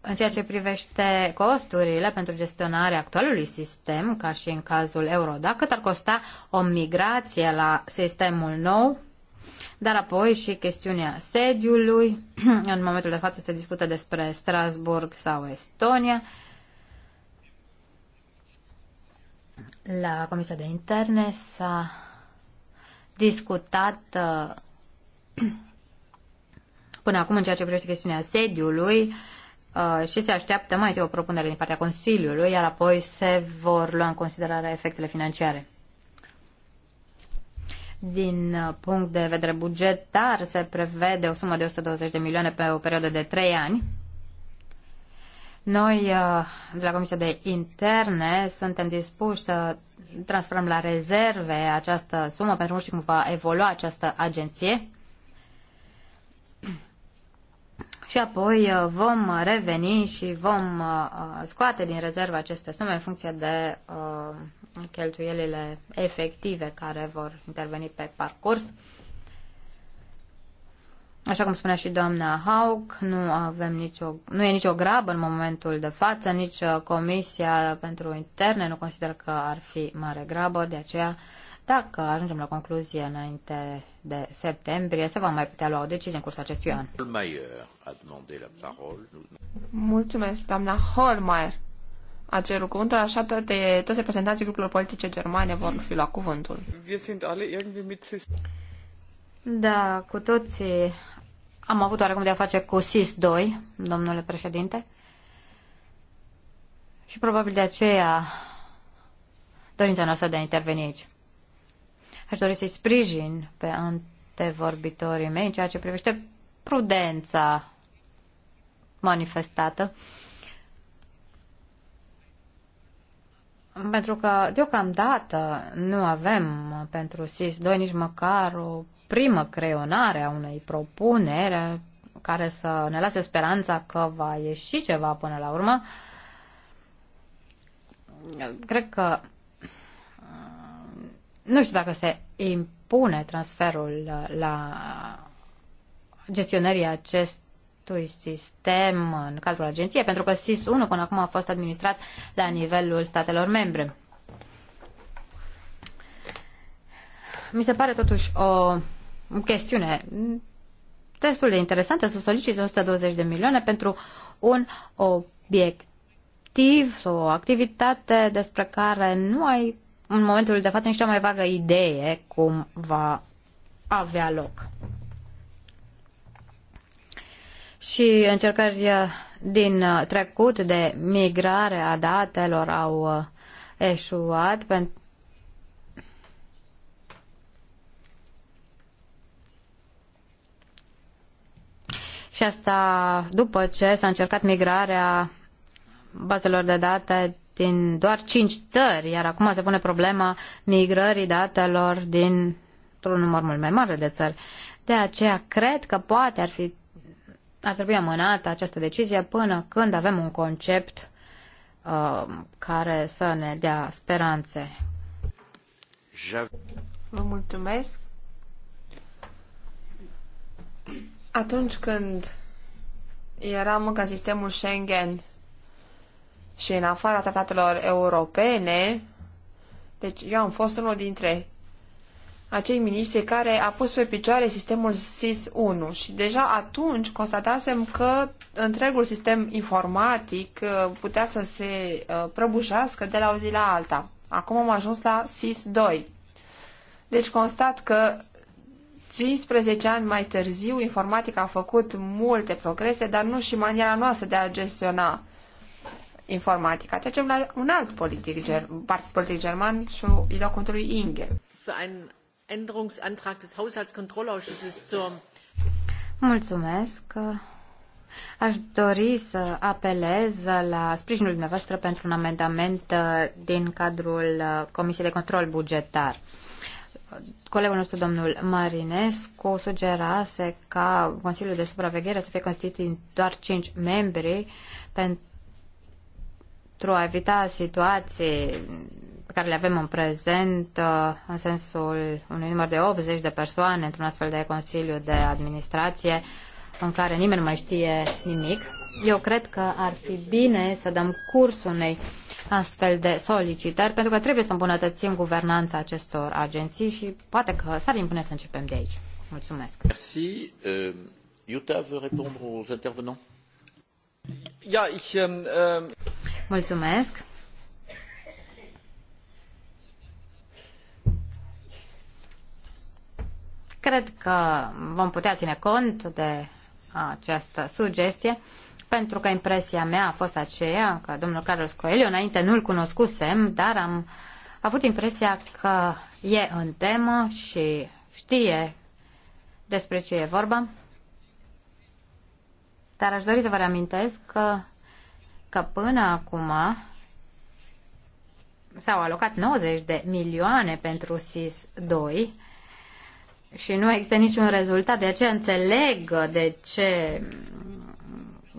în ceea ce privește costurile pentru gestionarea actualului sistem, ca și în cazul Eurodac, cât ar costa o migrație la sistemul nou, dar apoi și chestiunea sediului. În momentul de față se discută despre Strasburg sau Estonia. La Comisia de Interne s-a discutat uh, până acum în ceea ce privește chestiunea sediului uh, și se așteaptă mai întâi o propunere din partea Consiliului, iar apoi se vor lua în considerare efectele financiare. Din uh, punct de vedere bugetar, se prevede o sumă de 120 de milioane pe o perioadă de 3 ani, noi, uh, de la Comisia de Interne, suntem dispuși să transferăm la rezerve această sumă, pentru că nu știu cum va evolua această agenție. Și apoi uh, vom reveni și vom uh, scoate din rezervă aceste sume în funcție de cheltuielile efective care vor interveni pe parcurs. Așa cum spunea și doamna Hauk, nu, avem nicio, nu e nicio grabă în momentul de față, nici uh, Comisia pentru Interne nu consideră că ar fi mare grabă, de aceea dacă ajungem la concluzie înainte de septembrie, se va mai putea lua o decizie în cursul acestui an. Mulțumesc, doamna Holmeier. A cerut cuvântul, așa toate, toți reprezentanții grupurilor politice germane vor fi la cuvântul. Da, cu toții am avut oarecum de a face cu SIS-2, domnule președinte. Și probabil de aceea dorința noastră de a interveni aici. Aș dori să-i sprijin pe antevorbitorii mei în ceea ce privește prudența manifestată. Pentru că deocamdată nu avem pentru SIS-2 nici măcar o primă creionare a unei propuneri care să ne lase speranța că va ieși ceva până la urmă. Cred că uh, nu știu dacă se impune transferul la gestionării acestui sistem în cadrul agenției, pentru că SIS-1 până acum a fost administrat la nivelul statelor membre. Mi se pare totuși o chestiune destul de interesantă să solicite 120 de milioane pentru un obiectiv sau o activitate despre care nu ai în momentul de față nici cea mai vagă idee cum va avea loc. Și încercări din trecut de migrare a datelor au eșuat pentru și asta după ce s-a încercat migrarea bazelor de date din doar cinci țări, iar acum se pune problema migrării datelor din un număr mult mai mare de țări. De aceea cred că poate ar, fi, ar trebui amânată această decizie până când avem un concept uh, care să ne dea speranțe. Vă mulțumesc. Atunci când eram încă în sistemul Schengen și în afara tratatelor europene, deci eu am fost unul dintre acei miniștri care a pus pe picioare sistemul SIS-1 și deja atunci constatasem că întregul sistem informatic uh, putea să se uh, prăbușească de la o zi la alta. Acum am ajuns la SIS-2. Deci constat că 15 ani mai târziu, informatica a făcut multe progrese, dar nu și maniera noastră de a gestiona informatica. Trecem la un alt politic, ger- partid politic german și îi dau contul lui Inge. Mulțumesc. Aș dori să apelez la sprijinul dumneavoastră pentru un amendament uh, din cadrul uh, Comisiei de Control Bugetar colegul nostru, domnul Marinescu, sugerase ca Consiliul de Supraveghere să fie constituit doar cinci membri pentru a evita situații pe care le avem în prezent, uh, în sensul unui număr de 80 de persoane într-un astfel de Consiliu de Administrație, în care nimeni nu mai știe nimic. Eu cred că ar fi bine să dăm curs unei uh, astfel de solicitări, pentru că trebuie să îmbunătățim guvernanța acestor agenții și poate că s-ar impune să începem de aici. Mulțumesc. Merci. Uh, vă veut aux intervenants? Ja, ich, uh... Mulțumesc. Cred că vom putea ține cont de această sugestie pentru că impresia mea a fost aceea că domnul Carlos Coelho, înainte nu-l cunoscusem, dar am avut impresia că e în temă și știe despre ce e vorba. Dar aș dori să vă reamintesc că, că până acum s-au alocat 90 de milioane pentru SIS 2 și nu există niciun rezultat. De aceea înțeleg de ce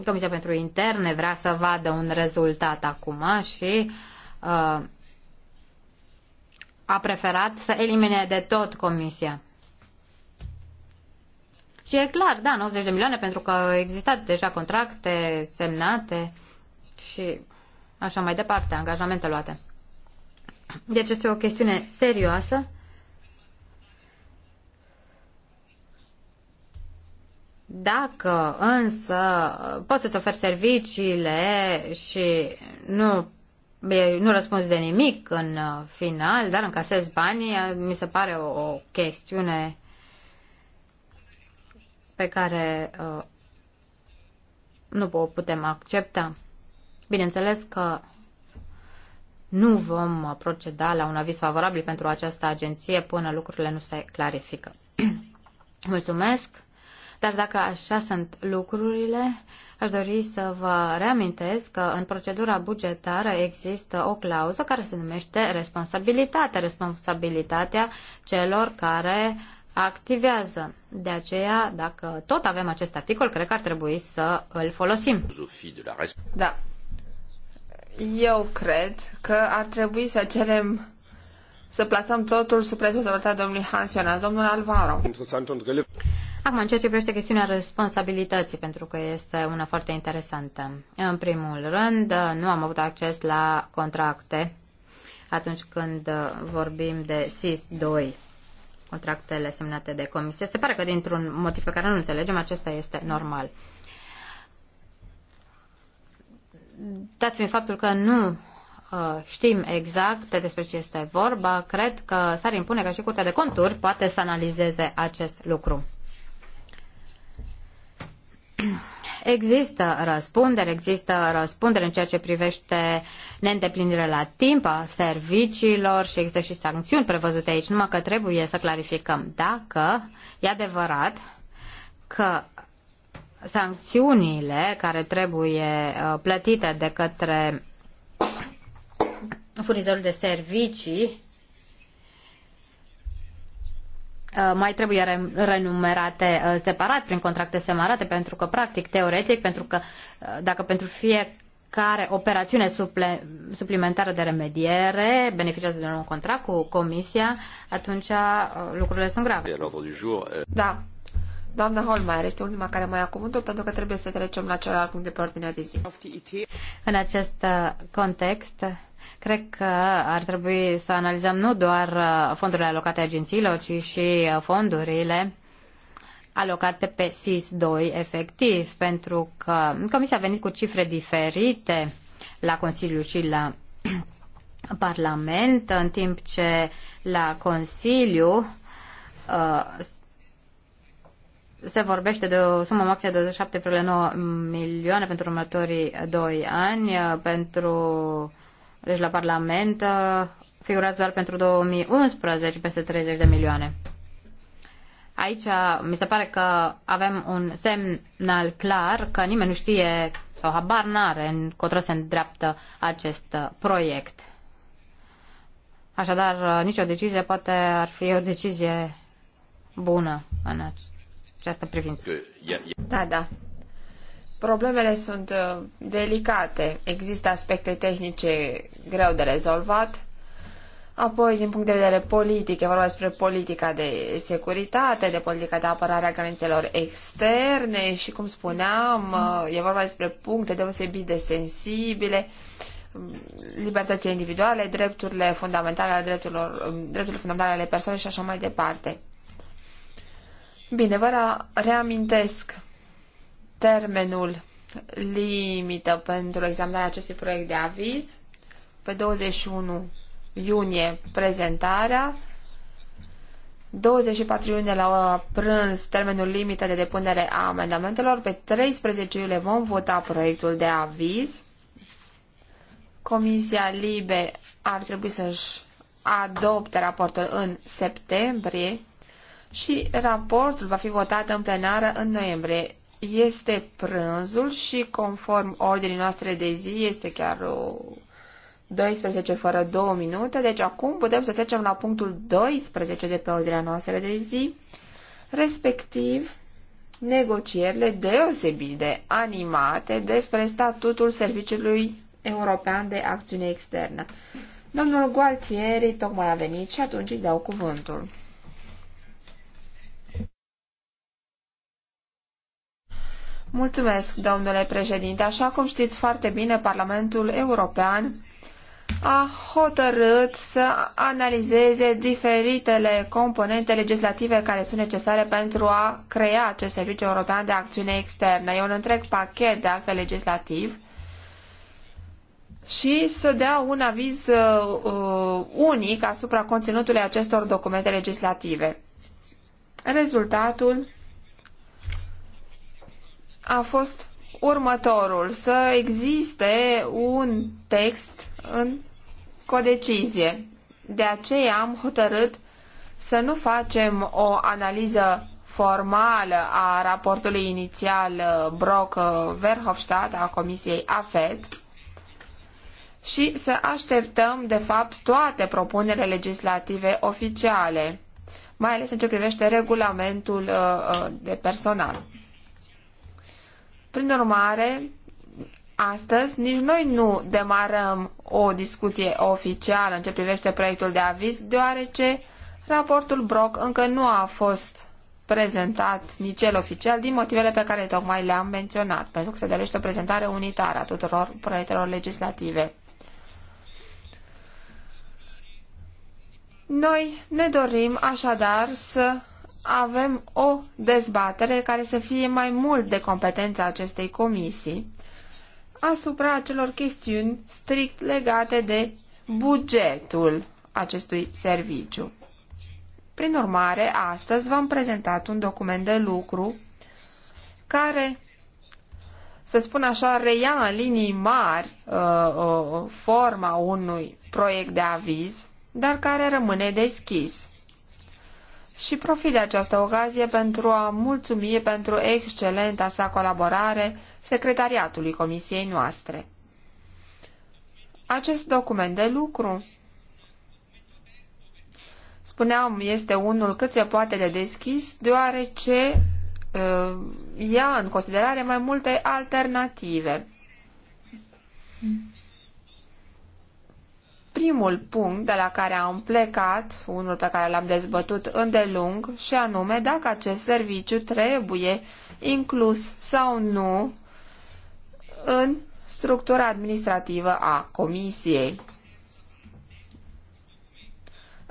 Comisia pentru Interne vrea să vadă un rezultat acum și uh, a preferat să elimine de tot Comisia. Și e clar, da, 90 de milioane pentru că au existat deja contracte semnate și așa mai departe, angajamente luate. Deci este o chestiune serioasă Dacă însă poți să-ți oferi serviciile și nu, nu răspunzi de nimic în uh, final, dar încasezi banii, uh, mi se pare o, o chestiune pe care uh, nu o putem accepta. Bineînțeles că nu vom proceda la un aviz favorabil pentru această agenție până lucrurile nu se clarifică. Mulțumesc! Dar dacă așa sunt lucrurile, aș dori să vă reamintesc că în procedura bugetară există o clauză care se numește responsabilitate, responsabilitatea celor care activează. De aceea, dacă tot avem acest articol, cred că ar trebui să îl folosim. Da. Eu cred că ar trebui să cerem să plasăm totul sub responsabilitatea domnului Hansionas, domnul Alvaro. Interesant Acum, în ceea ce privește chestiunea responsabilității, pentru că este una foarte interesantă. În primul rând, nu am avut acces la contracte atunci când vorbim de SIS 2, contractele semnate de comisie. Se pare că dintr-un motiv pe care nu înțelegem, acesta este normal. Dat fiind faptul că nu uh, știm exact despre ce este vorba, cred că s-ar impune ca și Curtea de Conturi poate să analizeze acest lucru. Există răspundere, există răspundere în ceea ce privește neîndeplinirea la timp a serviciilor și există și sancțiuni prevăzute aici, numai că trebuie să clarificăm dacă e adevărat că sancțiunile care trebuie uh, plătite de către furnizorul de servicii Uh, mai trebuie renumerate uh, separat, prin contracte separate, pentru că, practic, teoretic, pentru că uh, dacă pentru fiecare operațiune suplimentară de remediere beneficiază de un contract cu comisia, atunci lucrurile sunt grave. Da. Doamna Holmeier este ultima care mai a cuvântul pentru că trebuie să trecem la celălalt punct de pe ordinea de zi. În acest context, Cred că ar trebui să analizăm nu doar uh, fondurile alocate agențiilor, ci și uh, fondurile alocate pe SIS-2 efectiv, pentru că Comisia a venit cu cifre diferite la Consiliu și la Parlament, în timp ce la Consiliu uh, se vorbește de o sumă maximă de 27,9 milioane pentru următorii 2 ani, uh, pentru deci la Parlament, uh, figurați doar pentru 2011 peste 30 de milioane. Aici uh, mi se pare că avem un semnal clar că nimeni nu știe sau habar n-are încotro se îndreaptă acest uh, proiect. Așadar, nicio decizie poate ar fi o decizie bună în această privință. Da, da. Problemele sunt uh, delicate, există aspecte tehnice greu de rezolvat, apoi din punct de vedere politic, e vorba despre politica de securitate, de politica de apărare a granițelor externe și, cum spuneam, uh, e vorba despre puncte deosebit de sensibile, um, libertățile individuale, drepturile fundamentale ale drepturilor, um, drepturile fundamentale ale persoanei și așa mai departe. Bine, vă reamintesc termenul limită pentru examinarea acestui proiect de aviz. Pe 21 iunie prezentarea, 24 iunie la prânz termenul limită de depunere a amendamentelor, pe 13 iulie vom vota proiectul de aviz. Comisia Libe ar trebui să-și adopte raportul în septembrie și raportul va fi votat în plenară în noiembrie este prânzul și conform ordinii noastre de zi este chiar uh, o 12 fără 2 minute, deci acum putem să trecem la punctul 12 de pe ordinea noastră de zi, respectiv negocierile deosebit de animate despre statutul Serviciului European de Acțiune Externă. Domnul Gualtieri tocmai a venit și atunci îi dau cuvântul. Mulțumesc, domnule președinte. Așa cum știți foarte bine, Parlamentul European a hotărât să analizeze diferitele componente legislative care sunt necesare pentru a crea acest serviciu european de acțiune externă. E un întreg pachet de acte legislativ și să dea un aviz uh, uh unic asupra conținutului acestor documente legislative. Rezultatul a fost următorul, să existe un text în codecizie. De aceea am hotărât să nu facem o analiză formală a raportului inițial uh, Brock-Verhofstadt a Comisiei AFET și să așteptăm, de fapt, toate propunerile legislative oficiale, mai ales în ce privește regulamentul uh, uh, de personal. Prin urmare, astăzi nici noi nu demarăm o discuție oficială în ce privește proiectul de aviz, deoarece raportul Brock încă nu a fost prezentat nici el oficial din motivele pe care tocmai le-am menționat, pentru că se dorește o prezentare unitară a tuturor proiectelor legislative. Noi ne dorim așadar să avem o dezbatere care să fie mai mult de competența acestei comisii asupra acelor chestiuni strict legate de bugetul acestui serviciu. Prin urmare, astăzi v-am prezentat un document de lucru care, să spun așa, reia în linii mari uh, uh, forma unui proiect de aviz, dar care rămâne deschis și profit de această ocazie pentru a mulțumi pentru excelenta sa colaborare secretariatului comisiei noastre. Acest document de lucru, spuneam, este unul cât se poate de deschis, deoarece uh, ia în considerare mai multe alternative. Mm primul punct de la care am plecat, unul pe care l-am dezbătut îndelung, și anume dacă acest serviciu trebuie inclus sau nu în structura administrativă a Comisiei.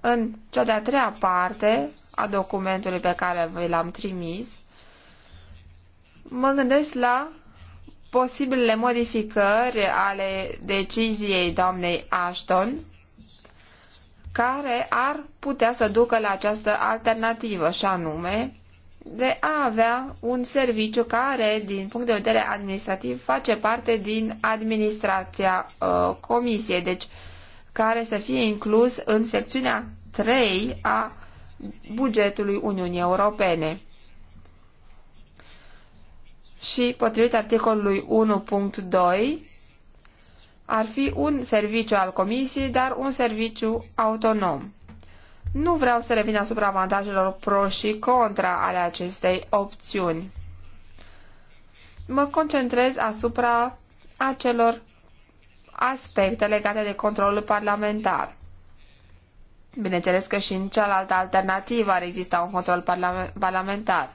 În cea de-a treia parte a documentului pe care vi l-am trimis, mă gândesc la posibilele modificări ale deciziei doamnei Ashton care ar putea să ducă la această alternativă și anume de a avea un serviciu care, din punct de vedere administrativ, face parte din administrația uh, comisiei, deci care să fie inclus în secțiunea 3 a bugetului Uniunii Europene și, potrivit articolului 1.2, ar fi un serviciu al comisiei, dar un serviciu autonom. Nu vreau să revin asupra avantajelor pro și contra ale acestei opțiuni. Mă concentrez asupra acelor aspecte legate de controlul parlamentar. Bineînțeles că și în cealaltă alternativă ar exista un control parlamentar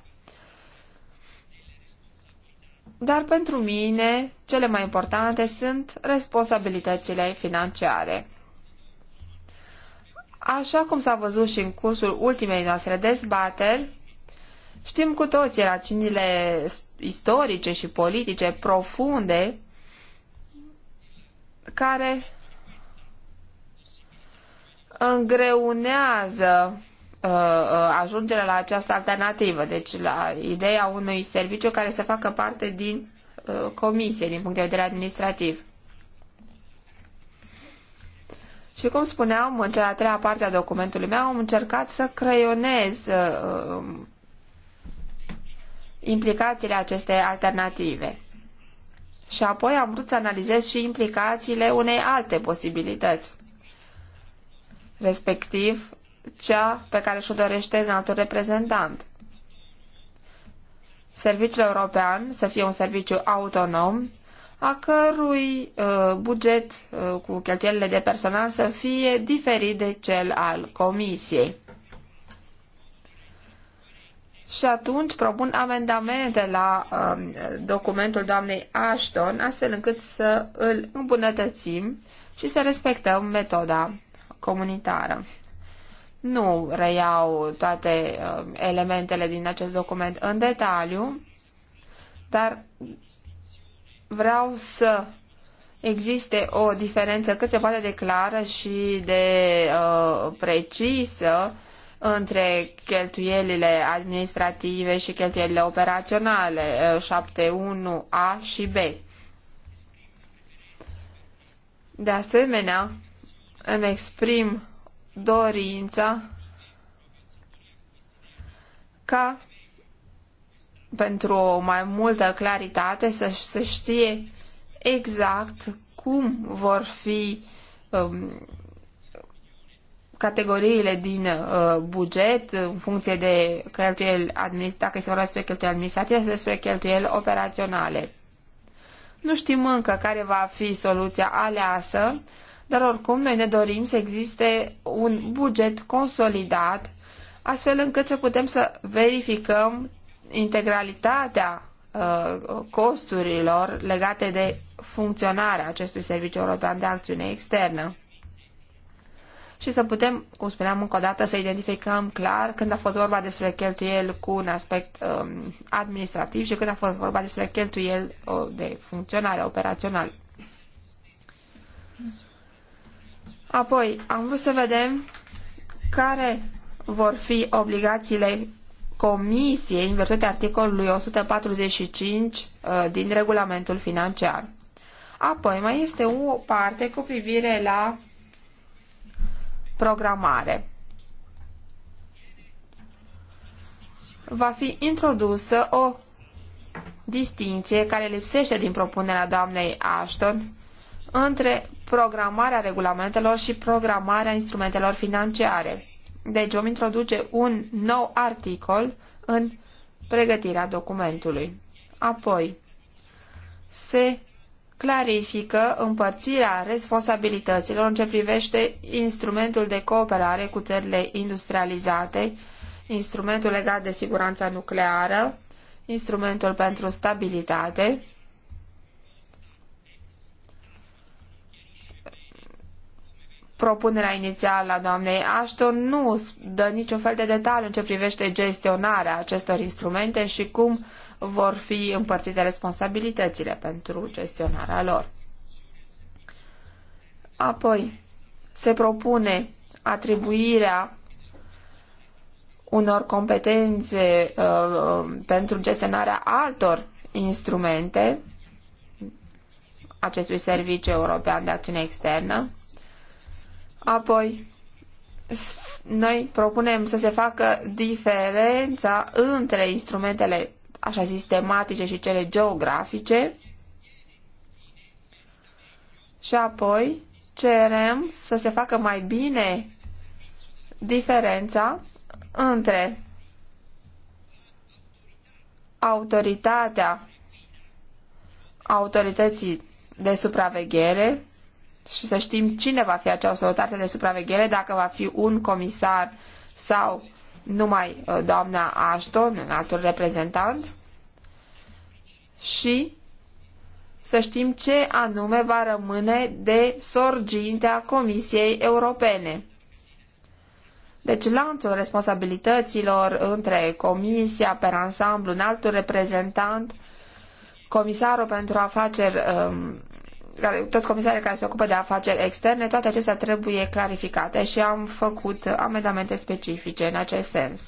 dar pentru mine cele mai importante sunt responsabilitățile financiare. Așa cum s-a văzut și în cursul ultimei noastre dezbateri, știm cu toții rațiunile istorice și politice profunde care îngreunează Uh, uh, ajungere la această alternativă, deci la ideea unui serviciu care să facă parte din uh, comisie, din punct de vedere administrativ. Și cum spuneam, în cea a treia parte a documentului meu am încercat să creionez uh, um, implicațiile acestei alternative. Și apoi am vrut să analizez și implicațiile unei alte posibilități, respectiv cea pe care și-o dorește în altul reprezentant. Serviciul european să fie un serviciu autonom, a cărui uh, buget uh, cu cheltuielile de personal să fie diferit de cel al comisiei. Și atunci propun amendamente la uh, documentul doamnei Ashton, astfel încât să îl îmbunătățim și să respectăm metoda comunitară. Nu reiau toate uh, elementele din acest document în detaliu, dar vreau să existe o diferență cât se poate de clară și de uh, precisă între cheltuielile administrative și cheltuielile operaționale, uh, 7.1a și b. De asemenea, îmi exprim dorința ca pentru o mai multă claritate să, să știe exact cum vor fi um, categoriile din uh, buget în funcție de cheltuieli administrative, dacă se vorba despre cheltuieli administrative sau despre cheltuieli operaționale. Nu știm încă care va fi soluția aleasă, dar oricum noi ne dorim să existe un buget consolidat, astfel încât să putem să verificăm integralitatea uh, costurilor legate de funcționarea acestui serviciu european de acțiune externă și să putem, cum spuneam încă o dată, să identificăm clar când a fost vorba despre cheltuieli cu un aspect um, administrativ și când a fost vorba despre cheltuieli uh, de funcționare operațională. Apoi, am vrut să vedem care vor fi obligațiile Comisiei în virtutea articolului 145 uh, din regulamentul financiar. Apoi, mai este o parte cu privire la programare. Va fi introdusă o distinție care lipsește din propunerea doamnei Ashton între programarea regulamentelor și programarea instrumentelor financiare. Deci vom introduce un nou articol în pregătirea documentului. Apoi, se clarifică împărțirea responsabilităților în ce privește instrumentul de cooperare cu țările industrializate, instrumentul legat de siguranța nucleară, instrumentul pentru stabilitate, propunerea inițială a doamnei Ashton nu dă niciun fel de detaliu în ce privește gestionarea acestor instrumente și cum vor fi împărțite responsabilitățile pentru gestionarea lor. Apoi, se propune atribuirea unor competențe uh, pentru gestionarea altor instrumente acestui Serviciu European de Acțiune Externă, Apoi, noi propunem să se facă diferența între instrumentele așa zis tematice și cele geografice și apoi cerem să se facă mai bine diferența între autoritatea autorității de supraveghere și să știm cine va fi acea autoritate de supraveghere, dacă va fi un comisar sau numai uh, doamna Ashton, un alt reprezentant, și să știm ce anume va rămâne de sorgintea Comisiei Europene. Deci lanțul responsabilităților între Comisia per ansamblu, un alt reprezentant, Comisarul pentru afaceri um, care, toți comisarii care se ocupă de afaceri externe, toate acestea trebuie clarificate și am făcut amendamente specifice în acest sens.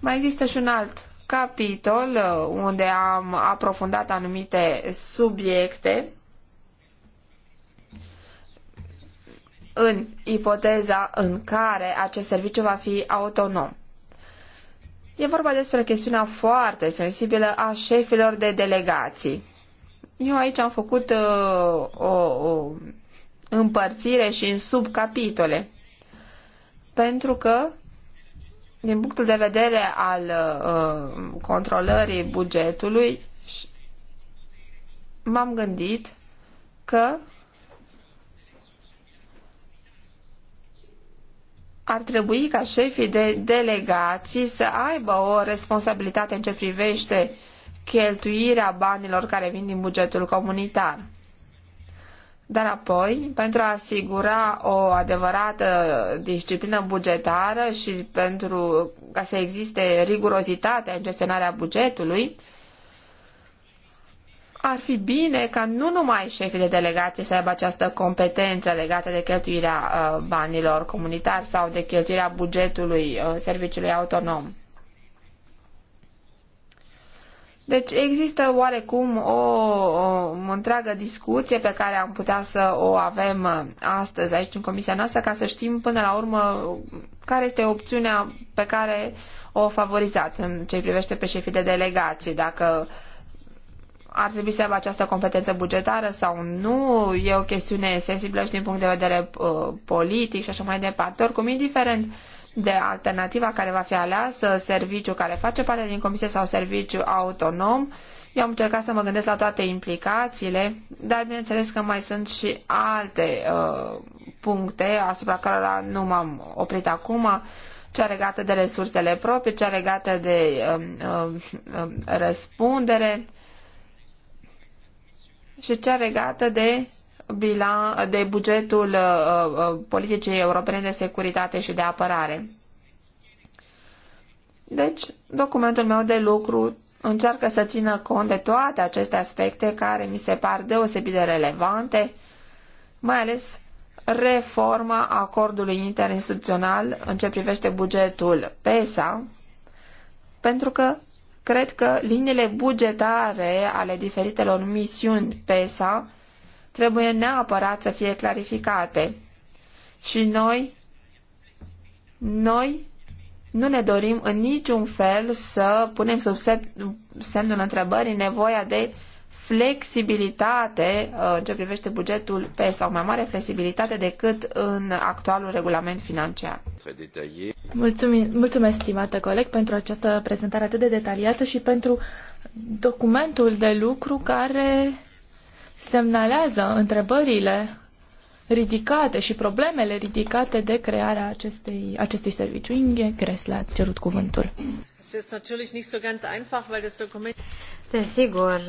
Mai există și un alt capitol uh, unde am aprofundat anumite subiecte în ipoteza în care acest serviciu va fi autonom. E vorba despre chestiunea foarte sensibilă a șefilor de delegații eu aici am făcut uh, o, o împărțire și în subcapitole. Pentru că, din punctul de vedere al uh, controlării bugetului, m-am gândit că ar trebui ca șefii de delegații să aibă o responsabilitate în ce privește cheltuirea banilor care vin din bugetul comunitar. Dar apoi, pentru a asigura o adevărată disciplină bugetară și pentru ca să existe rigurozitatea în gestionarea bugetului, ar fi bine ca nu numai șefii de delegație să aibă această competență legată de cheltuirea uh, banilor comunitari sau de cheltuirea bugetului uh, serviciului autonom, Deci există oarecum o, o, o întreagă discuție pe care am putea să o avem uh, astăzi aici în comisia noastră ca să știm până la urmă care este opțiunea pe care o favorizat în ce privește pe șefii de delegații, dacă ar trebui să aibă această competență bugetară sau nu, e o chestiune sensibilă și din punct de vedere uh, politic și așa mai departe. Oricum, indiferent uh, de alternativa care va fi aleasă, serviciu care face parte din comisie sau serviciu autonom. Eu am încercat să mă gândesc la toate implicațiile, dar bineînțeles că mai sunt și alte uh, puncte asupra cărora nu m-am oprit acum, cea legată de resursele proprii, cea legată de uh, uh, răspundere și cea legată de bilan, de bugetul uh, uh, politicii europene de securitate și de apărare. Deci, documentul meu de lucru încearcă să țină cont de toate aceste aspecte care mi se par deosebit de relevante, mai ales reforma acordului interinstituțional în ce privește bugetul PESA, pentru că cred că liniile bugetare ale diferitelor misiuni PESA trebuie neapărat să fie clarificate. Și noi, noi nu ne dorim în niciun fel să punem sub semnul întrebării nevoia de flexibilitate uh, în ce privește bugetul pe sau mai mare flexibilitate decât în actualul regulament financiar. Mulțumim, mulțumesc, stimată coleg, pentru această prezentare atât de detaliată și pentru documentul de lucru care semnalează întrebările ridicate și problemele ridicate de crearea acestei, acestui serviciu. Inge Gresle a cerut cuvântul. Desigur,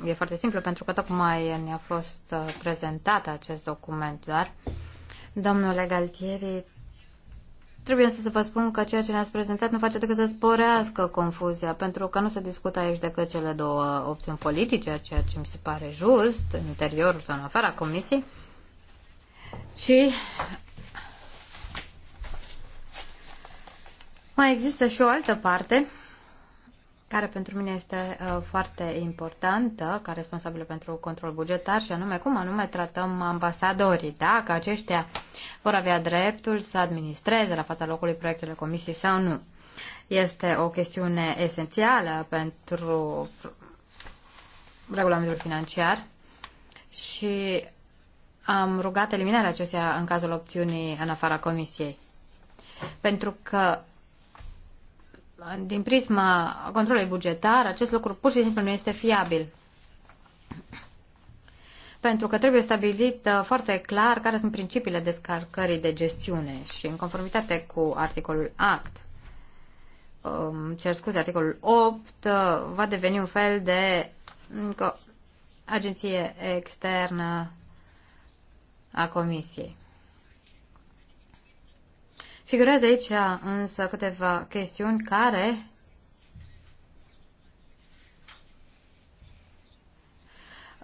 nu e foarte simplu pentru că tocmai ne-a fost uh, prezentat acest document doar. Domnule Galtieri, Trebuie să vă spun că ceea ce ne-ați prezentat nu face decât să sporească confuzia, pentru că nu se discută aici decât cele două opțiuni politice, ceea ce mi se pare just, în interiorul sau în afara comisiei, ci mai există și o altă parte care pentru mine este uh, foarte importantă, ca responsabilă pentru control bugetar, și anume cum anume tratăm ambasadorii, dacă aceștia vor avea dreptul să administreze la fața locului proiectele comisiei sau nu. Este o chestiune esențială pentru regulamentul financiar și am rugat eliminarea acestea în cazul opțiunii în afara comisiei. Pentru că din prisma controlului bugetar, acest lucru pur și simplu nu este fiabil. Pentru că trebuie stabilit uh, foarte clar care sunt principiile descarcării de gestiune și în conformitate cu articolul act, um, cer scuze, articolul 8, uh, va deveni un fel de mm, agenție externă a Comisiei. Figurează aici uh, însă câteva chestiuni care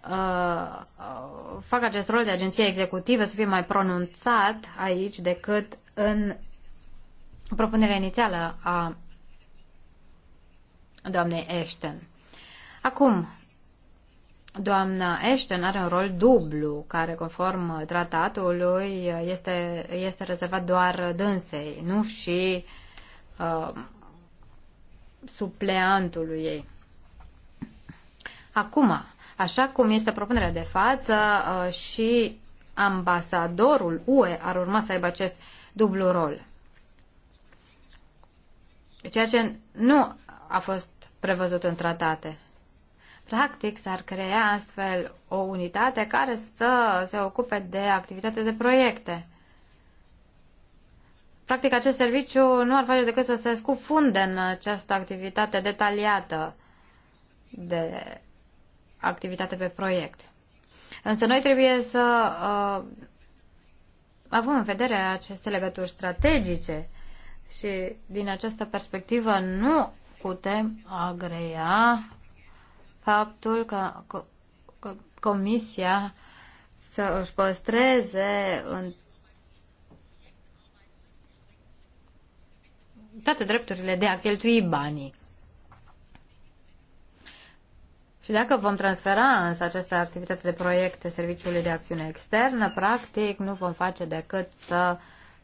uh, fac acest rol de agenție executivă să fie mai pronunțat aici decât în propunerea inițială a doamnei Ashton. Acum, Doamna Ashton are un rol dublu, care, conform tratatului, este, este rezervat doar dânsei, nu și uh, supleantului ei. Acum, așa cum este propunerea de față, uh, și ambasadorul UE ar urma să aibă acest dublu rol. Ceea ce nu a fost prevăzut în tratate. Practic s-ar crea astfel o unitate care să se ocupe de activitate de proiecte. Practic acest serviciu nu ar face decât să se scufunde în această activitate detaliată de activitate pe proiect. Însă noi trebuie să uh, avem în vedere aceste legături strategice și din această perspectivă nu putem agrea faptul că Comisia să își păstreze în toate drepturile de a cheltui banii. Și dacă vom transfera însă această activitate de proiecte Serviciului de Acțiune Externă, practic nu vom face decât să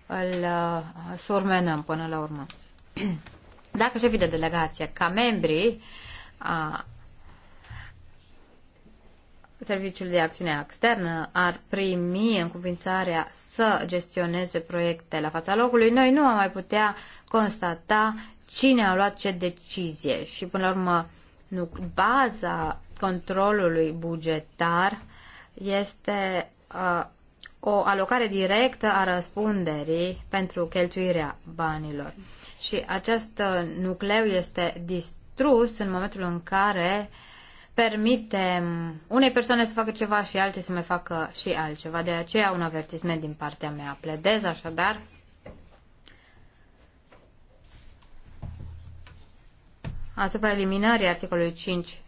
îl uh, surmenăm până la urmă. Dacă șefii de delegație, ca membri a Serviciul de Acțiune Externă ar primi încuvințarea să gestioneze proiecte la fața locului, noi nu am mai putea constata cine a luat ce decizie și, până la urmă, nu, baza controlului bugetar este uh, o alocare directă a răspunderii pentru cheltuirea banilor. Și acest uh, nucleu este distrus în momentul în care uh, permitem unei persoane să facă ceva și alte să mai facă și altceva. De aceea un avertisment din partea mea. Pledez așadar asupra eliminării articolului 5.4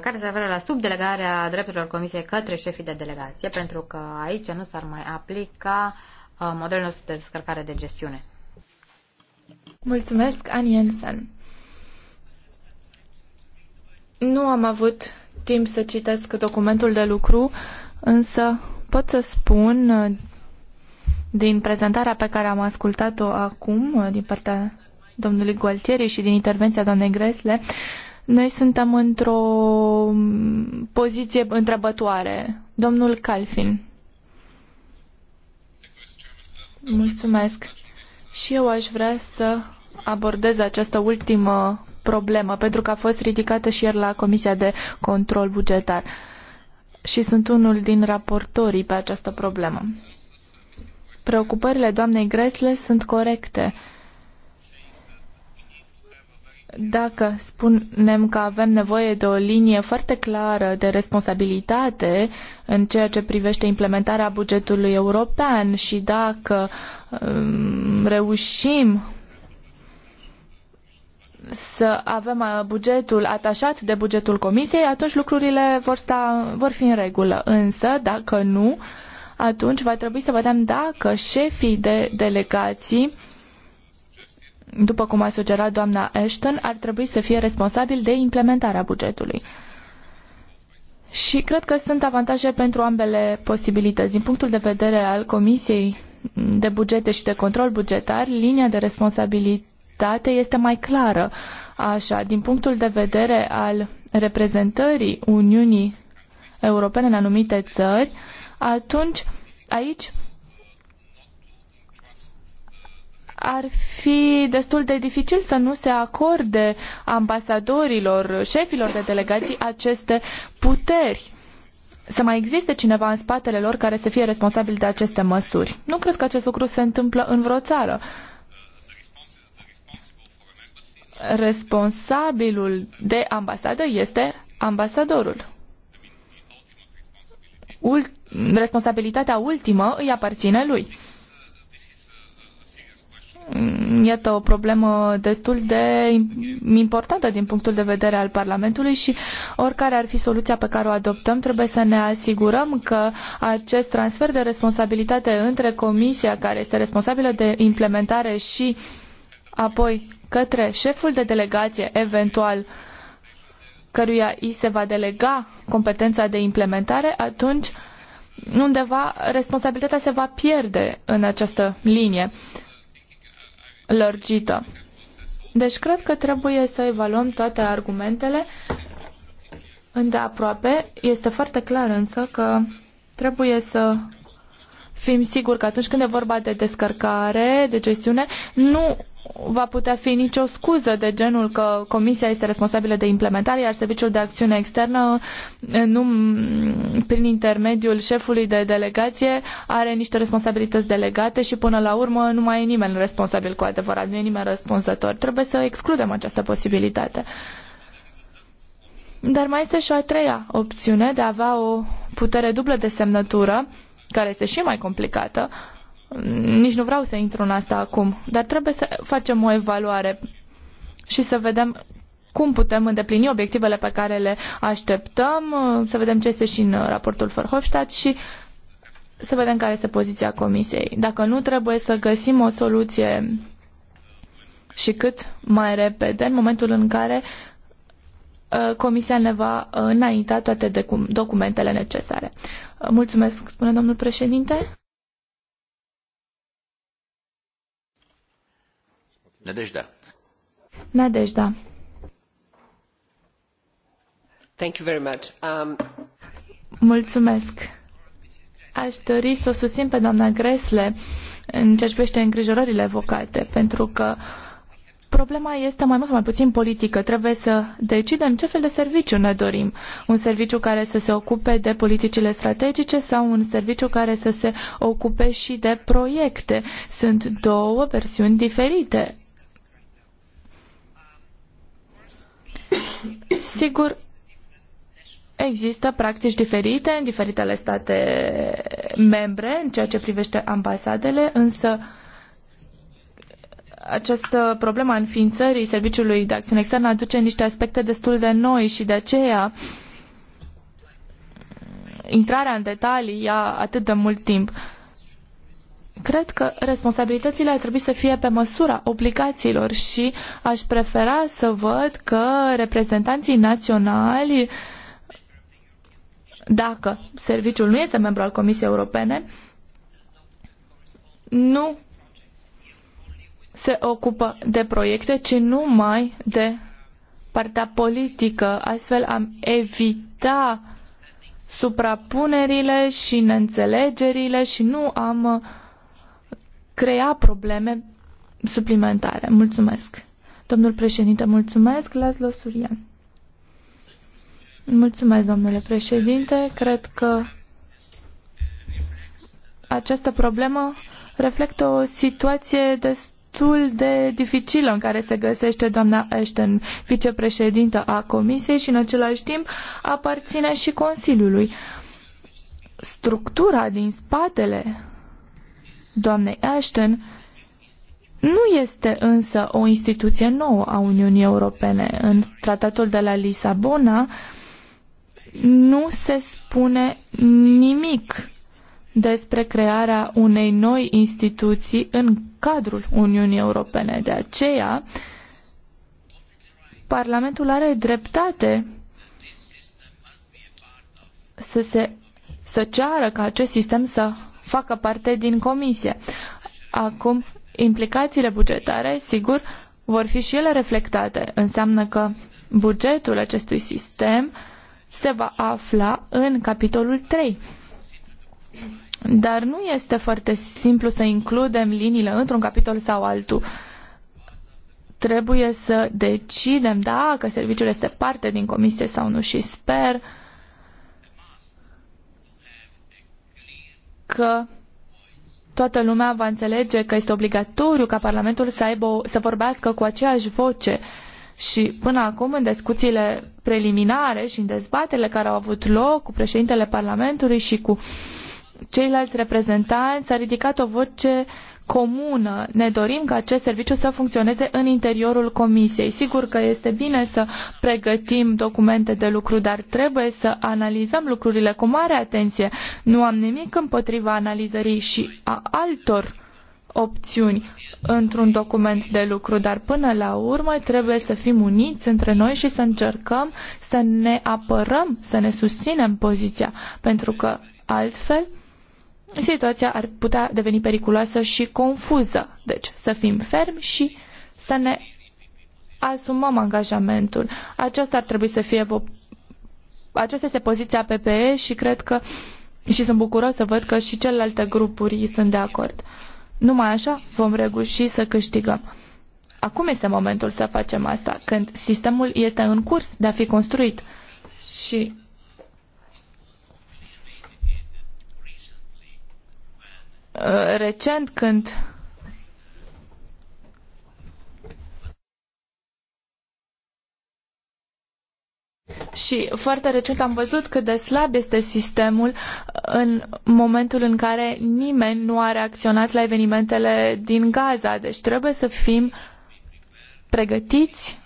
care se referă la subdelegarea drepturilor Comisiei către șefii de delegație, pentru că aici nu s-ar mai aplica modelul nostru de descărcare de gestiune. Mulțumesc, Ani Jensen. Nu am avut timp să citesc documentul de lucru, însă pot să spun uh, din prezentarea pe care am ascultat-o acum uh, din partea domnului Gualtieri și din intervenția doamnei Gresle, noi suntem într-o mm, poziție întrebătoare. Domnul Calfin. Mulțumesc. Și eu aș vrea să abordez această ultimă problemă, pentru că a fost ridicată și el la Comisia de Control Bugetar. Și sunt unul din raportorii pe această problemă. Preocupările doamnei Gresle sunt corecte dacă spunem că avem nevoie de o linie foarte clară de responsabilitate în ceea ce privește implementarea bugetului european și dacă um, reușim să avem uh, bugetul atașat de bugetul comisiei, atunci lucrurile vor, sta, vor fi în regulă. Însă, dacă nu, atunci va trebui să vedem dacă șefii de delegații după cum a sugerat doamna Ashton, ar trebui să fie responsabil de implementarea bugetului. Și cred că sunt avantaje pentru ambele posibilități. Din punctul de vedere al Comisiei de Bugete și de Control Bugetar, linia de responsabilitate realitate este mai clară. Așa, din punctul de vedere al reprezentării Uniunii Europene în anumite țări, atunci aici ar fi destul de dificil să nu se acorde ambasadorilor, șefilor de delegații aceste puteri. Să mai existe cineva în spatele lor care să fie responsabil de aceste măsuri. Nu cred că acest lucru se întâmplă în vreo țară responsabilul de ambasadă este ambasadorul. Ul- responsabilitatea ultimă îi aparține lui. Mm, iată o problemă destul de importantă din punctul de vedere al Parlamentului și oricare ar fi soluția pe care o adoptăm, trebuie să ne asigurăm că acest transfer de responsabilitate între Comisia, care este responsabilă de implementare și apoi către șeful de delegație eventual căruia îi se va delega competența de implementare, atunci undeva responsabilitatea se va pierde în această linie lărgită. Deci cred că trebuie să evaluăm toate argumentele îndeaproape. Este foarte clar însă că trebuie să fim siguri că atunci când e vorba de descărcare, de gestiune, nu va putea fi nicio scuză de genul că Comisia este responsabilă de implementare, iar Serviciul de Acțiune Externă, nu, prin intermediul șefului de delegație, are niște responsabilități delegate și până la urmă nu mai e nimeni responsabil cu adevărat, nu e nimeni răspunzător. Trebuie să excludem această posibilitate. Dar mai este și o a treia opțiune de a avea o putere dublă de semnătură, care este și mai complicată. Nici nu vreau să intru în asta acum, dar trebuie să facem o evaluare și să vedem cum putem îndeplini obiectivele pe care le așteptăm, să vedem ce este și în raportul Verhofstadt și să vedem care este poziția Comisiei. Dacă nu, trebuie să găsim o soluție și cât mai repede, în momentul în care uh, Comisia ne va înainta toate documentele necesare. Mulțumesc, spune domnul președinte. Nadejda. Nadejda. Thank you very much. Um... Mulțumesc. Aș dori să o susțin pe doamna Gresle în ceea ce privește îngrijorările evocate, pentru că uh, Problema este mai mult sau mai puțin politică. Trebuie să decidem ce fel de serviciu ne dorim. Un serviciu care să se ocupe de politicile strategice sau un serviciu care să se ocupe și de proiecte. Sunt două versiuni diferite. Sigur, Există practici diferite în diferitele state membre în ceea ce privește ambasadele, însă uh, această problemă a înființării Serviciului de Acțiune Externă aduce niște aspecte destul de noi și de aceea intrarea în detalii ia atât de mult timp. Cred că responsabilitățile ar trebui să fie pe măsura obligațiilor și aș prefera să văd că reprezentanții naționali, dacă serviciul nu este membru al Comisiei Europene, nu se ocupă de proiecte, ci numai de partea politică. Astfel am evita suprapunerile și neînțelegerile și nu am uh, crea probleme suplimentare. Mulțumesc. Domnul președinte, mulțumesc. Laszlo Surian. Mulțumesc, domnule președinte. Cred că această problemă reflectă o situație destul destul de dificilă în care se găsește doamna Ashton, vicepreședintă a Comisiei și în același timp aparține și Consiliului. Structura din spatele doamnei Ashton nu este însă o instituție nouă a Uniunii Europene. În tratatul de la Lisabona nu se spune nimic despre crearea unei noi instituții în cadrul Uniunii Europene. De aceea, Parlamentul are dreptate să, se, să ceară ca acest sistem să facă parte din comisie. Acum, implicațiile bugetare, sigur, vor fi și ele reflectate. Înseamnă că bugetul acestui sistem se va afla în capitolul 3. Dar nu este foarte simplu să includem liniile într-un capitol sau altul. Trebuie să decidem dacă serviciul este parte din comisie sau nu și sper că toată lumea va înțelege că este obligatoriu ca Parlamentul să, aibă, să vorbească cu aceeași voce. Și până acum, în discuțiile preliminare și în dezbaterile care au avut loc cu președintele Parlamentului și cu uh, ceilalți reprezentanți a ridicat o voce comună. Ne dorim ca acest serviciu să funcționeze în interiorul comisiei. Sigur că este bine să pregătim documente de lucru, dar trebuie să analizăm lucrurile cu mare atenție. Nu am nimic împotriva analizării și a altor opțiuni într-un document de lucru, dar până la urmă trebuie să fim uniți între noi și să încercăm să ne apărăm, să ne susținem poziția, pentru că altfel situația ar putea deveni periculoasă și confuză. Deci să fim fermi și să ne asumăm angajamentul. Aceasta ar trebui să fie aceasta este poziția PPE și cred că și sunt bucuros să văd că și celelalte grupuri sunt de acord. Numai așa vom reuși să câștigăm. Acum este momentul să facem asta, când sistemul este în curs de a fi construit și Uh, recent când Și foarte recent am văzut cât de slab este sistemul în momentul în care nimeni nu a reacționat la evenimentele din Gaza. Deci trebuie să fim pregătiți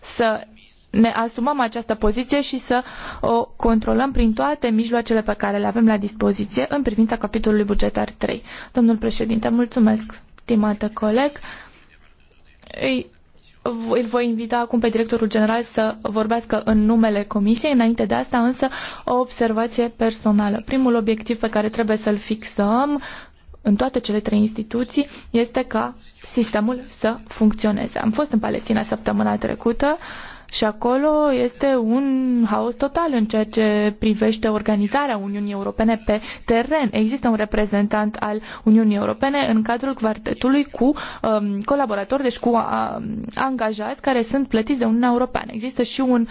să ne asumăm această poziție și să o controlăm prin toate mijloacele pe care le avem la dispoziție în privința capitolului bugetar 3. Domnul președinte, mulțumesc, stimată coleg. Îi, îl voi invita acum pe directorul general să vorbească în numele comisiei. Înainte de asta, însă, o observație personală. Primul obiectiv pe care trebuie să-l fixăm în toate cele trei instituții este ca sistemul să funcționeze. Am fost în Palestina săptămâna trecută. Uh, și acolo este un haos total în ceea ce privește organizarea Uniunii Europene pe teren. Există un reprezentant al Uniunii Europene în cadrul quartetului cu um, colaboratori, deci cu um, angajați care sunt plătiți de Uniunea Europeană. Există și un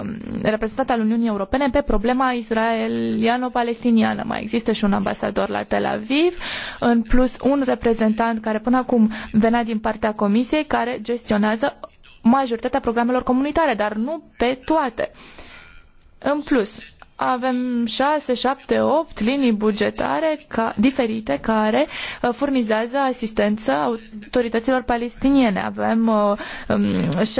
um, reprezentant al Uniunii Europene pe problema israeliano-palestiniană. Mai există și un ambasador la Tel Aviv, în plus un reprezentant care până acum venea din partea Comisiei care gestionează majoritatea programelor comunitare, dar nu pe toate. În plus, avem 6, 7, 8 linii bugetare ca, diferite care uh, furnizează asistență autorităților palestiniene. Avem uh,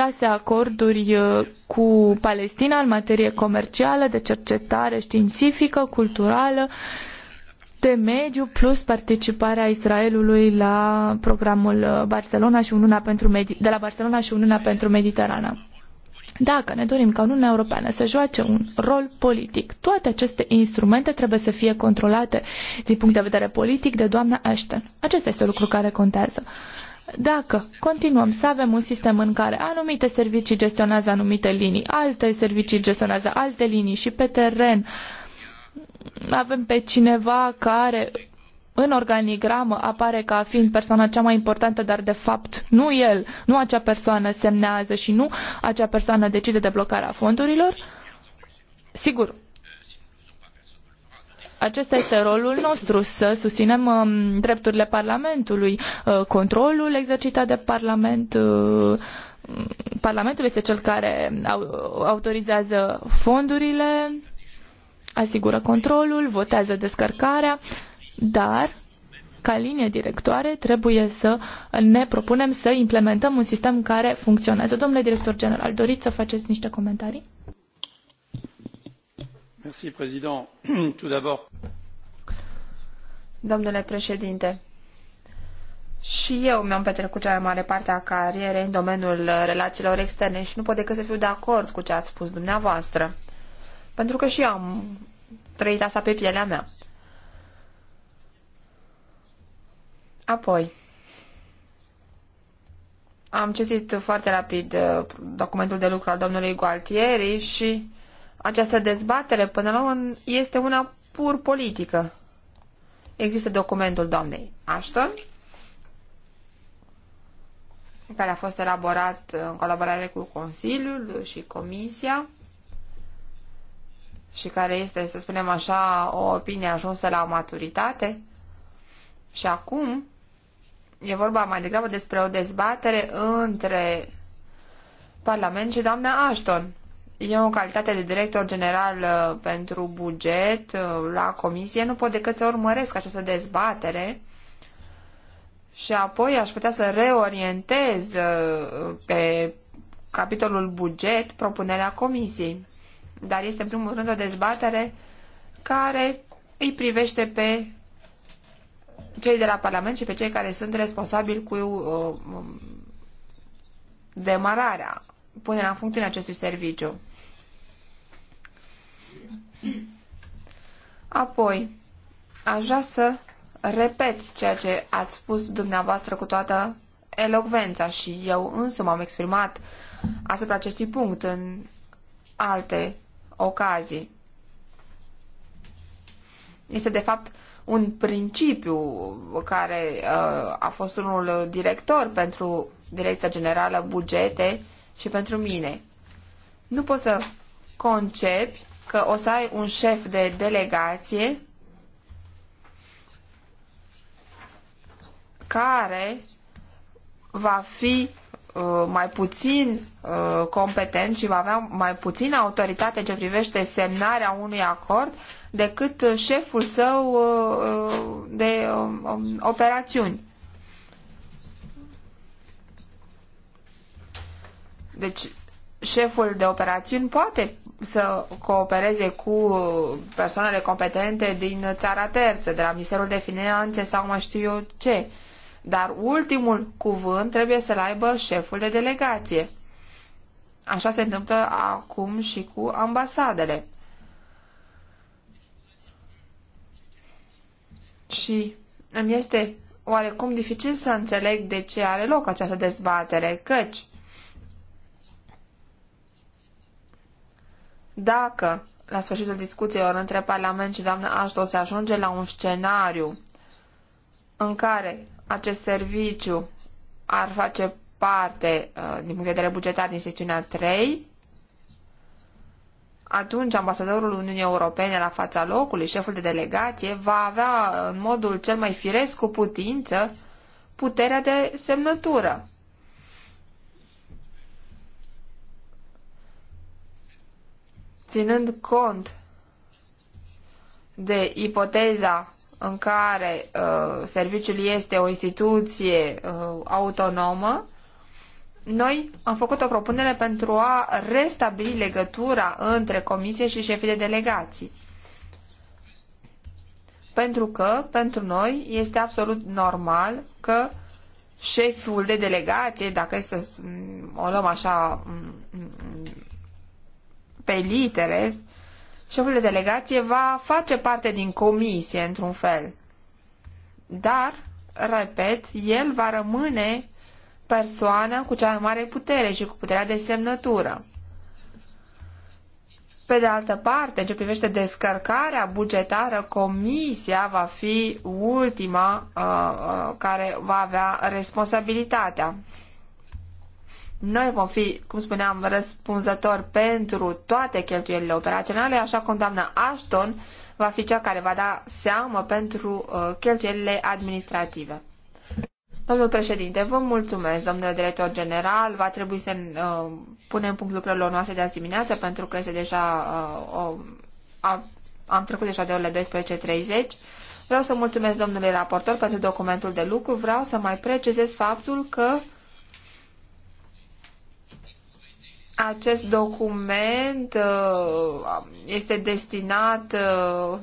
um, acorduri uh, cu Palestina în materie comercială, de cercetare științifică, culturală. Uh, de mediu plus participarea Israelului la programul uh, Barcelona și Uniunea pentru Medi- de la Barcelona și Uniunea pentru Mediterana. Dacă ne dorim ca Uniunea Europeană să joace un rol politic, toate aceste instrumente trebuie să fie controlate din punct de vedere politic de doamna Ashton. Acesta este lucru care contează. Dacă continuăm să avem un sistem în care anumite servicii gestionează anumite linii, alte servicii gestionează alte linii și pe teren uh, avem pe cineva care în organigramă apare ca fiind persoana cea mai importantă, dar de fapt nu el, nu acea persoană semnează și nu acea persoană decide de blocarea fondurilor, sigur, acesta este rolul nostru, să susținem um, drepturile Parlamentului, uh, controlul exercitat de Parlament. Uh, Parlamentul este cel care au, autorizează fondurile asigură controlul, votează descărcarea, dar ca linie directoare trebuie să ne propunem să implementăm un sistem care funcționează. Domnule director general, doriți să faceți niște comentarii? Merci, Tout d'abord. Domnule președinte, și eu mi-am petrecut cea mai mare parte a carierei în domeniul relațiilor externe și nu pot decât să fiu de acord cu ce ați spus dumneavoastră pentru că și eu am trăit asta pe pielea mea. Apoi, am citit foarte rapid uh, documentul de lucru al domnului Gualtieri și această dezbatere, până la urmă, este una pur politică. Există documentul doamnei Ashton, care a fost elaborat în colaborare cu Consiliul și Comisia, și care este, să spunem așa, o opinie ajunsă la o maturitate. Și acum e vorba mai degrabă despre o dezbatere între Parlament și doamna Ashton. Eu, în calitate de director general uh, pentru buget uh, la comisie, nu pot decât să urmăresc această dezbatere și apoi aș putea să reorientez uh, pe capitolul buget propunerea comisiei dar este în primul rând o dezbatere care îi privește pe cei de la Parlament și pe cei care sunt responsabili cu uh, demararea, punerea în funcție acestui serviciu. Apoi, aș vrea să repet ceea ce ați spus dumneavoastră cu toată elocvența și eu însumi am exprimat asupra acestui punct în alte ocazii. Este de fapt un principiu care uh, a fost unul director pentru Direcția Generală Bugete și pentru mine. Nu poți să concepi că o să ai un șef de delegație care va fi Uh, mai puțin uh, competent și va avea mai puțină autoritate ce privește semnarea unui acord decât șeful său uh, de um, um, operațiuni. Deci, șeful de operațiuni poate să coopereze cu persoanele competente din țara terță, de la Ministerul de Finanțe sau mai știu eu ce dar ultimul cuvânt trebuie să-l aibă șeful de delegație. Așa se întâmplă acum și cu ambasadele. Și îmi este oarecum dificil să înțeleg de ce are loc această dezbatere, căci dacă la sfârșitul discuțiilor între Parlament și doamna Ashton se ajunge la un scenariu în care acest serviciu ar face parte, uh, din punct de vedere bugetar, din secțiunea 3, atunci ambasadorul Uniunii Europene la fața locului, șeful de delegație, va avea uh, în modul cel mai firesc cu putință puterea de semnătură. Ținând cont de ipoteza în care uh, serviciul este o instituție uh, autonomă, noi am făcut o propunere pentru a restabili legătura între comisie și șefii de delegații. Pentru că, pentru noi, este absolut normal că șeful de delegație, dacă este să mm, o luăm așa mm, mm, pe litere, șeful de delegație va face parte din comisie într-un fel. Dar, repet, el va rămâne persoana cu cea mai mare putere și cu puterea de semnătură. Pe de altă parte, în ce privește descărcarea bugetară, comisia va fi ultima uh, uh, care va avea responsabilitatea. Noi vom fi, cum spuneam, răspunzători pentru toate cheltuielile operaționale, așa cum doamna Ashton va fi cea care va da seamă pentru uh, cheltuielile administrative. Domnul președinte, vă mulțumesc, domnule director general. Va trebui să uh, punem punct lucrurilor noastre de azi dimineață pentru că este deja uh, o, a, am trecut deja de orele 12.30. Vreau să mulțumesc domnului raportor pentru documentul de lucru. Vreau să mai precizez faptul că Acest document uh, este destinat uh,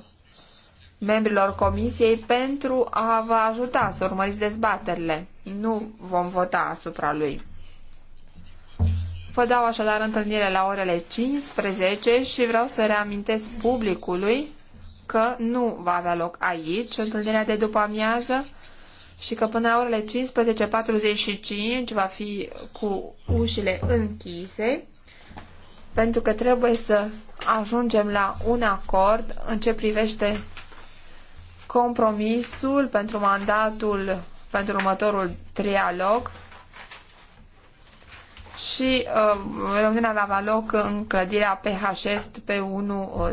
membrilor comisiei pentru a vă ajuta să urmăriți dezbaterile. Nu vom vota asupra lui. Vă dau așadar întâlnire la orele 15 și vreau să reamintesc publicului că nu va avea loc aici întâlnirea de după amiază, și că până la orele 15.45 va fi cu ușile închise, pentru că trebuie să ajungem la un acord în ce privește compromisul pentru mandatul pentru următorul trialog și uh, reuniunea va avea loc în clădirea PHS pe 1001.